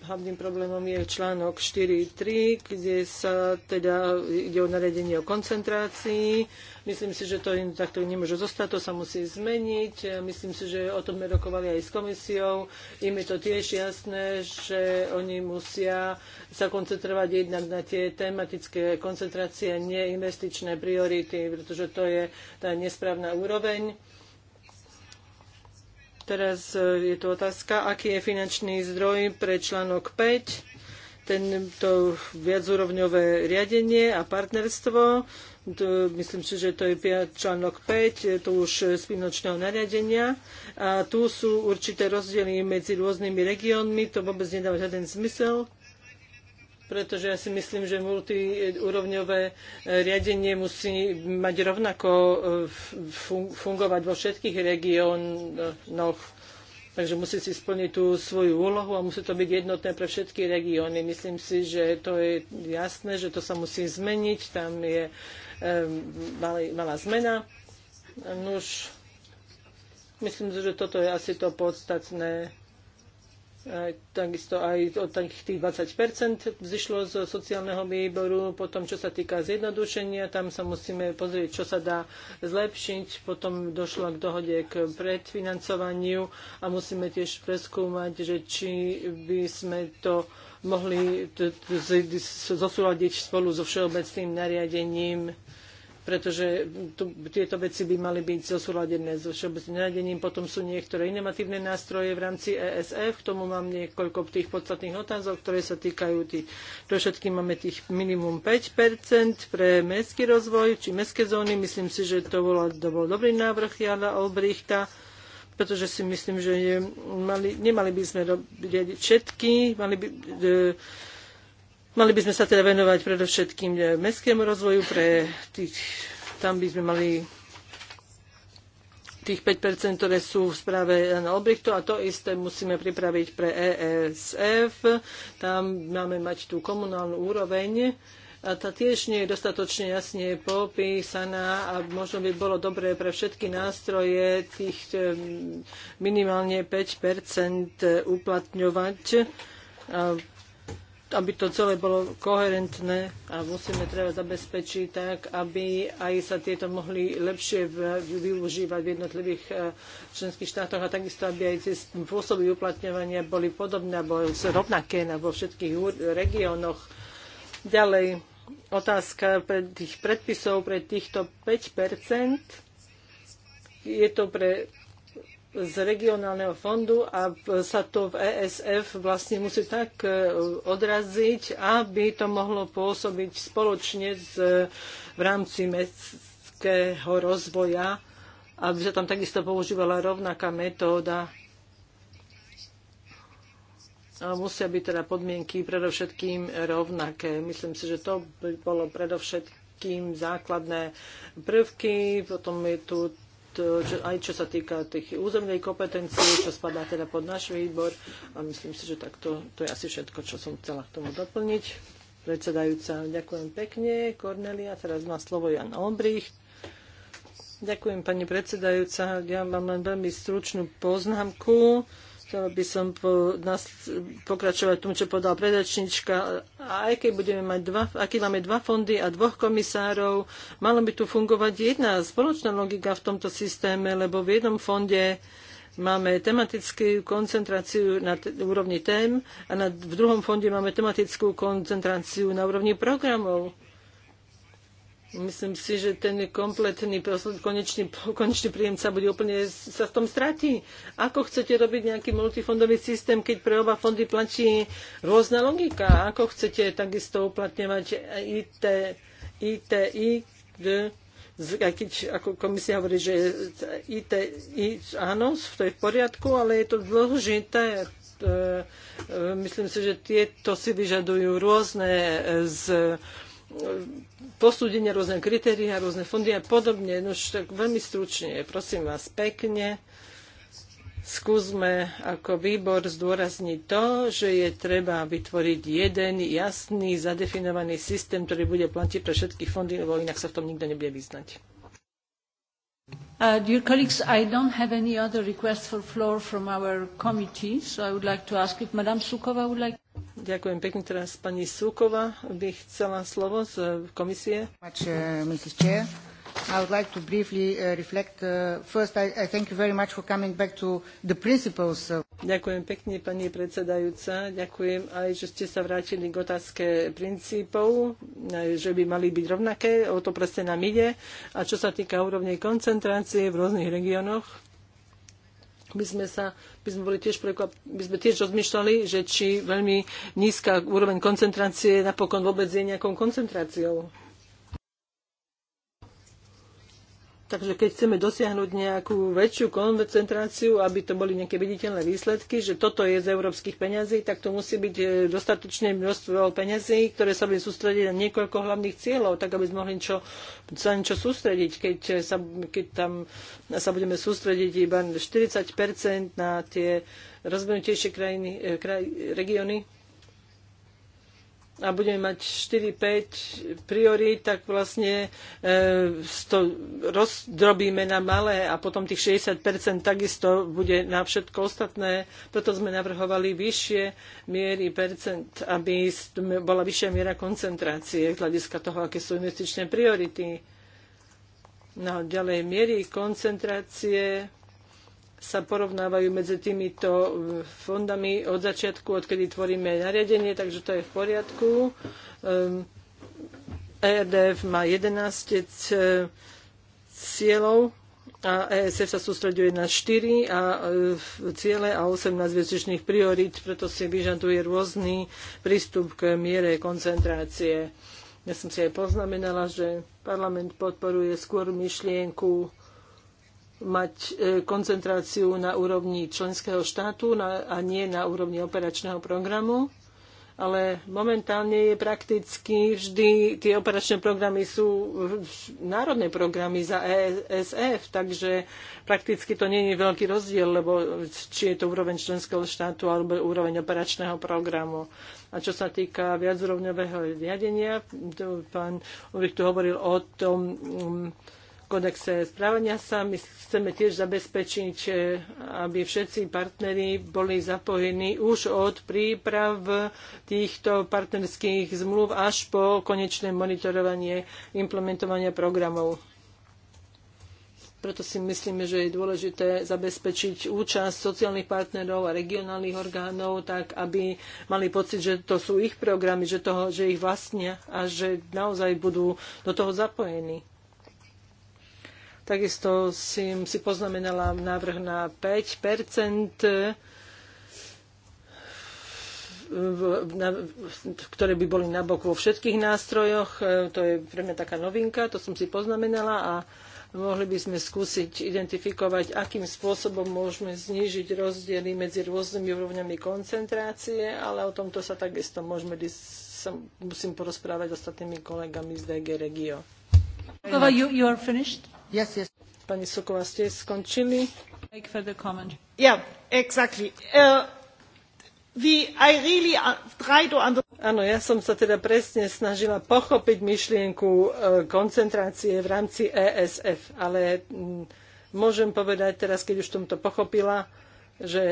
hlavným problémom je článok 4.3, kde sa teda ide o naredenie o koncentrácii. Myslím si, že to takto nemôže zostať, to sa musí zmeniť. Myslím si, že o tom rokovali aj s komisiou. Im je to tiež jasné, že oni musia sa koncentrovať jednak na tie tematické koncentrácie, nie investičné priority, pretože to je tá nesprávna úroveň Teraz e, je tu otázka, aký je finančný zdroj pre článok 5, tento viacúrovňové riadenie a partnerstvo. Myslím si, že to je článok 5, e, to už z e, finančného nariadenia. A tu sú určité rozdiely medzi rôznymi regiónmi, to vôbec nedáva žiaden zmysel pretože ja si myslím, že multiúrovňové e, riadenie musí mať rovnako e, fungovať vo všetkých regiónoch. Takže musí si splniť tú svoju úlohu a musí to byť jednotné pre všetky regióny. Myslím si, že to je jasné, že to sa musí zmeniť. Tam je e, malá zmena. Nuž, myslím, že toto je asi to podstatné takisto aj od tých 20 vzýšlo z sociálneho výboru. Potom, čo sa týka zjednodušenia, tam sa musíme pozrieť, čo sa dá zlepšiť. Potom došlo k dohode k predfinancovaniu a musíme tiež preskúmať, že či by sme to mohli zosúľadiť spolu so všeobecným nariadením pretože tu, tieto veci by mali byť zosúladené so všeobecným nariadením. Potom sú niektoré inovatívne nástroje v rámci ESF. K tomu mám niekoľko tých podstatných otázok, ktoré sa týkajú tých. Pre všetkým máme tých minimum 5 pre mestský rozvoj či mestské zóny. Myslím si, že to bol, to bol dobrý návrh Jana Olbrichta pretože si myslím, že je, mali, nemali by sme robiť všetky, mali by, e, Mali by sme sa teda venovať predovšetkým eh, mestskému rozvoju, pre tých, tam by sme mali tých 5%, ktoré sú v správe na objektu a to isté musíme pripraviť pre ESF. Tam máme mať tú komunálnu úroveň. A tá tiež nie je dostatočne jasne popísaná a možno by bolo dobré pre všetky nástroje tých eh, minimálne 5 eh, uplatňovať. A aby to celé bolo koherentné a musíme treba zabezpečiť tak, aby aj sa tieto mohli lepšie využívať v jednotlivých e, členských štátoch a takisto, aby aj tie spôsoby uplatňovania boli podobné alebo rovnaké vo všetkých regiónoch. Ďalej, otázka pre tých predpisov pre týchto 5 je to pre z regionálneho fondu a sa to v ESF vlastne musí tak e, odraziť, aby to mohlo pôsobiť spoločne z, e, v rámci mestského rozvoja, aby sa tam takisto používala rovnaká metóda. A musia byť teda podmienky predovšetkým rovnaké. Myslím si, že to by bolo predovšetkým základné prvky. Potom je tu čo, aj čo sa týka tých územnej kompetencie, čo spadá teda pod náš výbor. A myslím si, že takto to je asi všetko, čo som chcela k tomu doplniť. Predsedajúca, ďakujem pekne. Kornelia, teraz má slovo Jan Olbrich. Ďakujem, pani predsedajúca. Ja mám len veľmi stručnú poznámku chcela by som po, nas, pokračovať tomu, čo povedala predačnička. A aj keď budeme mať dva, aký máme dva fondy a dvoch komisárov, malo by tu fungovať jedna spoločná logika v tomto systéme, lebo v jednom fonde máme tematickú koncentráciu na úrovni tém a na, v druhom fonde máme tematickú koncentráciu na úrovni programov. Myslím si, že ten kompletný konečný, konečný príjemca bude úplne sa v tom stratí. Ako chcete robiť nejaký multifondový systém, keď pre oba fondy platí rôzna logika? Ako chcete takisto uplatňovať IT, ITI, aj keď ako komisia hovorí, že IT, áno, to je v poriadku, ale je to dlhožité e, e, myslím si, že tieto si vyžadujú rôzne e, z posúdenia, rôzne kritéria, rôzne fondy a podobne. No tak veľmi stručne, prosím vás pekne, skúsme ako výbor zdôrazniť to, že je treba vytvoriť jeden jasný, zadefinovaný systém, ktorý bude platiť pre všetky fondy, lebo inak sa v tom nikto nebude vyznať. Uh, dear colleagues, I don't have any other request for floor from our committee, so I would like to ask if Madame Sukova would like... Ďakujem pekne teraz pani Sukova. By chcela slovo z eh, komisie. Much, uh, Mrs. Chair. I would like to briefly uh, reflect. Uh, first, I, I thank you very much for coming back to the principles. Of... Ďakujem pekne, pani predsedajúca. Ďakujem aj, že ste sa vrátili k otázke princípov, že by mali byť rovnaké. O to presne nám ide. A čo sa týka úrovne koncentrácie v rôznych regiónoch, by sme sa by sme boli tiež prekvap, by sme tiež rozmýšľali, že či veľmi nízka úroveň koncentrácie napokon vôbec je nejakou koncentráciou. Takže keď chceme dosiahnuť nejakú väčšiu koncentráciu, aby to boli nejaké viditeľné výsledky, že toto je z európskych peňazí, tak to musí byť e, dostatočné množstvo peňazí, ktoré sa budú sústrediť na niekoľko hlavných cieľov, tak aby sme mohli čo, sa niečo sústrediť. Keď, e, sa, keď tam sa budeme sústrediť iba 40 na tie rozvinutejšie krajiny, e, kraj, regióny, a budeme mať 4-5 priorít, tak vlastne e, to rozdrobíme na malé a potom tých 60 takisto bude na všetko ostatné. Preto sme navrhovali vyššie miery percent, aby bola vyššia miera koncentrácie z hľadiska toho, aké sú investičné priority. No, ďalej miery koncentrácie sa porovnávajú medzi týmito e, fondami od začiatku, odkedy tvoríme nariadenie, takže to je v poriadku. ERDF ehm, e má 11 e, cieľov a ESF sa sústreďuje na 4 a ciele a 18 výsličných priorít, preto si vyžaduje rôzny prístup k miere koncentrácie. Ja som si aj poznamenala, že parlament podporuje skôr myšlienku mať e, koncentráciu na úrovni členského štátu a nie na úrovni operačného programu. Ale momentálne je prakticky vždy tie operačné programy sú národné programy za ESF, takže prakticky to nie je veľký rozdiel, lebo či je to úroveň členského štátu alebo úroveň operačného programu. A čo sa týka viacúrovňového riadenia, pán Ulrich tu hovoril o tom, um, kodexe správania sa. My chceme tiež zabezpečiť, eh, aby všetci partneri boli zapojení už od príprav týchto partnerských zmluv až po konečné monitorovanie implementovania programov. Preto si myslíme, že je dôležité zabezpečiť účasť sociálnych partnerov a regionálnych orgánov tak, aby mali pocit, že to sú ich programy, že, toho, že ich vlastnia a že naozaj budú do toho zapojení. Takisto si, si poznamenala návrh na 5 ktoré by boli nabok vo všetkých nástrojoch. E, to je pre mňa taká novinka, to som si poznamenala a mohli by sme skúsiť identifikovať, akým spôsobom môžeme znížiť rozdiely medzi rôznymi úrovňami koncentrácie, ale o tomto sa takisto môžeme, sa musím porozprávať s ostatnými kolegami z DG Regio. You, you are finished? Yes, yes. Pani Soková, ste skončili? Make further comment. Yeah, exactly. Uh, we, I really uh, try to understand. Áno, ja som sa teda presne snažila pochopiť myšlienku uh, koncentrácie v rámci ESF, ale mm, môžem povedať teraz, keď už som to pochopila, že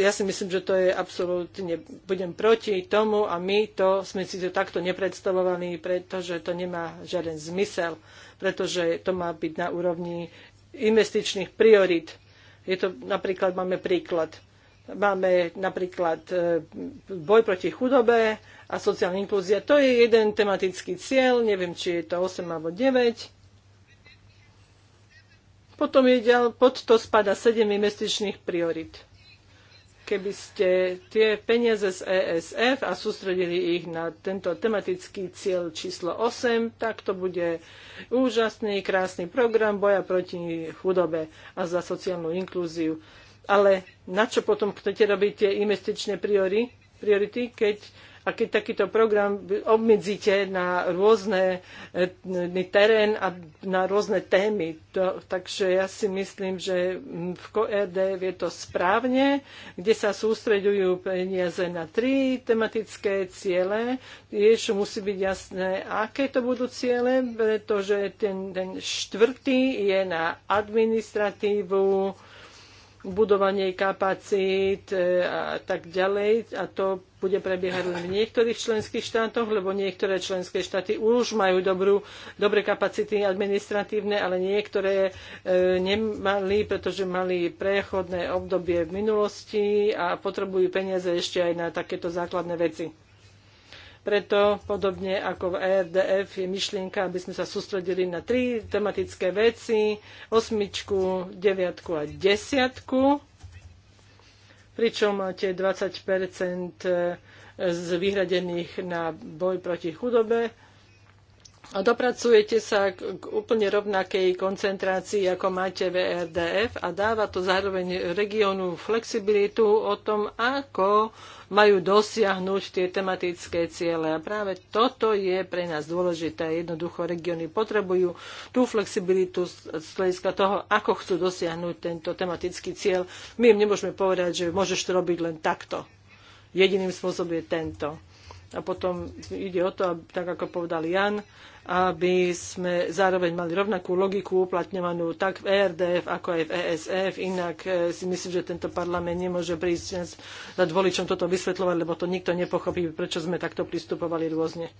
ja si myslím, že to je absolútne, budem proti tomu a my to, sme si to takto nepredstavovali, pretože to nemá žiaden zmysel, pretože to má byť na úrovni investičných priorit. Je to, napríklad máme príklad. Máme napríklad e, boj proti chudobe a sociálna inklúzia. To je jeden tematický cieľ, neviem, či je to 8 alebo 9 potom je ďal, pod to spada 7 investičných priorit. Keby ste tie peniaze z ESF a sústredili ich na tento tematický cieľ číslo 8, tak to bude úžasný, krásny program boja proti chudobe a za sociálnu inklúziu. Ale na čo potom chcete robiť tie investičné priory, priority, keď a keď takýto program obmedzíte na rôzne terén a na rôzne témy, to, takže ja si myslím, že v KRD je to správne, kde sa sústreďujú peniaze na tri tematické ciele. Tiež musí byť jasné, aké to budú ciele, pretože ten, ten štvrtý je na administratívu, budovanie kapacít e, a tak ďalej. A to bude prebiehať len v niektorých členských štátoch, lebo niektoré členské štáty už majú dobrú, dobré kapacity administratívne, ale niektoré e, nemali, pretože mali prechodné obdobie v minulosti a potrebujú peniaze ešte aj na takéto základné veci. Preto, podobne ako v ERDF, je myšlienka, aby sme sa sústredili na tri tematické veci, osmičku, deviatku a desiatku pričom máte 20 eh, z vyhradených na boj proti chudobe a dopracujete sa k úplne rovnakej koncentrácii, ako máte v ERDF a dáva to zároveň regiónu flexibilitu o tom, ako majú dosiahnuť tie tematické ciele. A práve toto je pre nás dôležité. Jednoducho regióny potrebujú tú flexibilitu z hľadiska toho, ako chcú dosiahnuť tento tematický cieľ. My im nemôžeme povedať, že môžeš to robiť len takto. Jediným spôsobom je tento. A potom ide o to, tak ako povedal Jan, aby sme zároveň mali rovnakú logiku uplatňovanú tak v ERDF, ako aj v ESF. Inak e, si myslím, že tento parlament nemôže prísť za voličom toto vysvetľovať, lebo to nikto nepochopí, prečo sme takto pristupovali rôzne.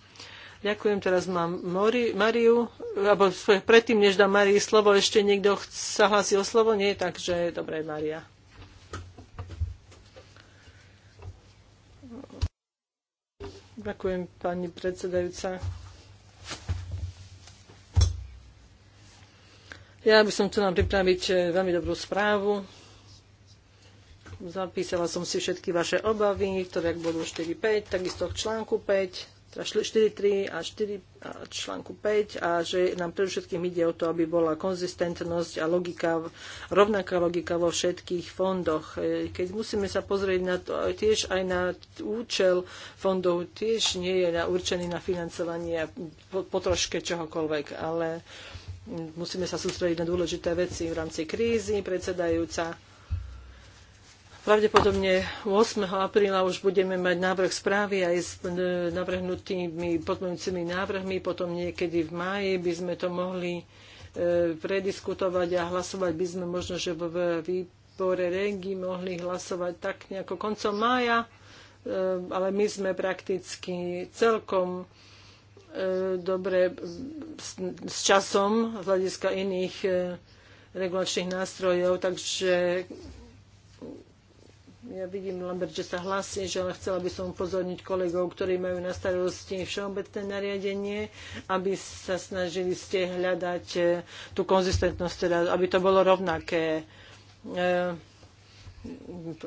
Ďakujem, teraz mám Mori, Mariu, alebo predtým, než dám Marii slovo, ešte niekto sa hlási o slovo? Nie, takže dobre, Maria. Ďakujem, pani predsedajúca. Ja by som chcela pripraviť eh, veľmi dobrú správu. Zapísala som si všetky vaše obavy, ktoré ak budú 4.5, takisto k článku 5 4.3 teda a 4 a článku 5 a že nám všetkým ide o to, aby bola konzistentnosť a logika, rovnaká logika vo všetkých fondoch. E, keď musíme sa pozrieť na to, tiež aj na účel fondov, tiež nie je na, určený na financovanie po, po troške čohokoľvek, ale musíme sa sústrediť na dôležité veci v rámci krízy. Predsedajúca Pravdepodobne 8. apríla už budeme mať návrh správy aj s e, navrhnutými podmienujúcimi návrhmi. Potom niekedy v máji by sme to mohli e, prediskutovať a hlasovať by sme možno, že v výbore regi mohli hlasovať tak nejako koncom mája, e, ale my sme prakticky celkom dobre s časom z hľadiska iných regulačných nástrojov, takže ja vidím, Lambert, že sa hlasí, že ale chcela by som upozorniť kolegov, ktorí majú na starosti všeobecné nariadenie, aby sa snažili ste hľadať e, tú konzistentnosť, teda, aby to bolo rovnaké. E,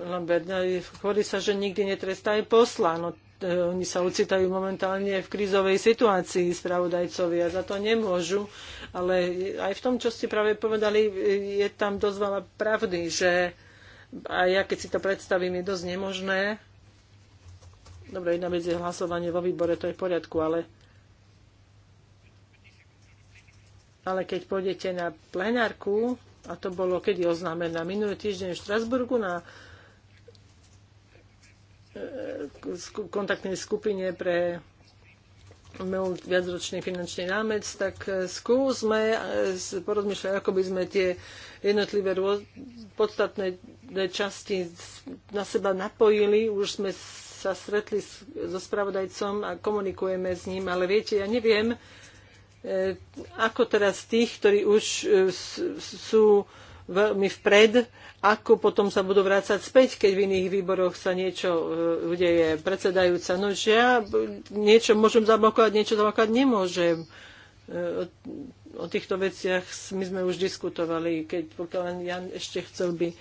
Lambert, no, hovorí sa, že nikdy netrestá aj posla. No, e, oni sa ocitajú momentálne v krízovej situácii spravodajcovia, za to nemôžu, ale aj v tom, čo ste práve povedali, je tam dosť veľa pravdy, že a ja keď si to predstavím, je dosť nemožné. Dobre, jedna vec je hlasovanie vo výbore, to je v poriadku, ale ale keď pôjdete na plenárku, a to bolo kedy oznámené, minulý týždeň v Štrasburgu na e, e, kontaktnej skupine pre viacročný finančný námec, tak e, skúsme porozmýšľať, ako by sme tie jednotlivé rôz, podstatné časti na seba napojili. Už sme sa stretli s, so spravodajcom a komunikujeme s ním, ale viete, ja neviem, e, ako teraz tých, ktorí už e, sú veľmi vpred, ako potom sa budú vrácať späť, keď v iných výboroch sa niečo e, udeje predsedajúca. No, že ja niečo môžem zablokovať, niečo zablokovať nemôžem o týchto veciach my sme už diskutovali, keď pokiaľ len Jan ešte chcel by e,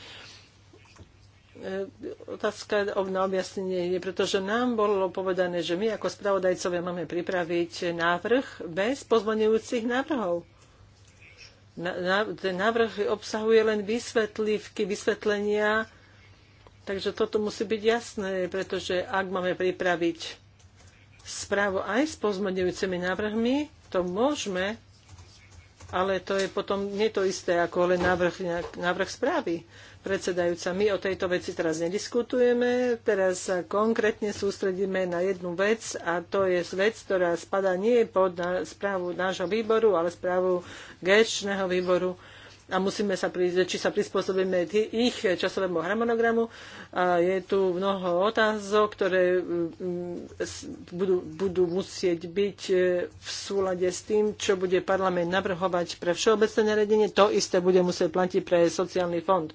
otázka na objasnenie je, pretože nám bolo povedané, že my ako spravodajcovia máme pripraviť návrh bez pozvonujúcich návrhov. Na, na, ten návrh obsahuje len vysvetlivky, vysvetlenia, takže toto musí byť jasné, pretože ak máme pripraviť správu aj s pozmenujúcimi návrhmi, to môžeme ale to je potom nie to isté ako len návrh, návrh správy predsedajúca. My o tejto veci teraz nediskutujeme, teraz sa konkrétne sústredíme na jednu vec a to je vec, ktorá spadá nie pod správu nášho výboru, ale správu gečného výboru a musíme sa, či sa prispôsobíme ich časovému harmonogramu. A je tu mnoho otázok, ktoré mm, budú, budú musieť byť e, v súlade s tým, čo bude parlament navrhovať pre všeobecné nariadenie. To isté bude musieť platiť pre sociálny fond.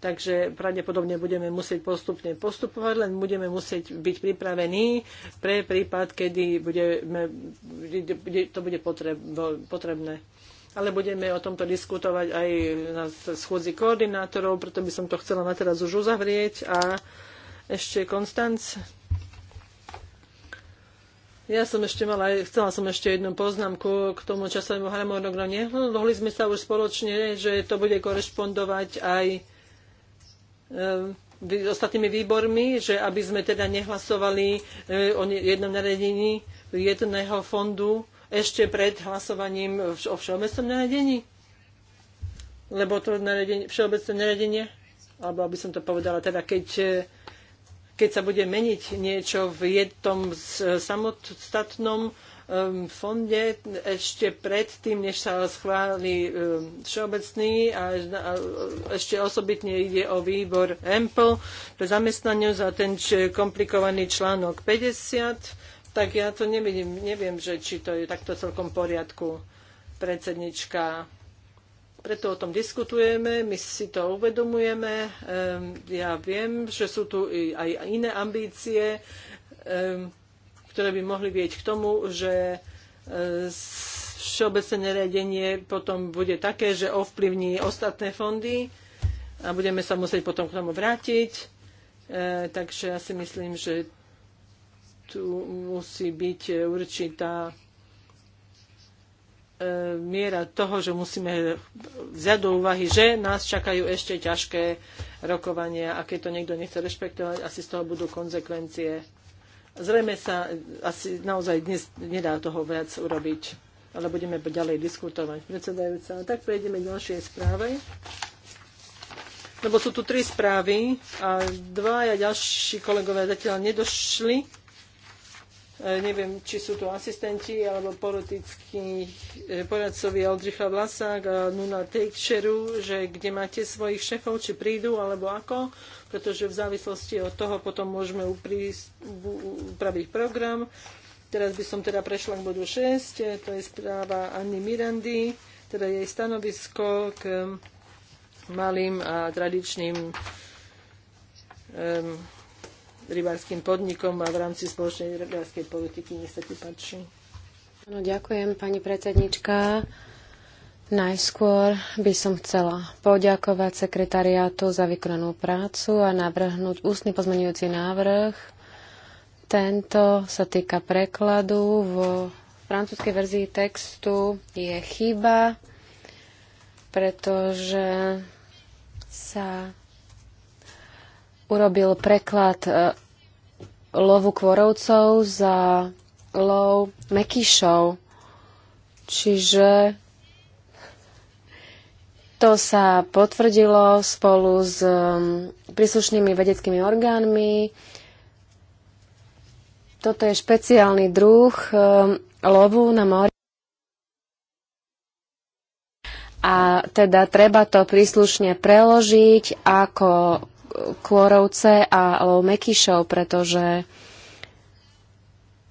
Takže pravdepodobne budeme musieť postupne postupovať, len budeme musieť byť pripravení pre prípad, kedy budeme, to bude potrebné ale budeme o tomto diskutovať aj na schôdzi koordinátorov, preto by som to chcela na teraz už uzavrieť. A ešte Konstanc. Ja som ešte mala, chcela som ešte jednu poznámku k tomu časovému harmonogramu. Dohli sme sa už spoločne, že to bude korešpondovať aj e, ostatnými výbormi, že aby sme teda nehlasovali e, o jednom naredení jedného fondu, ešte pred hlasovaním o všeobecnom nariadení? Lebo to naredenie, všeobecné nariadenie, alebo aby som to povedala, teda keď, e, keď sa bude meniť niečo v jednom samostatnom fonde ešte predtým, než sa schváli všeobecný a ešte osobitne ide o výbor EMPL pre zamestnanie a ten komplikovaný článok 50 tak ja to nevidím, neviem, že či to je takto celkom v poriadku, predsednička. Preto o tom diskutujeme, my si to uvedomujeme. Ehm, ja viem, že sú tu aj iné ambície, ehm, ktoré by mohli vieť k tomu, že e, všeobecné riadenie potom bude také, že ovplyvní ostatné fondy a budeme sa musieť potom k tomu vrátiť. E, takže ja si myslím, že tu musí byť určitá e, miera toho, že musíme vziať do úvahy, že nás čakajú ešte ťažké rokovania a keď to niekto nechce rešpektovať, asi z toho budú konzekvencie. Zrejme sa asi naozaj dnes nedá toho viac urobiť, ale budeme ďalej diskutovať. Predsedajúca, tak prejdeme k ďalšej správe. Lebo sú tu tri správy a a ďalší kolegovia zatiaľ nedošli E, neviem, či sú tu asistenti alebo politickí e, poradcovia Oldřicha Vlasák a Nuna Tejkšeru, že kde máte svojich šéfov, či prídu alebo ako, pretože v závislosti od toho potom môžeme upraviť program. Teraz by som teda prešla k bodu 6, e, to je správa Anny Mirandy, teda jej stanovisko k malým a tradičným um, rybárským podnikom a v rámci spoločnej rybárskej politiky. Nech sa ti páči. No, ďakujem, pani predsednička. Najskôr by som chcela poďakovať sekretariátu za vykonanú prácu a navrhnúť ústny pozmenujúci návrh. Tento sa týka prekladu. V francúzskej verzii textu je chyba, pretože sa urobil preklad e, lovu kvorovcov za lov mekyšov. Čiže to sa potvrdilo spolu s e, príslušnými vedeckými orgánmi. Toto je špeciálny druh e, lovu na mori. A teda treba to príslušne preložiť ako Kôrovce a Mekyšov, pretože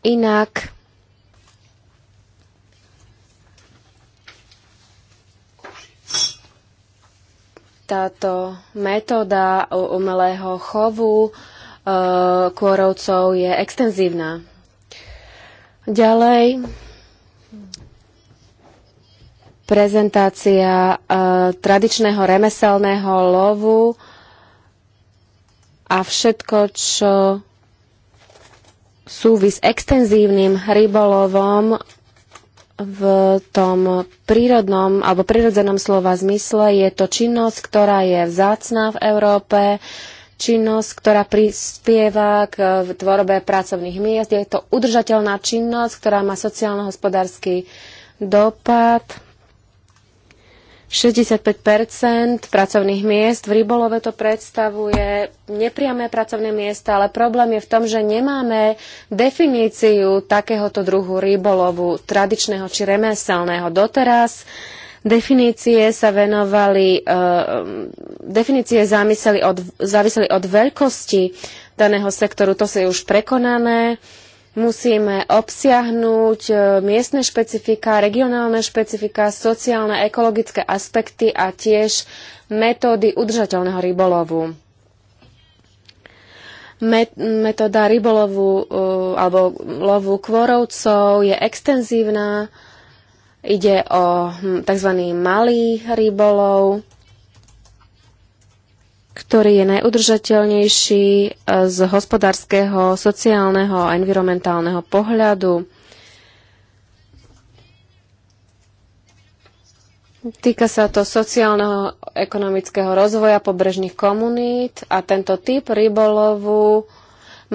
inak táto metóda umelého chovu e, kôrovcov je extenzívna. Ďalej prezentácia e, tradičného remeselného lovu a všetko, čo súvis extenzívnym rybolovom v tom prírodnom alebo prirodzenom slova zmysle je to činnosť, ktorá je vzácná v Európe, činnosť, ktorá prispieva k e, tvorbe pracovných miest. Je to udržateľná činnosť, ktorá má sociálno-hospodársky dopad 65 pracovných miest v rybolove to predstavuje nepriame pracovné miesta, ale problém je v tom, že nemáme definíciu takéhoto druhu rybolovu, tradičného či remeselného. Doteraz definície sa venovali, uh, definície záviseli od, záviseli od veľkosti daného sektoru, to sa je už prekonané. Uh, Musíme obsiahnuť e, miestne špecifika, regionálne špecifika, sociálne, ekologické aspekty a tiež metódy udržateľného rybolovu metóda rybolovu e, alebo lovu kvorovcov je extenzívna. Ide o hm, tzv. malý rybolov ktorý je najudržateľnejší e, z hospodárskeho, sociálneho a environmentálneho pohľadu. Týka sa to sociálneho ekonomického rozvoja pobrežných komunít a tento typ rybolovu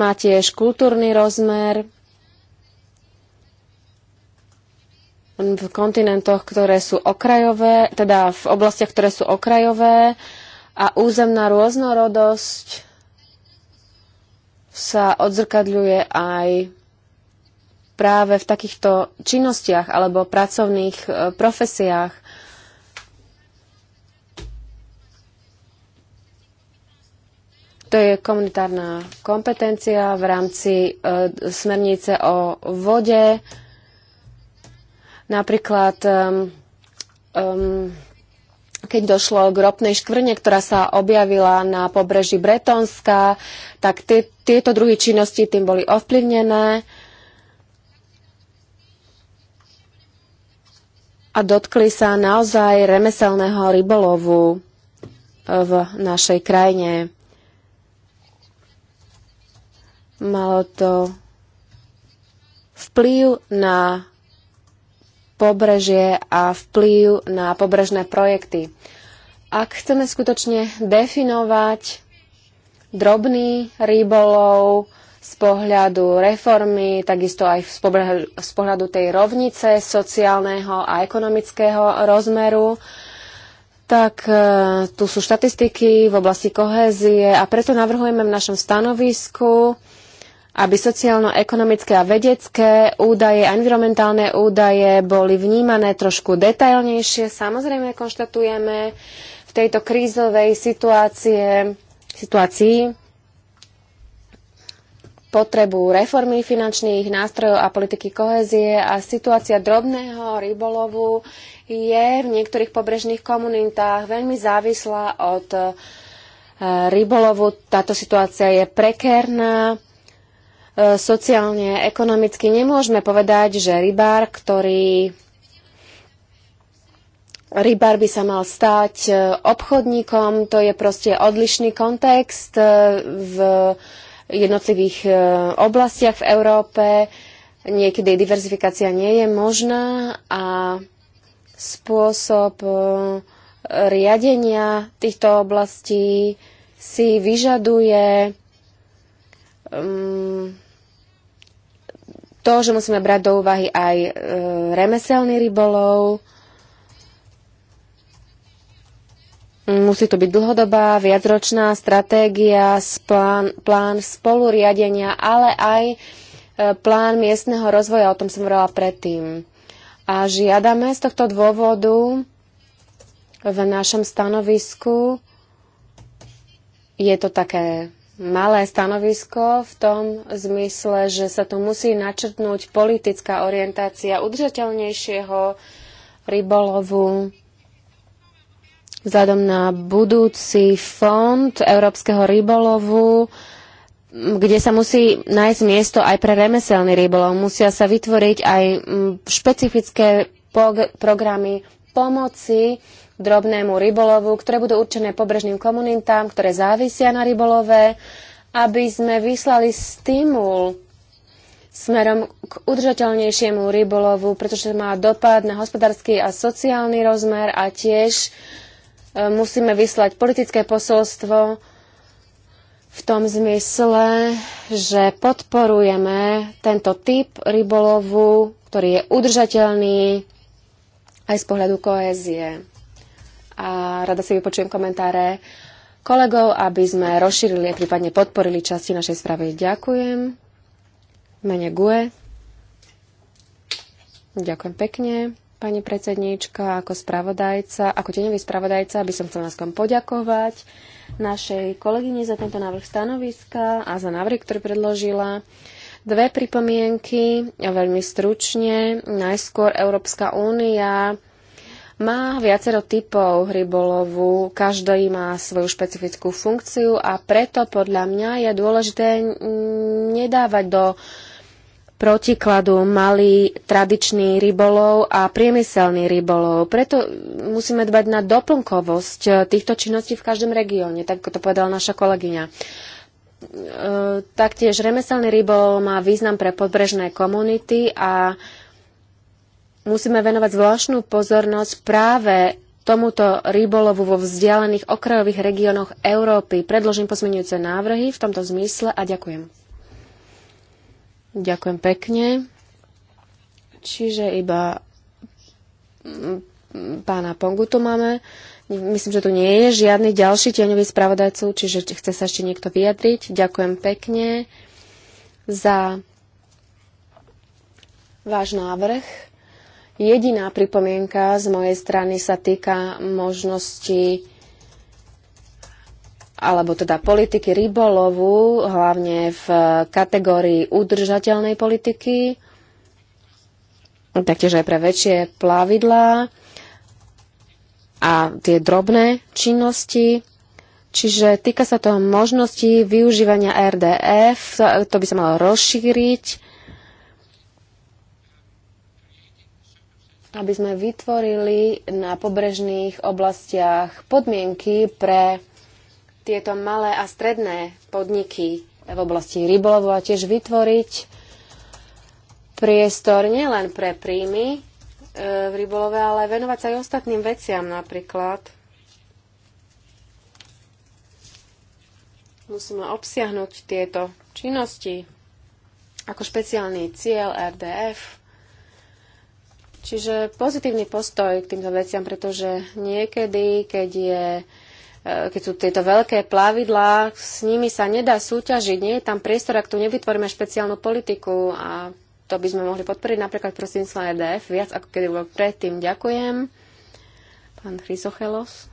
má tiež kultúrny rozmer v kontinentoch, ktoré sú okrajové, teda v oblastiach, ktoré sú okrajové, a územná rôznorodosť sa odzrkadľuje aj práve v takýchto činnostiach alebo pracovných e, profesiách. To je komunitárna kompetencia v rámci e, smernice o vode. Napríklad e, keď došlo k ropnej škvrne, ktorá sa objavila na pobreží Bretonska, tak tie, tieto druhy činnosti tým boli ovplyvnené a dotkli sa naozaj remeselného rybolovu v našej krajine. Malo to vplyv na pobrežie a vplyv na pobrežné projekty. Ak chceme skutočne definovať drobný rýbolov z pohľadu reformy, takisto aj z pohľadu, z pohľadu tej rovnice sociálneho a ekonomického rozmeru, tak e, tu sú štatistiky v oblasti kohézie a preto navrhujeme v našom stanovisku aby sociálno-ekonomické a vedecké údaje, environmentálne údaje boli vnímané trošku detailnejšie. Samozrejme, konštatujeme v tejto krízovej situácie, situácii potrebu reformy finančných nástrojov a politiky kohézie a situácia drobného rybolovu je v niektorých pobrežných komunitách veľmi závislá od eh, rybolovu. Táto situácia je prekérna sociálne, ekonomicky nemôžeme povedať, že rybár, ktorý rybár by sa mal stať e, obchodníkom, to je proste odlišný kontext e, v jednotlivých e, oblastiach v Európe. Niekedy diverzifikácia nie je možná a spôsob riadenia týchto oblastí si vyžaduje um, to, že musíme brať do úvahy aj e, remeselný rybolov. Musí to byť dlhodobá, viacročná stratégia, plán, plán spoluriadenia, ale aj e, plán miestneho rozvoja, o tom som hovorila predtým. A žiadame z tohto dôvodu v našom stanovisku, je to také malé stanovisko v tom zmysle, že sa tu musí načrtnúť politická orientácia udržateľnejšieho rybolovu vzhľadom na budúci fond európskeho rybolovu, kde sa musí nájsť miesto aj pre remeselný rybolov. Musia sa vytvoriť aj mm, špecifické programy pomoci drobnému rybolovu, ktoré budú určené pobrežným komunitám, ktoré závisia na rybolove, aby sme vyslali stimul smerom k udržateľnejšiemu rybolovu, pretože má dopad na hospodársky a sociálny rozmer a tiež e, musíme vyslať politické posolstvo v tom zmysle, že podporujeme tento typ rybolovu, ktorý je udržateľný aj z pohľadu koézie a rada si vypočujem komentáre kolegov, aby sme rozšírili a prípadne podporili časti našej správy. Ďakujem. Mene GUE. Ďakujem pekne, pani predsedníčka, ako spravodajca, ako tenový spravodajca, by som chcel nás poďakovať našej kolegyne za tento návrh stanoviska a za návrh, ktorý predložila. Dve pripomienky, veľmi stručne. Najskôr Európska únia má viacero typov rybolovu, každý má svoju špecifickú funkciu a preto podľa mňa je dôležité nedávať do protikladu malý tradičný rybolov a priemyselný rybolov. Preto musíme dbať na doplnkovosť e, týchto činností v každom regióne, tak to povedala naša kolegyňa. E, taktiež remeselný rybolov má význam pre podbrežné komunity a musíme venovať zvláštnu pozornosť práve tomuto rybolovu vo vzdialených okrajových regiónoch Európy. Predložím posmenujúce návrhy v tomto zmysle a ďakujem. Ďakujem pekne. Čiže iba mm, pána Pongu tu máme. Myslím, že tu nie je žiadny ďalší tieňový spravodajcu, čiže chce sa ešte niekto vyjadriť. Ďakujem pekne za váš návrh. Jediná pripomienka z mojej strany sa týka možnosti alebo teda politiky rybolovu, hlavne v kategórii udržateľnej politiky, taktiež aj pre väčšie plavidlá a tie drobné činnosti. Čiže týka sa to možnosti využívania RDF, to by sa malo rozšíriť aby sme vytvorili na pobrežných oblastiach podmienky pre tieto malé a stredné podniky v oblasti rybolovu a tiež vytvoriť priestor nielen pre príjmy e, v rybolove, ale venovať sa aj ostatným veciam napríklad. Musíme obsiahnuť tieto činnosti ako špeciálny cieľ RDF Čiže pozitívny postoj k týmto veciam, pretože niekedy, keď, je, e, keď sú tieto veľké plavidlá, s nimi sa nedá súťažiť, nie je tam priestor, ak tu nevytvoríme špeciálnu politiku a to by sme mohli podporiť napríklad prostredníctvom EDF viac ako kedy bol predtým. Ďakujem. Pán Chrysochelos.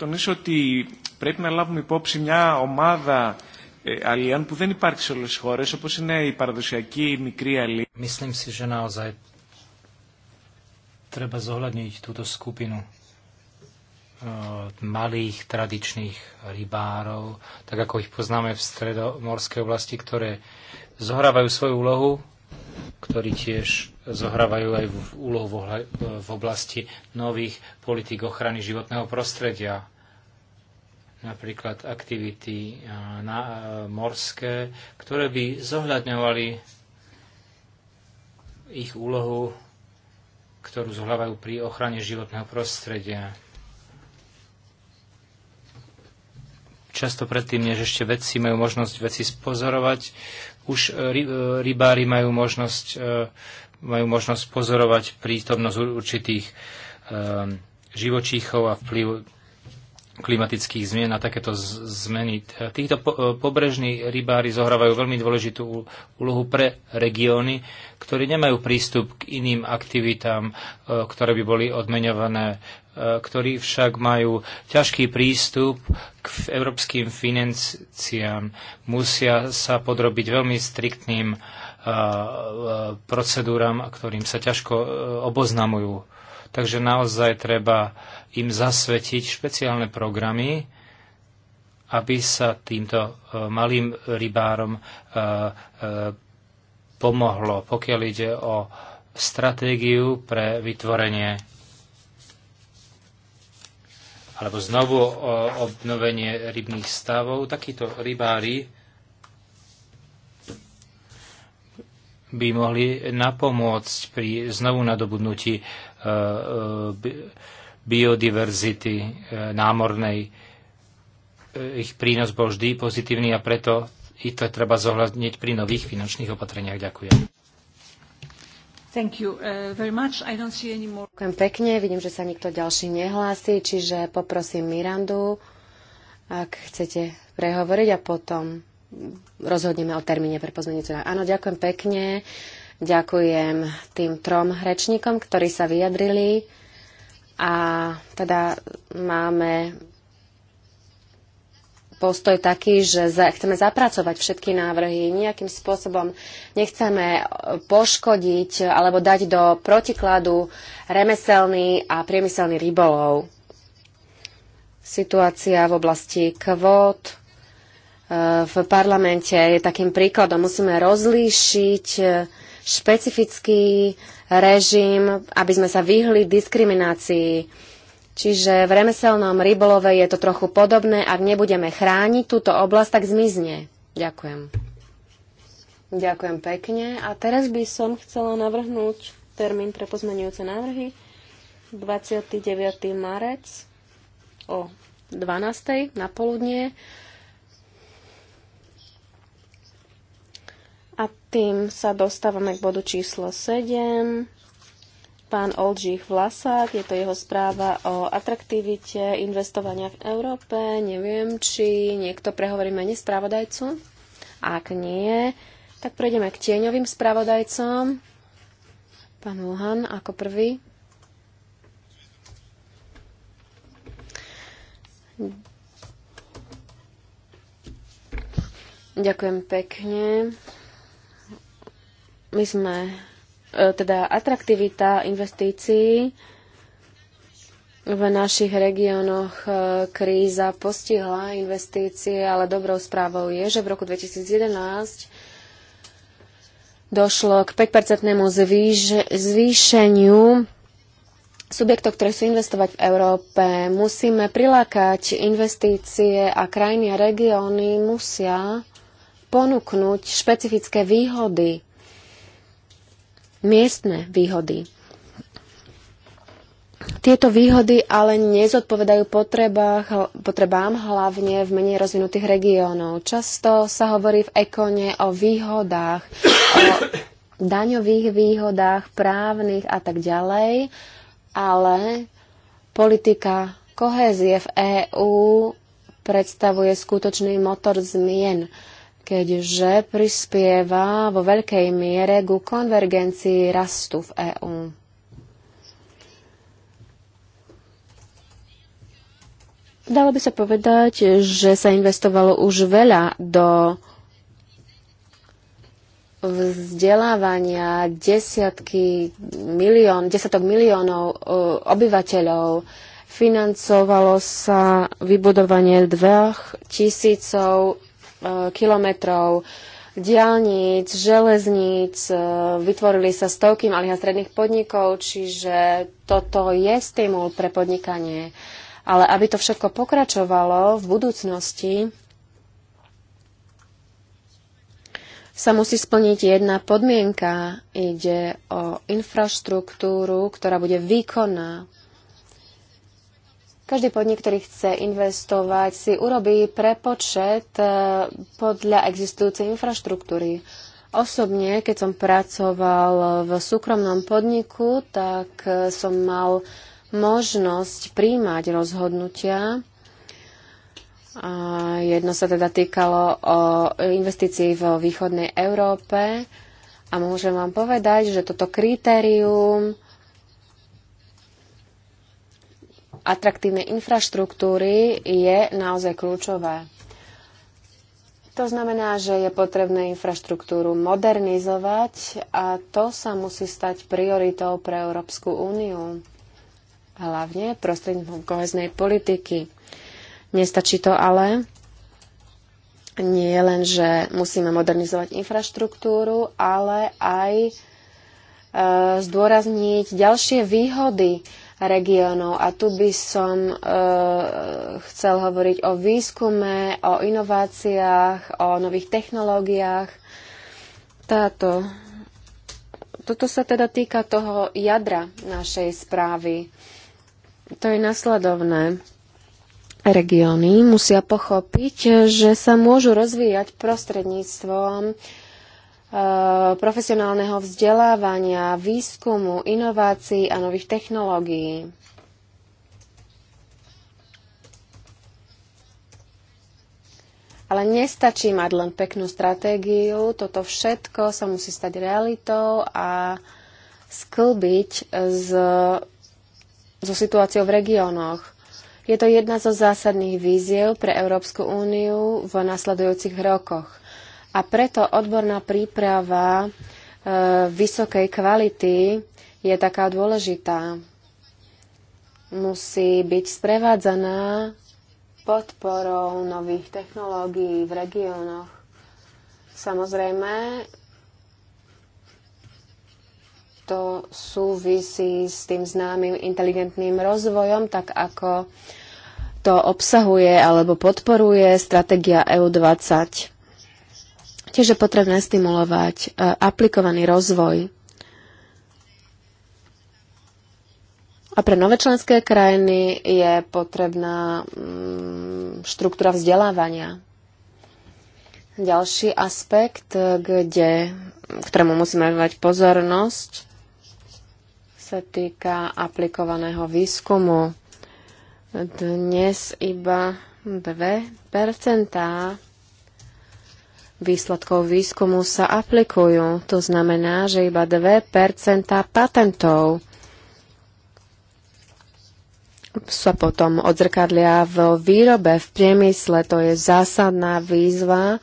τονίσω ότι πρέπει να λάβουμε υπόψη μια ομάδα αλλιών που δεν υπάρχει σε όλες τις χώρες, όπως είναι η παραδοσιακή η μικρή αλλή. Myslím si, že naozaj treba zohľadniť túto skupinu malých tradičných rybárov, tak ako ich poznáme v stredomorskej oblasti, ktoré zohrávajú svoju úlohu, ktorí tiež zohrávajú aj v úlohu v oblasti nových politik ochrany životného prostredia. Napríklad aktivity e, na, e, morské, ktoré by zohľadňovali ich úlohu, ktorú zohľavajú pri ochrane životného prostredia. často predtým, než ešte vedci majú možnosť veci spozorovať, už e, rybári majú možnosť majú možnosť pozorovať prítomnosť určitých ehm, živočíchov a vplyv klimatických zmien a takéto zmeny. Títo e, pobrežní rybári zohrávajú veľmi dôležitú úlohu pre regióny, ktorí nemajú prístup k iným aktivitám, e, ktoré by boli odmeňované, e, ktorí však majú ťažký prístup k európskym financiám. Musia sa podrobiť veľmi striktným uh, procedúram, ktorým sa ťažko e, oboznamujú. Takže naozaj treba im zasvetiť špeciálne programy, aby sa týmto e, malým rybárom e, pomohlo, pokiaľ ide o stratégiu pre vytvorenie alebo znovu obnovenie rybných stavov. Takíto rybári by mohli napomôcť pri znovu nadobudnutí e, e, biodiverzity e, námornej. Ich prínos bol vždy pozitívny a preto i to treba zohľadniť pri nových finančných opatreniach. Ďakujem. Ďakujem pekne, vidím, že sa nikto ďalší nehlási, čiže poprosím Mirandu, ak chcete prehovoriť a potom rozhodneme o termíne pre návrhy. Áno, ďakujem pekne. Ďakujem tým trom rečníkom, ktorí sa vyjadrili. A teda máme postoj taký, že chceme zapracovať všetky návrhy, nejakým spôsobom nechceme poškodiť alebo dať do protikladu remeselný a priemyselný rybolov. Situácia v oblasti kvót, v parlamente je takým príkladom. Musíme rozlíšiť e, špecifický režim, aby sme sa vyhli diskriminácii. Čiže v remeselnom rybolove je to trochu podobné. Ak nebudeme chrániť túto oblasť, tak zmizne. Ďakujem. Ďakujem pekne. A teraz by som chcela navrhnúť termín pre pozmenujúce návrhy. 29. marec o 12. na poludnie. A tým sa dostávame k bodu číslo 7. Pán Oldřich Vlasák, je to jeho správa o atraktivite investovania v Európe. Neviem, či niekto prehovorí mene správodajcu. Ak nie, tak prejdeme k tieňovým spravodajcom. Pán Luhan ako prvý. Ďakujem pekne. My sme, e, teda atraktivita investícií v našich regiónoch e, kríza postihla investície, ale dobrou správou je, že v roku 2011 došlo k 5-percentnému zvýšeniu subjektov, ktoré sú investovať v Európe. Musíme prilákať investície a krajiny a regióny musia ponúknuť špecifické výhody miestne výhody. Tieto výhody ale nezodpovedajú potrebám hlavne v menej rozvinutých regiónov. Často sa hovorí v ekone o výhodách, o daňových výhodách, právnych a tak ďalej, ale politika kohézie v EÚ predstavuje skutočný motor zmien keďže prispieva vo veľkej miere ku konvergencii rastu v EÚ. Dalo by sa povedať, že sa investovalo už veľa do vzdelávania desiatky milión, desiatok miliónov e, obyvateľov. Financovalo sa vybudovanie dvoch tisícov kilometrov diálnic, železníc, e, vytvorili sa stovky malých a stredných podnikov, čiže toto je stimul pre podnikanie. Ale aby to všetko pokračovalo v budúcnosti, sa musí splniť jedna podmienka. Ide o infraštruktúru, ktorá bude výkonná, každý podnik, ktorý chce investovať, si urobí prepočet e, podľa existujúcej infraštruktúry. Osobne, keď som pracoval v súkromnom podniku, tak e, som mal možnosť príjmať rozhodnutia. jedno sa teda týkalo o investícii vo východnej Európe a môžem vám povedať, že toto kritérium atraktívnej infraštruktúry je naozaj kľúčové. To znamená, že je potrebné infraštruktúru modernizovať a to sa musí stať prioritou pre Európsku úniu, hlavne prostredníctvom koheznej politiky. Nestačí to ale. Nie len, že musíme modernizovať infraštruktúru, ale aj e, zdôrazniť ďalšie výhody regiónov. A tu by som e, chcel hovoriť o výskume, o inováciách, o nových technológiách. Táto, toto sa teda týka toho jadra našej správy. To je nasledovné. Regióny musia pochopiť, že sa môžu rozvíjať prostredníctvom uh, Eh, profesionálneho vzdelávania, výskumu, inovácií a nových technológií. Ale nestačí mať len peknú stratégiu, toto všetko sa musí stať realitou a sklbiť z, so situáciou v regiónoch. Je to jedna zo zásadných víziev pre Európsku úniu v nasledujúcich rokoch. A preto odborná príprava e, vysokej kvality je taká dôležitá. Musí byť sprevádzaná podporou nových technológií v regiónoch. Samozrejme, to súvisí s tým známym inteligentným rozvojom, tak ako to obsahuje alebo podporuje stratégia EU20. Tiež je potrebné stimulovať e, aplikovaný rozvoj A pre nové členské krajiny je potrebná mm, štruktúra vzdelávania. Ďalší aspekt, kde, ktorému musíme venovať pozornosť, sa týka aplikovaného výskumu. Dnes iba 2% výsledkov výskumu sa aplikujú. To znamená, že iba 2 patentov sa potom odzrkadlia v výrobe, v priemysle. To je zásadná výzva.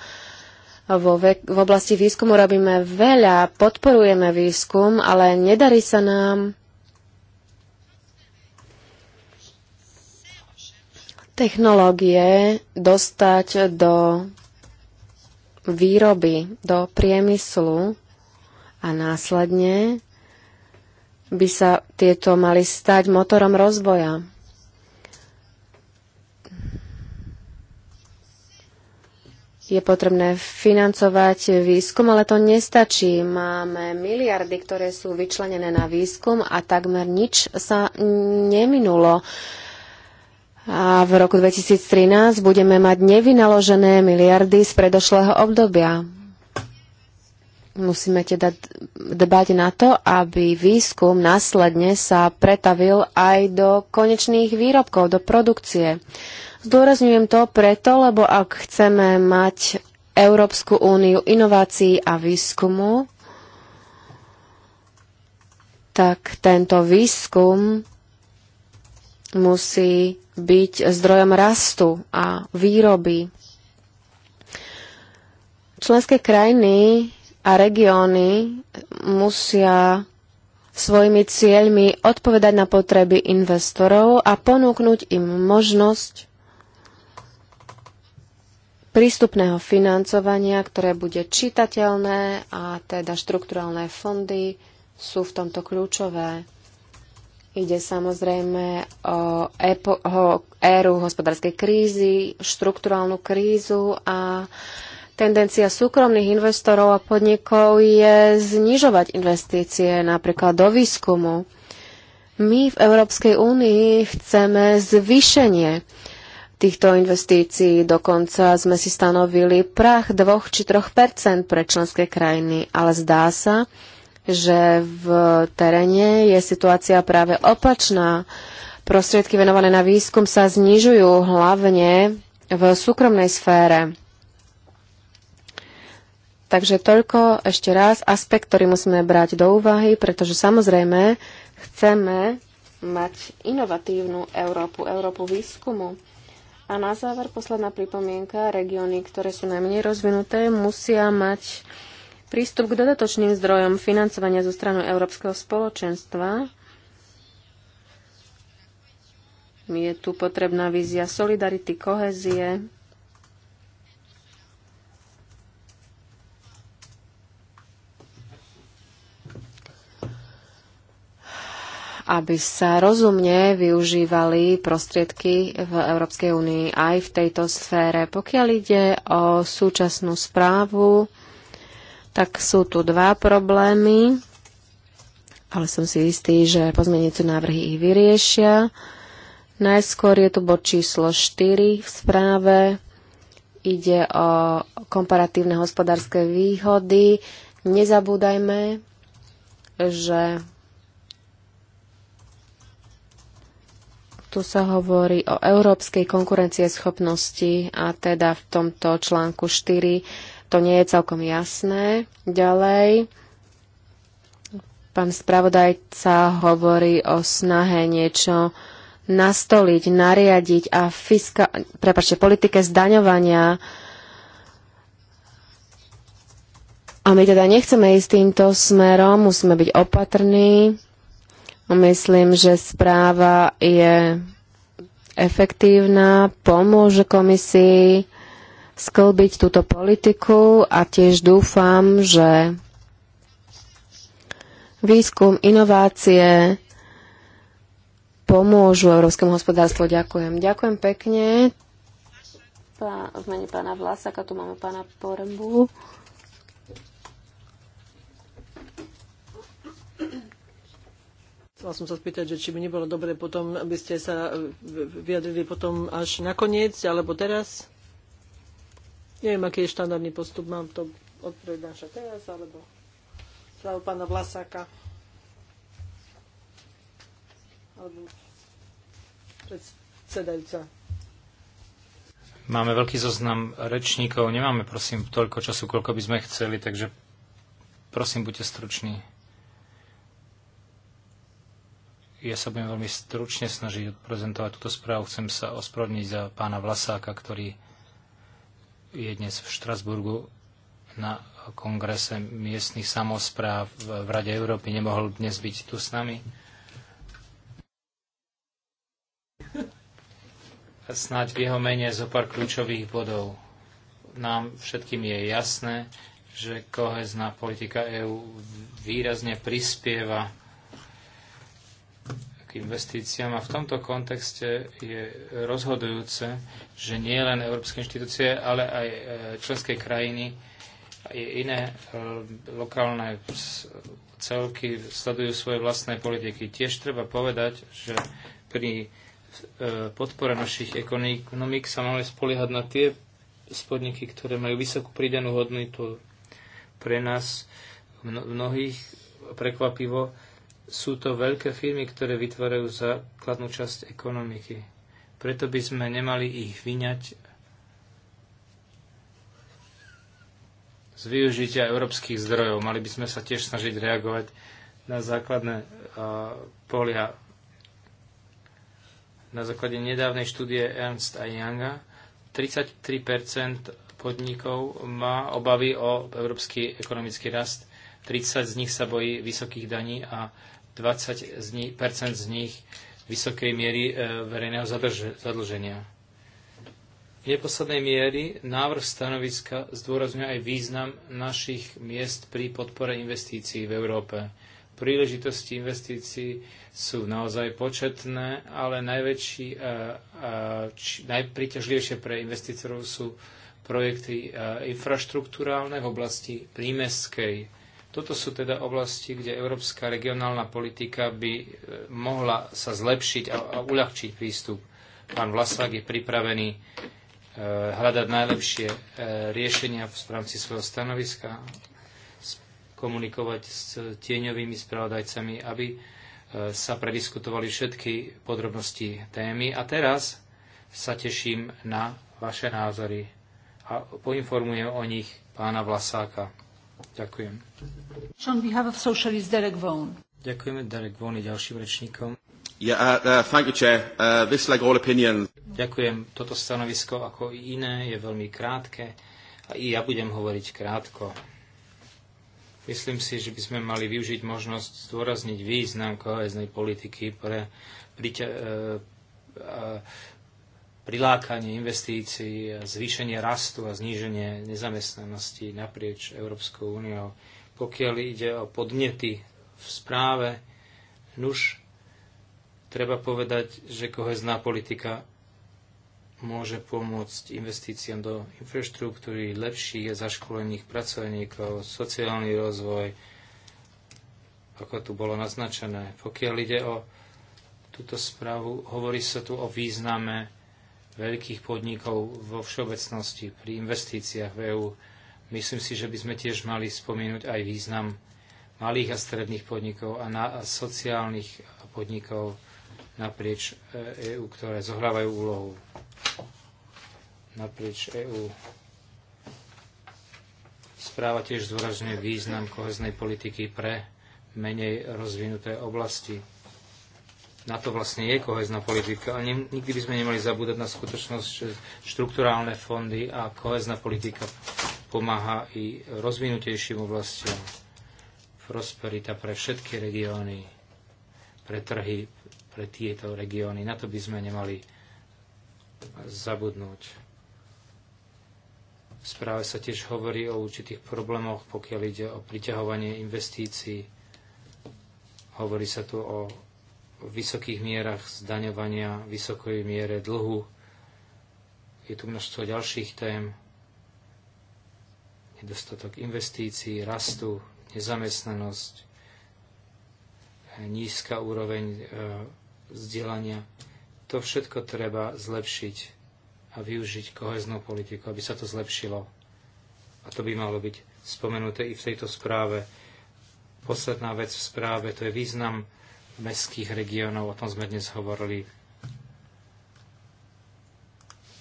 Vo ve- v oblasti výskumu robíme veľa, podporujeme výskum, ale nedarí sa nám technológie dostať do výroby do priemyslu a následne by sa tieto mali stať motorom rozvoja. Je potrebné financovať výskum, ale to nestačí. Máme miliardy, ktoré sú vyčlenené na výskum a takmer nič sa neminulo. Uh, a v roku 2013 budeme mať nevynaložené miliardy z predošlého obdobia. Musíme teda dbať na to, aby výskum následne sa pretavil aj do konečných výrobkov, do produkcie. Zdôrazňujem to preto, lebo ak chceme mať Európsku úniu inovácií a výskumu, tak tento výskum musí byť zdrojom rastu a výroby. Členské krajiny a regióny musia svojimi cieľmi odpovedať na potreby investorov a ponúknuť im možnosť prístupného financovania, ktoré bude čitateľné a teda štrukturálne fondy sú v tomto kľúčové. Ide samozrejme o, epo- o éru hospodárskej krízy, štruktúrálnu krízu a tendencia súkromných investorov a podnikov je znižovať investície napríklad do výskumu. My v Európskej únii chceme zvýšenie týchto investícií. Dokonca sme si stanovili prach 2 či 3 pre členské krajiny, ale zdá sa, že v teréne je situácia práve opačná. Prostriedky venované na výskum sa znižujú hlavne v súkromnej sfére. Takže toľko ešte raz aspekt, ktorý musíme brať do úvahy, pretože samozrejme chceme mať inovatívnu Európu, Európu výskumu. A na záver posledná pripomienka, regióny, ktoré sú najmenej rozvinuté, musia mať Prístup k dodatočným zdrojom financovania zo strany Európskeho spoločenstva je tu potrebná vízia solidarity, kohezie. aby sa rozumne využívali prostriedky v Európskej únii aj v tejto sfére. Pokiaľ ide o súčasnú správu, tak sú tu dva problémy, ale som si istý, že pozmeniace návrhy ich vyriešia. Najskôr je tu bod číslo 4 v správe. Ide o komparatívne hospodárske výhody. Nezabúdajme, že tu sa hovorí o európskej konkurencieschopnosti a teda v tomto článku 4 to nie je celkom jasné. Ďalej, pán spravodajca hovorí o snahe niečo nastoliť, nariadiť a fiska, prepáčte, politike zdaňovania. A my teda nechceme ísť týmto smerom, musíme byť opatrní. Myslím, že správa je efektívna, pomôže komisii sklbiť túto politiku a tiež dúfam, že výskum, inovácie pomôžu európskemu hospodárstvu. Ďakujem. Ďakujem pekne. Pá, v mene pána Vlasaka tu máme pána Porembu. Chcela som sa spýtať, že či by nebolo dobre potom, aby ste sa vyjadrili potom až nakoniec, alebo teraz? Neviem, aký je štandardný postup. Mám to odpredáša teraz, alebo slavu pána Vlasáka. Alebo predsedajúca. Máme veľký zoznam rečníkov, nemáme prosím toľko času, koľko by sme chceli, takže prosím, buďte struční. Ja sa budem veľmi stručne snažiť odprezentovať túto správu. Chcem sa ospravedlniť za pána Vlasáka, ktorý je dnes v Štrasburgu na kongrese miestnych samozpráv v Rade Európy. Nemohol dnes byť tu s nami. A snáď v jeho mene zo pár kľúčových bodov. Nám všetkým je jasné, že kohezná politika EÚ výrazne prispieva k investíciám. A v tomto kontexte je rozhodujúce, že nie len európske inštitúcie, ale aj e, členské krajiny a iné e, lokálne celky sledujú svoje vlastné politiky. Tiež treba povedať, že pri e, podpore našich ekonomík sa máme spoliehať na tie spodniky, ktoré majú vysokú pridanú hodnotu pre nás mnohých prekvapivo sú to veľké firmy, ktoré vytvárajú základnú časť ekonomiky. Preto by sme nemali ich vyňať z využitia európskych zdrojov. Mali by sme sa tiež snažiť reagovať na základné uh, polia. Na základe nedávnej štúdie Ernst a Younga 33% podnikov má obavy o európsky ekonomický rast, 30 z nich sa bojí vysokých daní a 20 z nich, percent z nich vysokej miery e, verejného zadlženia. V neposlednej miery návrh stanoviska zdôrazňuje aj význam našich miest pri podpore investícií v Európe. Príležitosti investícií sú naozaj početné, ale najväčší a, e, a e, či, najpriťažlivejšie pre investitorov sú projekty infraštruktúrálne v oblasti prímeskej toto sú teda oblasti, kde európska regionálna politika by e, mohla sa zlepšiť a, a uľahčiť prístup. Pán Vlasák je pripravený e, hľadať najlepšie e, riešenia v rámci svojho stanoviska, komunikovať s tieňovými spravodajcami, aby e, sa prediskutovali všetky podrobnosti témy. A teraz sa teším na vaše názory a poinformujem o nich pána Vlasáka. Ďakujem. John, we have a Socialist Derek Vaughan. Ďakujeme Derek Vaughan i ďalším rečníkom. Yeah, uh, uh, thank you, Chair. Uh, this, like all opinion... Ďakujem. Toto stanovisko, ako i iné, je veľmi krátke a i ja budem hovoriť krátko. Myslím si, že by sme mali využiť možnosť zdôrazniť význam koheznej politiky pre priťa- uh, uh, prilákanie investícií, zvýšenie rastu a zníženie nezamestnanosti naprieč Európskou úniou. Pokiaľ ide o podnety v správe, nuž, treba povedať, že kohezná politika môže pomôcť investíciám do infraštruktúry, lepších a zaškolených pracovníkov, sociálny rozvoj, ako tu bolo naznačené. Pokiaľ ide o túto správu, hovorí sa tu o význame veľkých podnikov vo všeobecnosti pri investíciách v EÚ. Myslím si, že by sme tiež mali spomínuť aj význam malých a stredných podnikov a, na, a sociálnych podnikov naprieč EÚ, e ktoré zohrávajú úlohu naprieč EÚ. Správa tiež zdôrazňuje význam koheznej politiky pre menej rozvinuté oblasti na to vlastne je kohezná politika. Ale nikdy by sme nemali zabúdať na skutočnosť, že štrukturálne fondy a kohezná politika pomáha i rozvinutejším oblastiam. Prosperita pre všetky regióny, pre trhy, pre tieto regióny. Na to by sme nemali zabudnúť. V správe sa tiež hovorí o určitých problémoch, pokiaľ ide o priťahovanie investícií. Hovorí sa tu o vysokých mierach zdaňovania, vysokej miere dlhu. Je tu množstvo ďalších tém. Nedostatok investícií, rastu, nezamestnanosť, nízka úroveň e, vzdelania. To všetko treba zlepšiť a využiť koheznú politiku, aby sa to zlepšilo. A to by malo byť spomenuté i v tejto správe. Posledná vec v správe to je význam mestských regiónov, o tom sme dnes hovorili.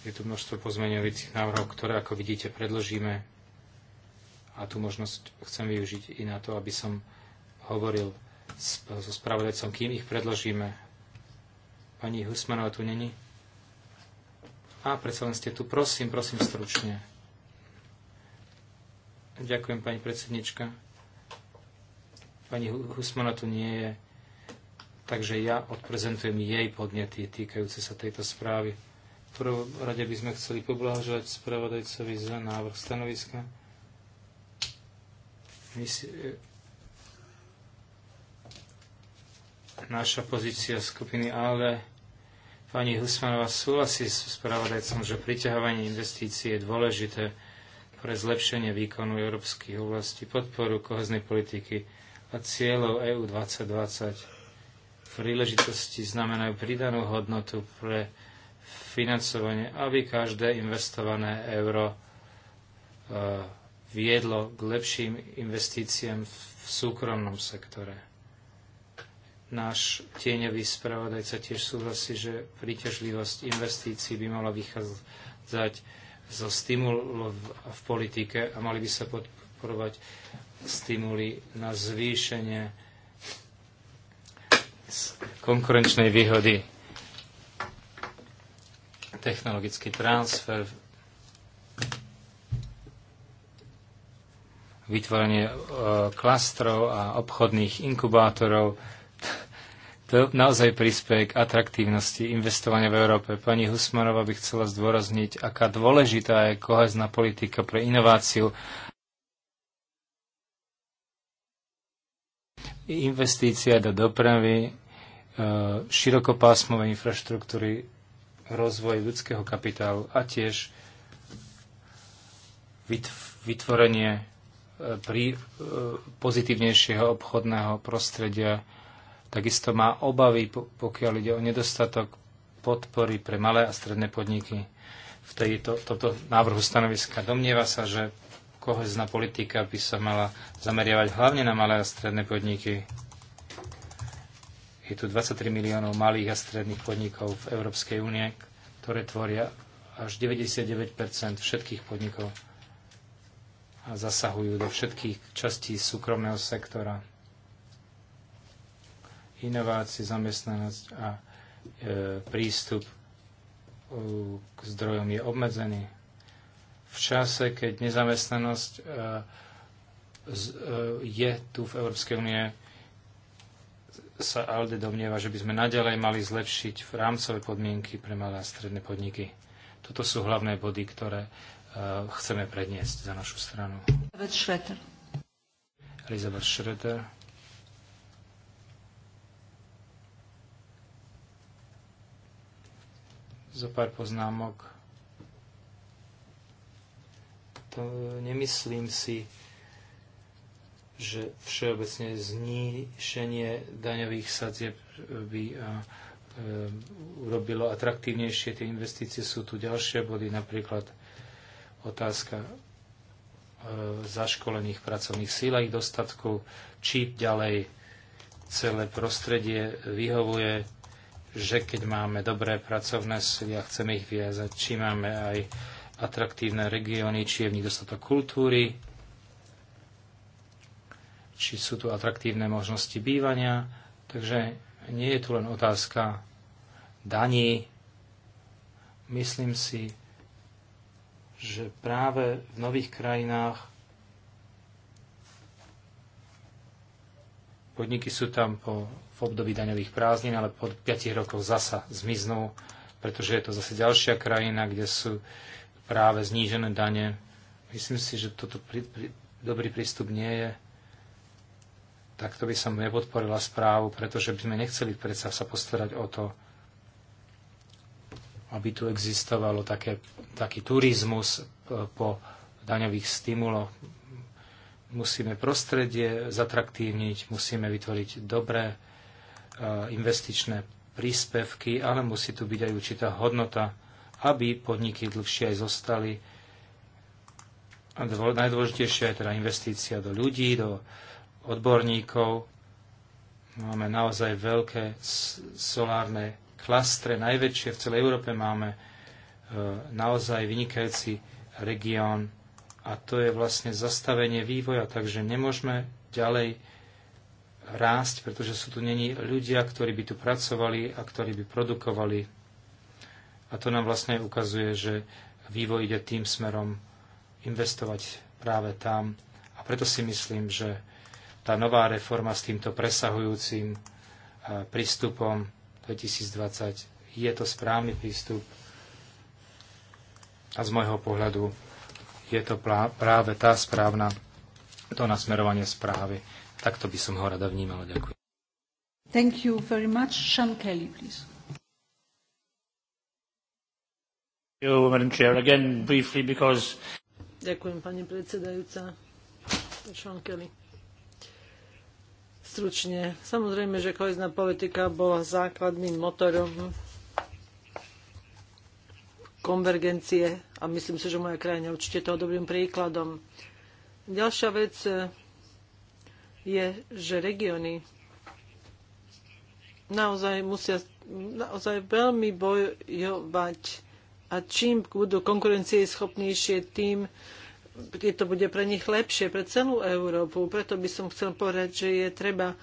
Je tu množstvo pozmeňovacích návrhov, ktoré, ako vidíte, predložíme. A tú možnosť chcem využiť i na to, aby som hovoril so spravodajcom, kým ich predložíme. Pani Husmanová tu není? A predsa len ste tu. Prosím, prosím, stručne. Ďakujem, pani predsednička. Pani Husmana tu nie je. Takže ja odprezentujem jej podnety týkajúce sa tejto správy. V prvom rade by sme chceli poblahoželať spravodajcovi za návrh stanoviska. Si... Naša pozícia skupiny ALDE pani Husmanová súhlasí s spravodajcom, že priťahovanie investícií je dôležité pre zlepšenie výkonu európskych oblastí, podporu koheznej politiky a cieľov EU 2020 príležitosti znamenajú pridanú hodnotu pre financovanie, aby každé investované euro e, viedlo k lepším investíciám v súkromnom sektore. Náš tieňový spravodajca tiež súhlasí, že príťažlivosť investícií by mala vychádzať zo stimulov v politike a mali by sa podporovať stimuly na zvýšenie konkurenčnej výhody. Technologický transfer, vytvorenie e, klastrov a obchodných inkubátorov. To naozaj prispieje k atraktívnosti investovania v Európe. Pani Husmanova by chcela zdôrazniť, aká dôležitá je kohezná politika pre inováciu. Investícia do dopravy, E, širokopásmovej infraštruktúry, rozvoj ľudského kapitálu a tiež vytvorenie e, pri e, pozitívnejšieho obchodného prostredia. Takisto má obavy, pokiaľ ide o nedostatok podpory pre malé a stredné podniky. V tejto, tomto návrhu stanoviska domnieva sa, že kohezná politika by sa mala zameriavať hlavne na malé a stredné podniky, je tu 23 miliónov malých a stredných podnikov v Európskej únie, ktoré tvoria až 99 všetkých podnikov a zasahujú do všetkých častí súkromného sektora. Inovácie, zamestnanosť a e, prístup e, k zdrojom je obmedzený. V čase, keď nezamestnanosť e, z, e, je tu v Európskej únie sa ALDE domnieva, že by sme naďalej mali zlepšiť rámcové podmienky pre malé a stredné podniky. Toto sú hlavné body, ktoré uh, chceme predniesť za našu stranu. Elizabeth Schroeder. Elizabeth Schroeder. Zo pár poznámok. To nemyslím si, že všeobecne zníšenie daňových sadzieb by eh, eh, urobilo atraktívnejšie tie investície. Sú tu ďalšie body, napríklad otázka eh, zaškolených pracovných síl a ich dostatku, či ďalej celé prostredie vyhovuje, že keď máme dobré pracovné síly a chceme ich viazať, či máme aj atraktívne regióny, či je v nich dostatok kultúry, či sú tu atraktívne možnosti bývania. Takže nie je tu len otázka daní. Myslím si, že práve v nových krajinách podniky sú tam po, v období daňových prázdnin, ale po 5 rokoch zasa zmiznú, pretože je to zase ďalšia krajina, kde sú práve znížené dane. Myslím si, že toto pri, pri, dobrý prístup nie je. Tak to by som nepodporila správu, pretože by sme nechceli predsa sa postarať o to, aby tu existovalo také, taký turizmus e, po daňových stimuloch. Musíme prostredie zatraktívniť, musíme vytvoriť dobré e, investičné príspevky, ale musí tu byť aj určitá hodnota, aby podniky dlhšie aj zostali. A najdôležitejšia je teda investícia do ľudí, do, odborníkov. Máme naozaj veľké solárne klastre, najväčšie v celej Európe máme e, naozaj vynikajúci región a to je vlastne zastavenie vývoja, takže nemôžeme ďalej rásť, pretože sú tu není ľudia, ktorí by tu pracovali a ktorí by produkovali. A to nám vlastne ukazuje, že vývoj ide tým smerom investovať práve tam. A preto si myslím, že tá nová reforma s týmto presahujúcim e, prístupom 2020 je to správny prístup a z môjho pohľadu je to práve tá správna, to nasmerovanie správy. Takto by som ho rada vnímala. Ďakujem. Thank you very much. Sean Kelly, please. You, Madam Chair, again briefly because... Ďakujem, pani predsedajúca. Sean Kelly stručne. Samozrejme, že kohezná politika bola základným motorom konvergencie a myslím si, že moja krajina určite toho dobrým príkladom. Ďalšia vec eh, je, že regióny naozaj musia naozaj veľmi bojovať a čím budú konkurencieschopnejšie, tým keď to bude pre nich lepšie, pre celú Európu. Preto by som chcel povedať, že je treba e,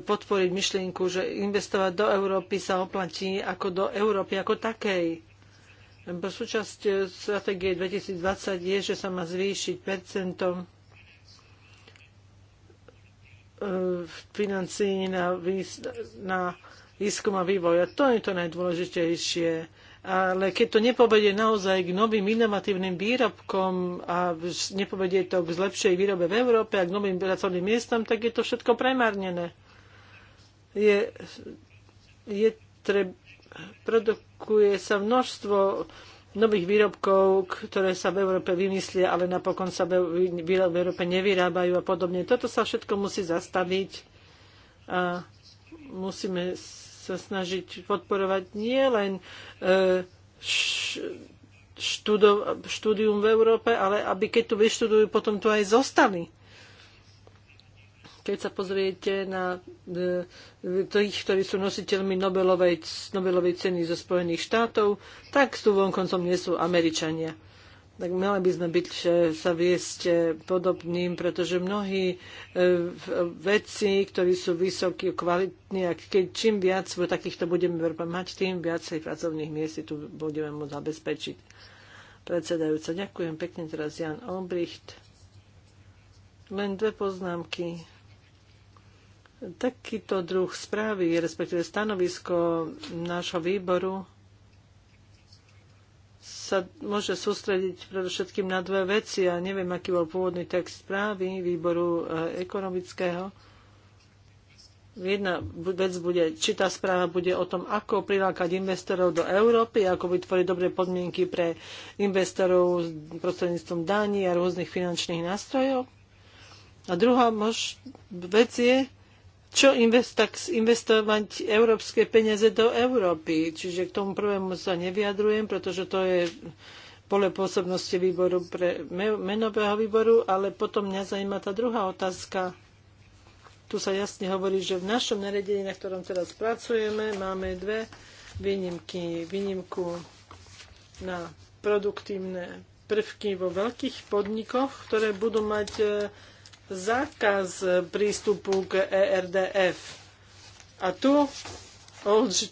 podporiť myšlienku, že investovať do Európy sa oplatí ako do Európy ako takej. Súčasť e, stratégie 2020 je, že sa má zvýšiť percento e, financí na výskum a vývoj. A to je to najdôležitejšie ale keď to nepovedie naozaj k novým inovatívnym výrobkom a nepovedie to k zlepšej výrobe v Európe a k novým pracovným miestam, tak je to všetko premárnené. Je, je treb, produkuje sa množstvo nových výrobkov, ktoré sa v Európe vymyslia, ale napokon sa v Európe nevyrábajú a podobne. Toto sa všetko musí zastaviť a musíme sa snažiť podporovať nie len e, štúdium v Európe, ale aby keď tu vyštudujú, potom tu aj zostali keď sa pozriete na e, tých, ktorí sú nositeľmi Nobelovej, Nobelovej ceny zo Spojených štátov, tak sú vonkoncom nie sú Američania tak mali by sme byť, e, sa viesť e, podobným, pretože mnohí e, vedci, ktorí sú vysokí, kvalitní, a keď čím viac takýchto budeme mať, tým viacej pracovných miest tu budeme môcť zabezpečiť. Predsedajúca, ďakujem pekne teraz Jan Olbricht. Len dve poznámky. Takýto druh správy, respektíve stanovisko nášho výboru, sa môže sústrediť predovšetkým na dve veci. Ja neviem, aký bol pôvodný text správy výboru eh, ekonomického. Jedna vec bude, či tá správa bude o tom, ako prilákať investorov do Európy, ako vytvoriť dobré podmienky pre investorov prostredníctvom daní a rôznych finančných nástrojov. A druhá mož, vec je, čo tak investovať európske peniaze do Európy. Čiže k tomu prvému sa nevyjadrujem, pretože to je pole pôsobnosti výboru pre menového výboru, ale potom mňa zaujíma tá druhá otázka. Tu sa jasne hovorí, že v našom naredení, na ktorom teraz pracujeme, máme dve výnimky. Výnimku na produktívne prvky vo veľkých podnikoch, ktoré budú mať e, zákaz prístupu k ERDF. A tu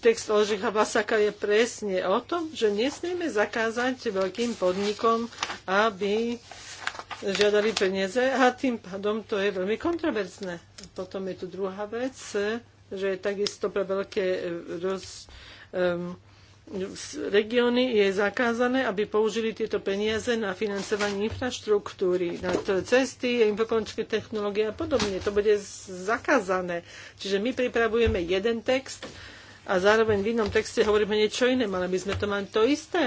text Olžicha Basaka, je presne o tom, že nesmieme zakázať veľkým podnikom, aby žiadali peniaze a tým pádom to je veľmi kontroverzné. Potom je tu druhá vec, že je takisto pre veľké eh, roz, um, regióny je zakázané, aby použili tieto peniaze na financovanie infraštruktúry, na cesty, informačné technológie a podobne. To bude zakázané. Čiže my pripravujeme jeden text a zároveň v inom texte hovoríme niečo iné. Mali by sme to mať to isté.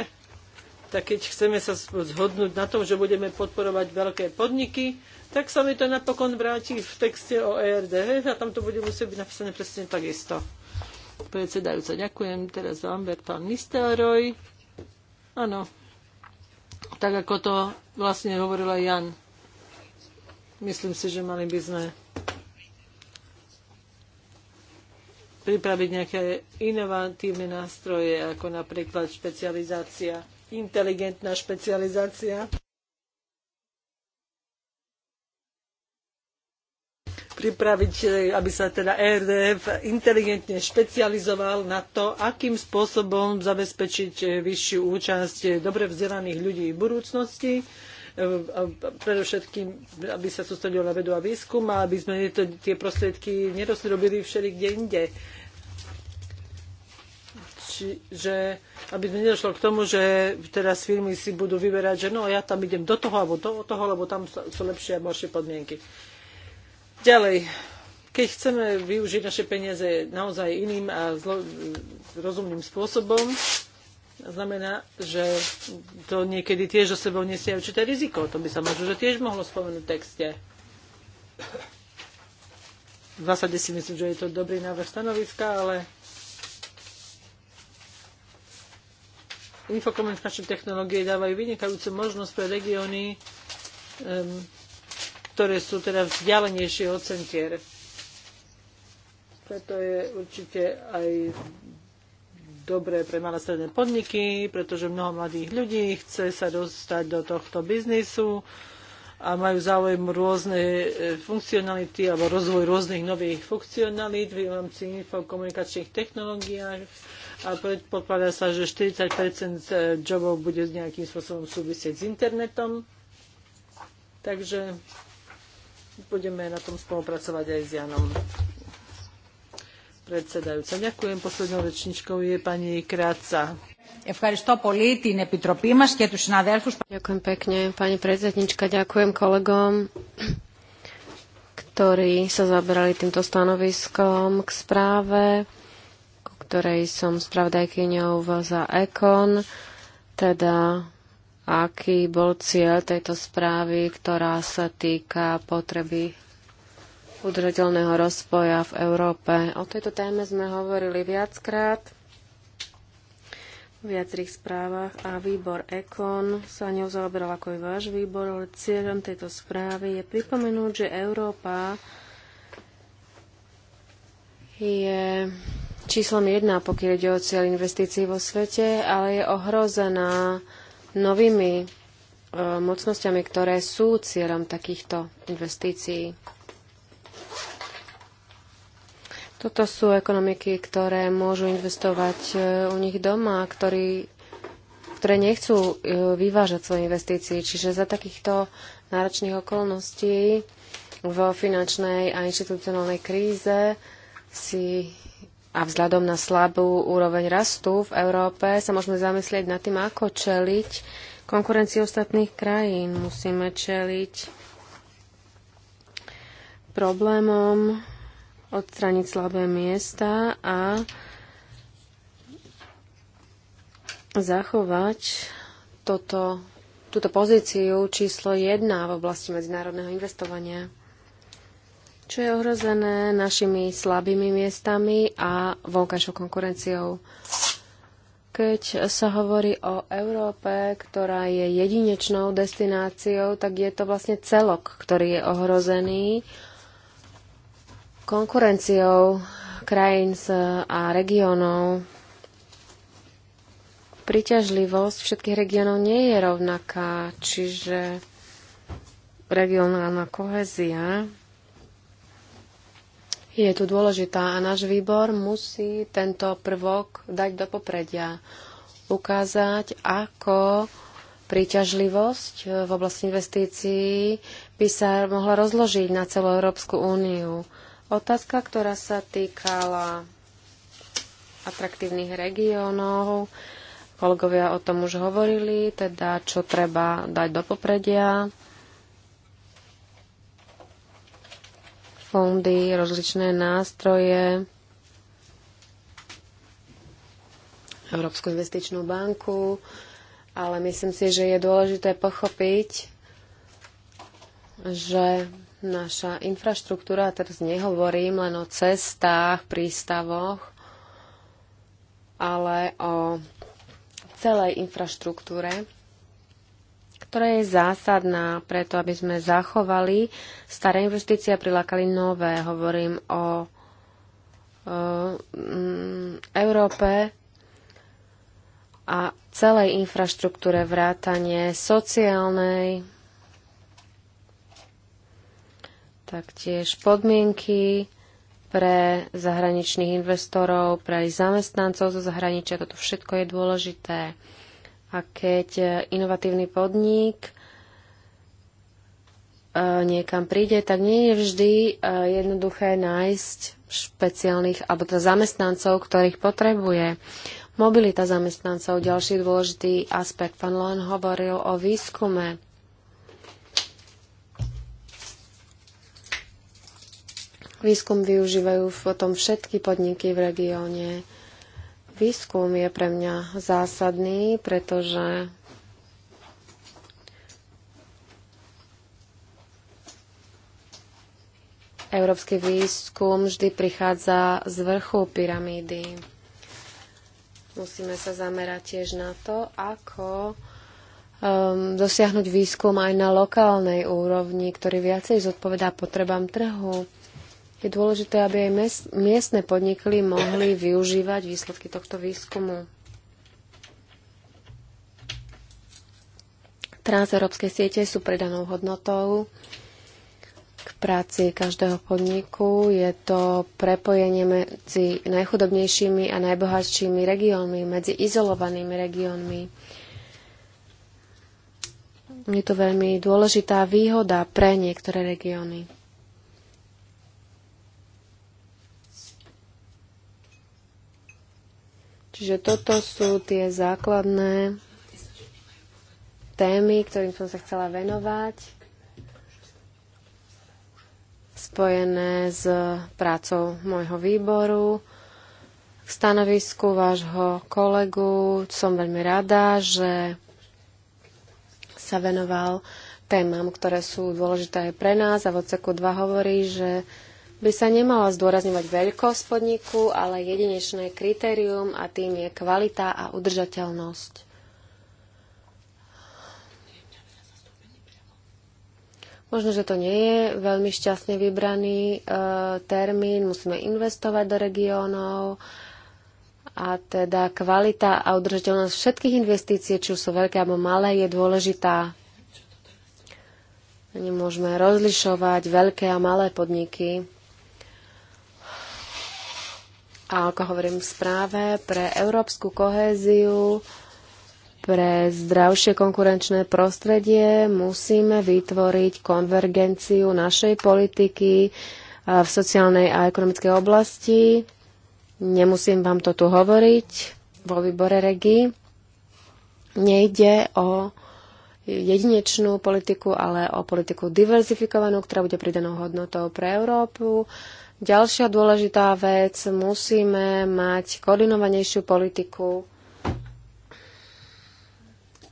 Tak keď chceme sa zhodnúť na tom, že budeme podporovať veľké podniky, tak sa mi to napokon vráti v texte o ERDF a tam to bude musieť byť napísané presne takisto. Predsedajúca, ďakujem. Teraz Lambert, pán Nistelroj. Áno, tak ako to vlastne hovorila Jan. Myslím si, že mali by sme pripraviť nejaké inovatívne nástroje, ako napríklad špecializácia, inteligentná špecializácia. pripraviť, e, aby sa teda ERDF inteligentne špecializoval na to, akým spôsobom zabezpečiť e, vyššiu účasť e, dobre vzdelaných ľudí v budúcnosti predovšetkým, aby sa sústredil na vedu a výskum a aby sme to, tie prostriedky nerozrobili všeli kde inde. Čiže aby sme nedošlo k tomu, že teraz firmy si budú vyberať, že no ja tam idem do toho alebo do toho, lebo tam sú lepšie a horšie podmienky. Ďalej, keď chceme využiť naše peniaze naozaj iným a zlo, rozumným spôsobom, znamená, že to niekedy tiež o sebou nesie určité riziko. To by sa možno že tiež mohlo spomenúť v texte. V zásade si myslím, že je to dobrý návrh stanoviska, ale infokomunikačné technológie dávajú vynikajúcu možnosť pre regióny um, ktoré sú teda vzdialenejšie od centier. Preto je určite aj dobré pre malé stredné podniky, pretože mnoho mladých ľudí chce sa dostať do tohto biznisu a majú záujem rôzne e, funkcionality alebo rozvoj rôznych nových funkcionalít v rámci infokomunikačných technológiách a predpokladá sa, že 40 e, jobov bude nejakým spôsobom súvisieť s internetom. Takže budeme na tom spolupracovať aj s Janom predsedajúca. Ďakujem. Poslednou rečničkou je pani Kráca. Ďakujem pekne, pani predsednička, ďakujem kolegom, ktorí sa zabrali týmto stanoviskom k správe, ku ktorej som spravodajkyňou za EKON, teda aký bol cieľ tejto správy, ktorá sa týka potreby udržateľného rozpoja v Európe. O tejto téme sme hovorili viackrát v viacerých správach a výbor EKON sa ňou zaoberal ako aj váš výbor, ale cieľom tejto správy je pripomenúť, že Európa je číslom jedna, pokiaľ ide o cieľ investícií vo svete, ale je ohrozená novými e, mocnosťami, ktoré sú cieľom takýchto investícií. Toto sú ekonomiky, ktoré môžu investovať e, u nich doma, ktorí, ktoré nechcú e, vyvážať svoje investície. Čiže za takýchto náročných okolností v finančnej a inštitucionálnej kríze si a vzhľadom na slabú úroveň rastu v Európe sa môžeme zamyslieť nad tým, ako čeliť konkurencii ostatných krajín. Musíme čeliť problémom, odstraniť slabé miesta a zachovať toto, túto pozíciu číslo 1 v oblasti medzinárodného investovania čo je ohrozené našimi slabými miestami a vonkajšou konkurenciou. Keď sa hovorí o Európe, ktorá je jedinečnou destináciou, tak je to vlastne celok, ktorý je ohrozený konkurenciou krajín a regiónov. Priťažlivosť všetkých regiónov nie je rovnaká, čiže regionálna kohezia je tu dôležitá a náš výbor musí tento prvok dať do popredia. Ukázať, ako príťažlivosť v oblasti investícií by sa mohla rozložiť na celú Európsku úniu. Otázka, ktorá sa týkala atraktívnych regiónov, kolegovia o tom už hovorili, teda čo treba dať do popredia. fondy, rozličné nástroje, Európsku investičnú banku, ale myslím si, že je dôležité pochopiť, že naša infraštruktúra, teraz nehovorím len o cestách, prístavoch, ale o celej infraštruktúre, ktorá je zásadná preto, aby sme zachovali staré investície a prilákali nové. Hovorím o mm, Európe a celej infraštruktúre vrátanie sociálnej, taktiež podmienky pre zahraničných investorov, pre zamestnancov zo zahraničia. Toto všetko je dôležité. A keď e, inovatívny podnik e, niekam príde, tak nie je vždy e, jednoduché nájsť špeciálnych alebo teda zamestnancov, ktorých potrebuje. Mobilita zamestnancov, ďalší dôležitý aspekt. Pán Lohan hovoril o výskume. Výskum využívajú potom všetky podniky v regióne. Výskum je pre mňa zásadný, pretože európsky výskum vždy prichádza z vrchu pyramídy. Musíme sa zamerať tiež na to, ako um, dosiahnuť výskum aj na lokálnej úrovni, ktorý viacej zodpovedá potrebám trhu. Je dôležité, aby aj miestne podniky mohli využívať výsledky tohto výskumu. Transeurópske siete sú predanou hodnotou k práci každého podniku. Je to prepojenie medzi najchudobnejšími a najbohatšími regiónmi, medzi izolovanými regiónmi. Je to veľmi dôležitá výhoda pre niektoré regióny. Čiže toto sú tie základné témy, ktorým som sa chcela venovať, spojené s prácou môjho výboru. K stanovisku vášho kolegu som veľmi rada, že sa venoval témam, ktoré sú dôležité aj pre nás a v odseku 2 hovorí, že by sa nemala zdôrazňovať veľkosť podniku, ale jedinečné kritérium a tým je kvalita a udržateľnosť. Možno, že to nie je veľmi šťastne vybraný e, termín, musíme investovať do regiónov a teda kvalita a udržateľnosť všetkých investícií, či už sú veľké alebo malé, je dôležitá. Nemôžeme rozlišovať veľké a malé podniky a ako hovorím v správe, pre európsku kohéziu, pre zdravšie konkurenčné prostredie musíme vytvoriť konvergenciu našej politiky v sociálnej a ekonomickej oblasti. Nemusím vám to tu hovoriť vo výbore regi. Nejde o jedinečnú politiku, ale o politiku diverzifikovanú, ktorá bude pridanou hodnotou pre Európu Ďalšia dôležitá vec, musíme mať koordinovanejšiu politiku,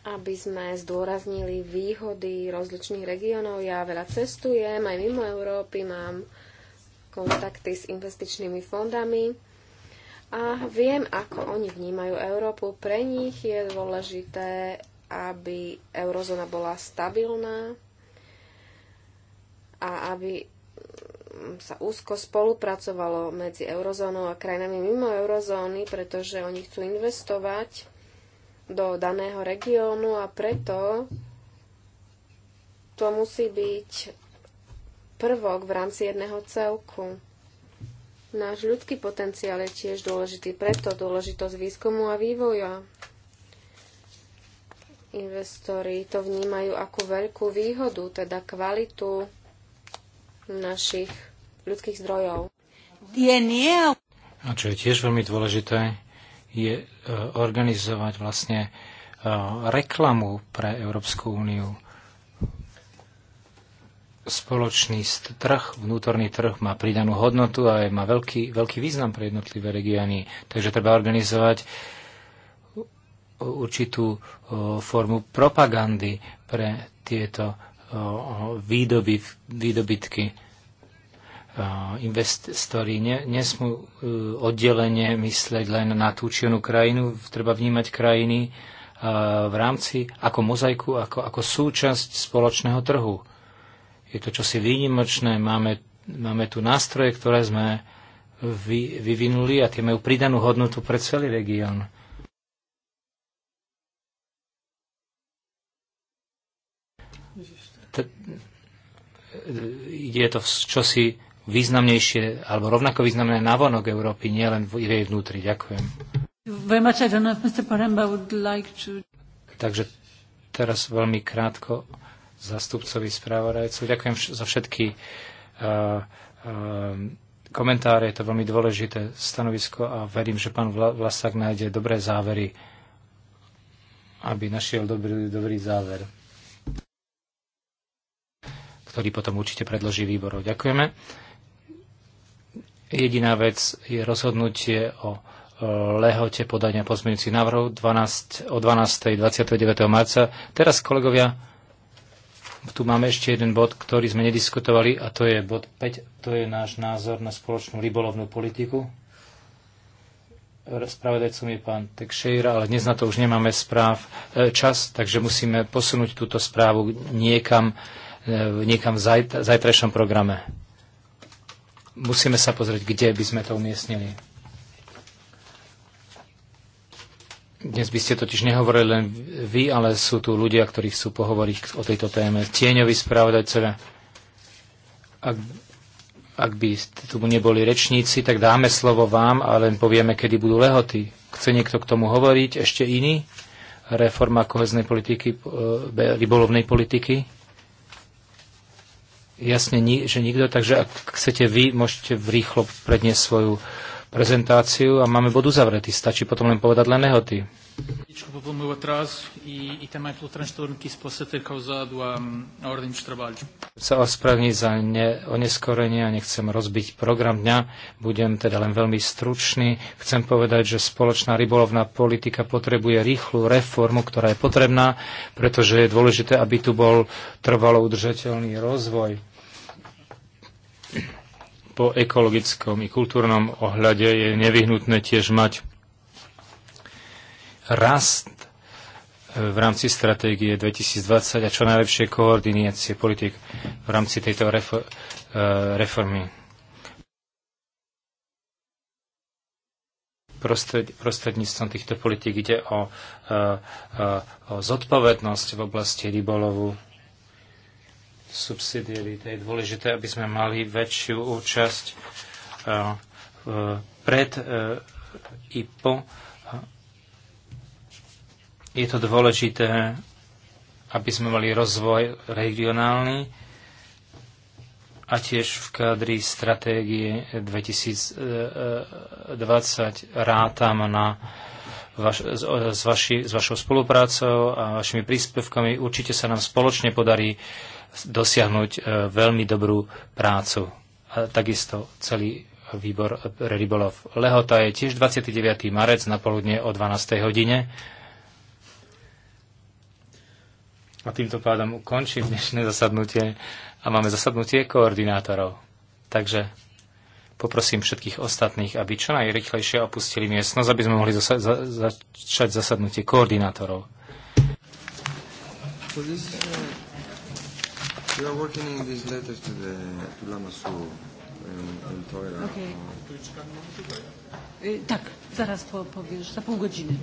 aby sme zdôraznili výhody rozličných regiónov. Ja veľa cestujem, aj mimo Európy mám kontakty s investičnými fondami a viem, ako oni vnímajú Európu. Pre nich je dôležité, aby eurozóna bola stabilná, a aby sa úzko spolupracovalo medzi eurozónou a krajinami mimo eurozóny, pretože oni chcú investovať do daného regiónu a preto to musí byť prvok v rámci jedného celku. Náš ľudský potenciál je tiež dôležitý, preto dôležitosť výskumu a vývoja. Investori to vnímajú ako veľkú výhodu, teda kvalitu našich ľudských zdrojov. A čo je tiež veľmi dôležité, je e, organizovať vlastne e, reklamu pre Európsku úniu. Spoločný trh, vnútorný trh má pridanú hodnotu a má veľký, veľký význam pre jednotlivé regióny. Takže treba organizovať určitú formu propagandy pre tieto výdoby, výdobytky. Investori ne, nesmú e, oddelenie myslieť len na tú či krajinu, treba vnímať krajiny e, v rámci ako mozaiku, ako, ako súčasť spoločného trhu. Je to čosi výnimočné, máme, máme tu nástroje, ktoré sme vy, vyvinuli a tie majú pridanú hodnotu pre celý región. je to čosi významnejšie alebo rovnako významné navonok Európy, nielen v jej vnútri. Ďakujem. Takže teraz veľmi krátko zastupcovi správodajcu. Ďakujem za všetky uh, uh, komentáre, je to veľmi dôležité stanovisko a verím, že pán Vlasák nájde dobré závery, aby našiel dobrý, dobrý záver ktorý potom určite predloží výboru. Ďakujeme. Jediná vec je rozhodnutie o e, lehote podania pozmeňujúcich návrhov 12, o 12. 29. marca. Teraz, kolegovia, tu máme ešte jeden bod, ktorý sme nediskutovali a to je bod 5, to je náš názor na spoločnú rybolovnú politiku. Spravedajcom je pán Tekšejra, ale dnes na to už nemáme správ e, čas, takže musíme posunúť túto správu niekam E, niekam v zajtrajšom programe. Musíme sa pozrieť, kde by sme to umiestnili. Dnes by ste totiž nehovorili len vy, ale sú tu ľudia, ktorí chcú pohovoriť o tejto téme. Tieňoví spravodajcovia. Ak, ak by tu neboli rečníci, tak dáme slovo vám a len povieme, kedy budú lehoty. Chce niekto k tomu hovoriť? Ešte iný? Reforma koheznej politiky, e, rybolovnej politiky? jasne, že nikto, takže ak chcete vy, môžete rýchlo predniesť svoju prezentáciu a máme bod uzavretý. Stačí potom len povedať len nehoty. Desculpa pelo meu atraso e, e também pelo transtorno que isso possa ter causado à, à ordem dos trabalhos. Sa ospravniť za ne, oneskorenie a nechcem rozbiť program dňa. Budem teda len veľmi stručný. Chcem povedať, že spoločná rybolovná politika potrebuje rýchlu reformu, ktorá je potrebná, pretože je dôležité, aby tu bol trvalo udržateľný rozvoj. Po ekologickom i kultúrnom ohľade je nevyhnutné tiež mať rast e, v rámci stratégie 2020 a čo najlepšie koordinácie politik v rámci tejto e, reformy. prostredníctvom týchto politik ide o, o, e, o zodpovednosť v oblasti rybolovu, subsidiarita. Je dôležité, aby sme mali väčšiu účasť pred i po je to dôležité, aby sme mali rozvoj regionálny a tiež v kadri stratégie 2020 e, e, rátam na vaš, z, vaši, z vašou spoluprácou a vašimi príspevkami. Určite sa nám spoločne podarí dosiahnuť e, veľmi dobrú prácu. A takisto celý výbor Rybolov. Lehota je tiež 29. marec na poludne o 12. hodine A týmto pádom ukončím dnešné zasadnutie a máme zasadnutie koordinátorov. Takže poprosím všetkých ostatných, aby čo najrychlejšie opustili miestnosť, aby sme mohli zasa- za- začať zasadnutie koordinátorov. So this, uh, we are working in these letters to the to Lama Su Toira. Okay. Tak, zaraz po, powiesz, za pół godziny.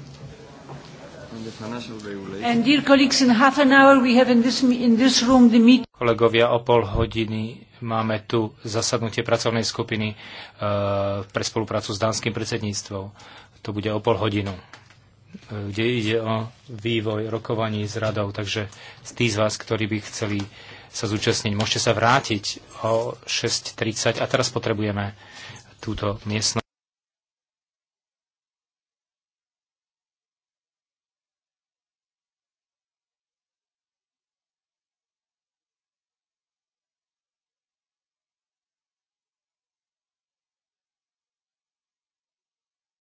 Kolegovia, o pol hodiny máme tu zasadnutie pracovnej skupiny uh, pre spoluprácu s dánskym predsedníctvom. To bude o pol hodinu eh, kde ide o vývoj rokovaní s radou. Takže tí z vás, ktorí by chceli sa zúčastniť, môžete sa vrátiť o 6.30 a teraz potrebujeme túto miestnosť.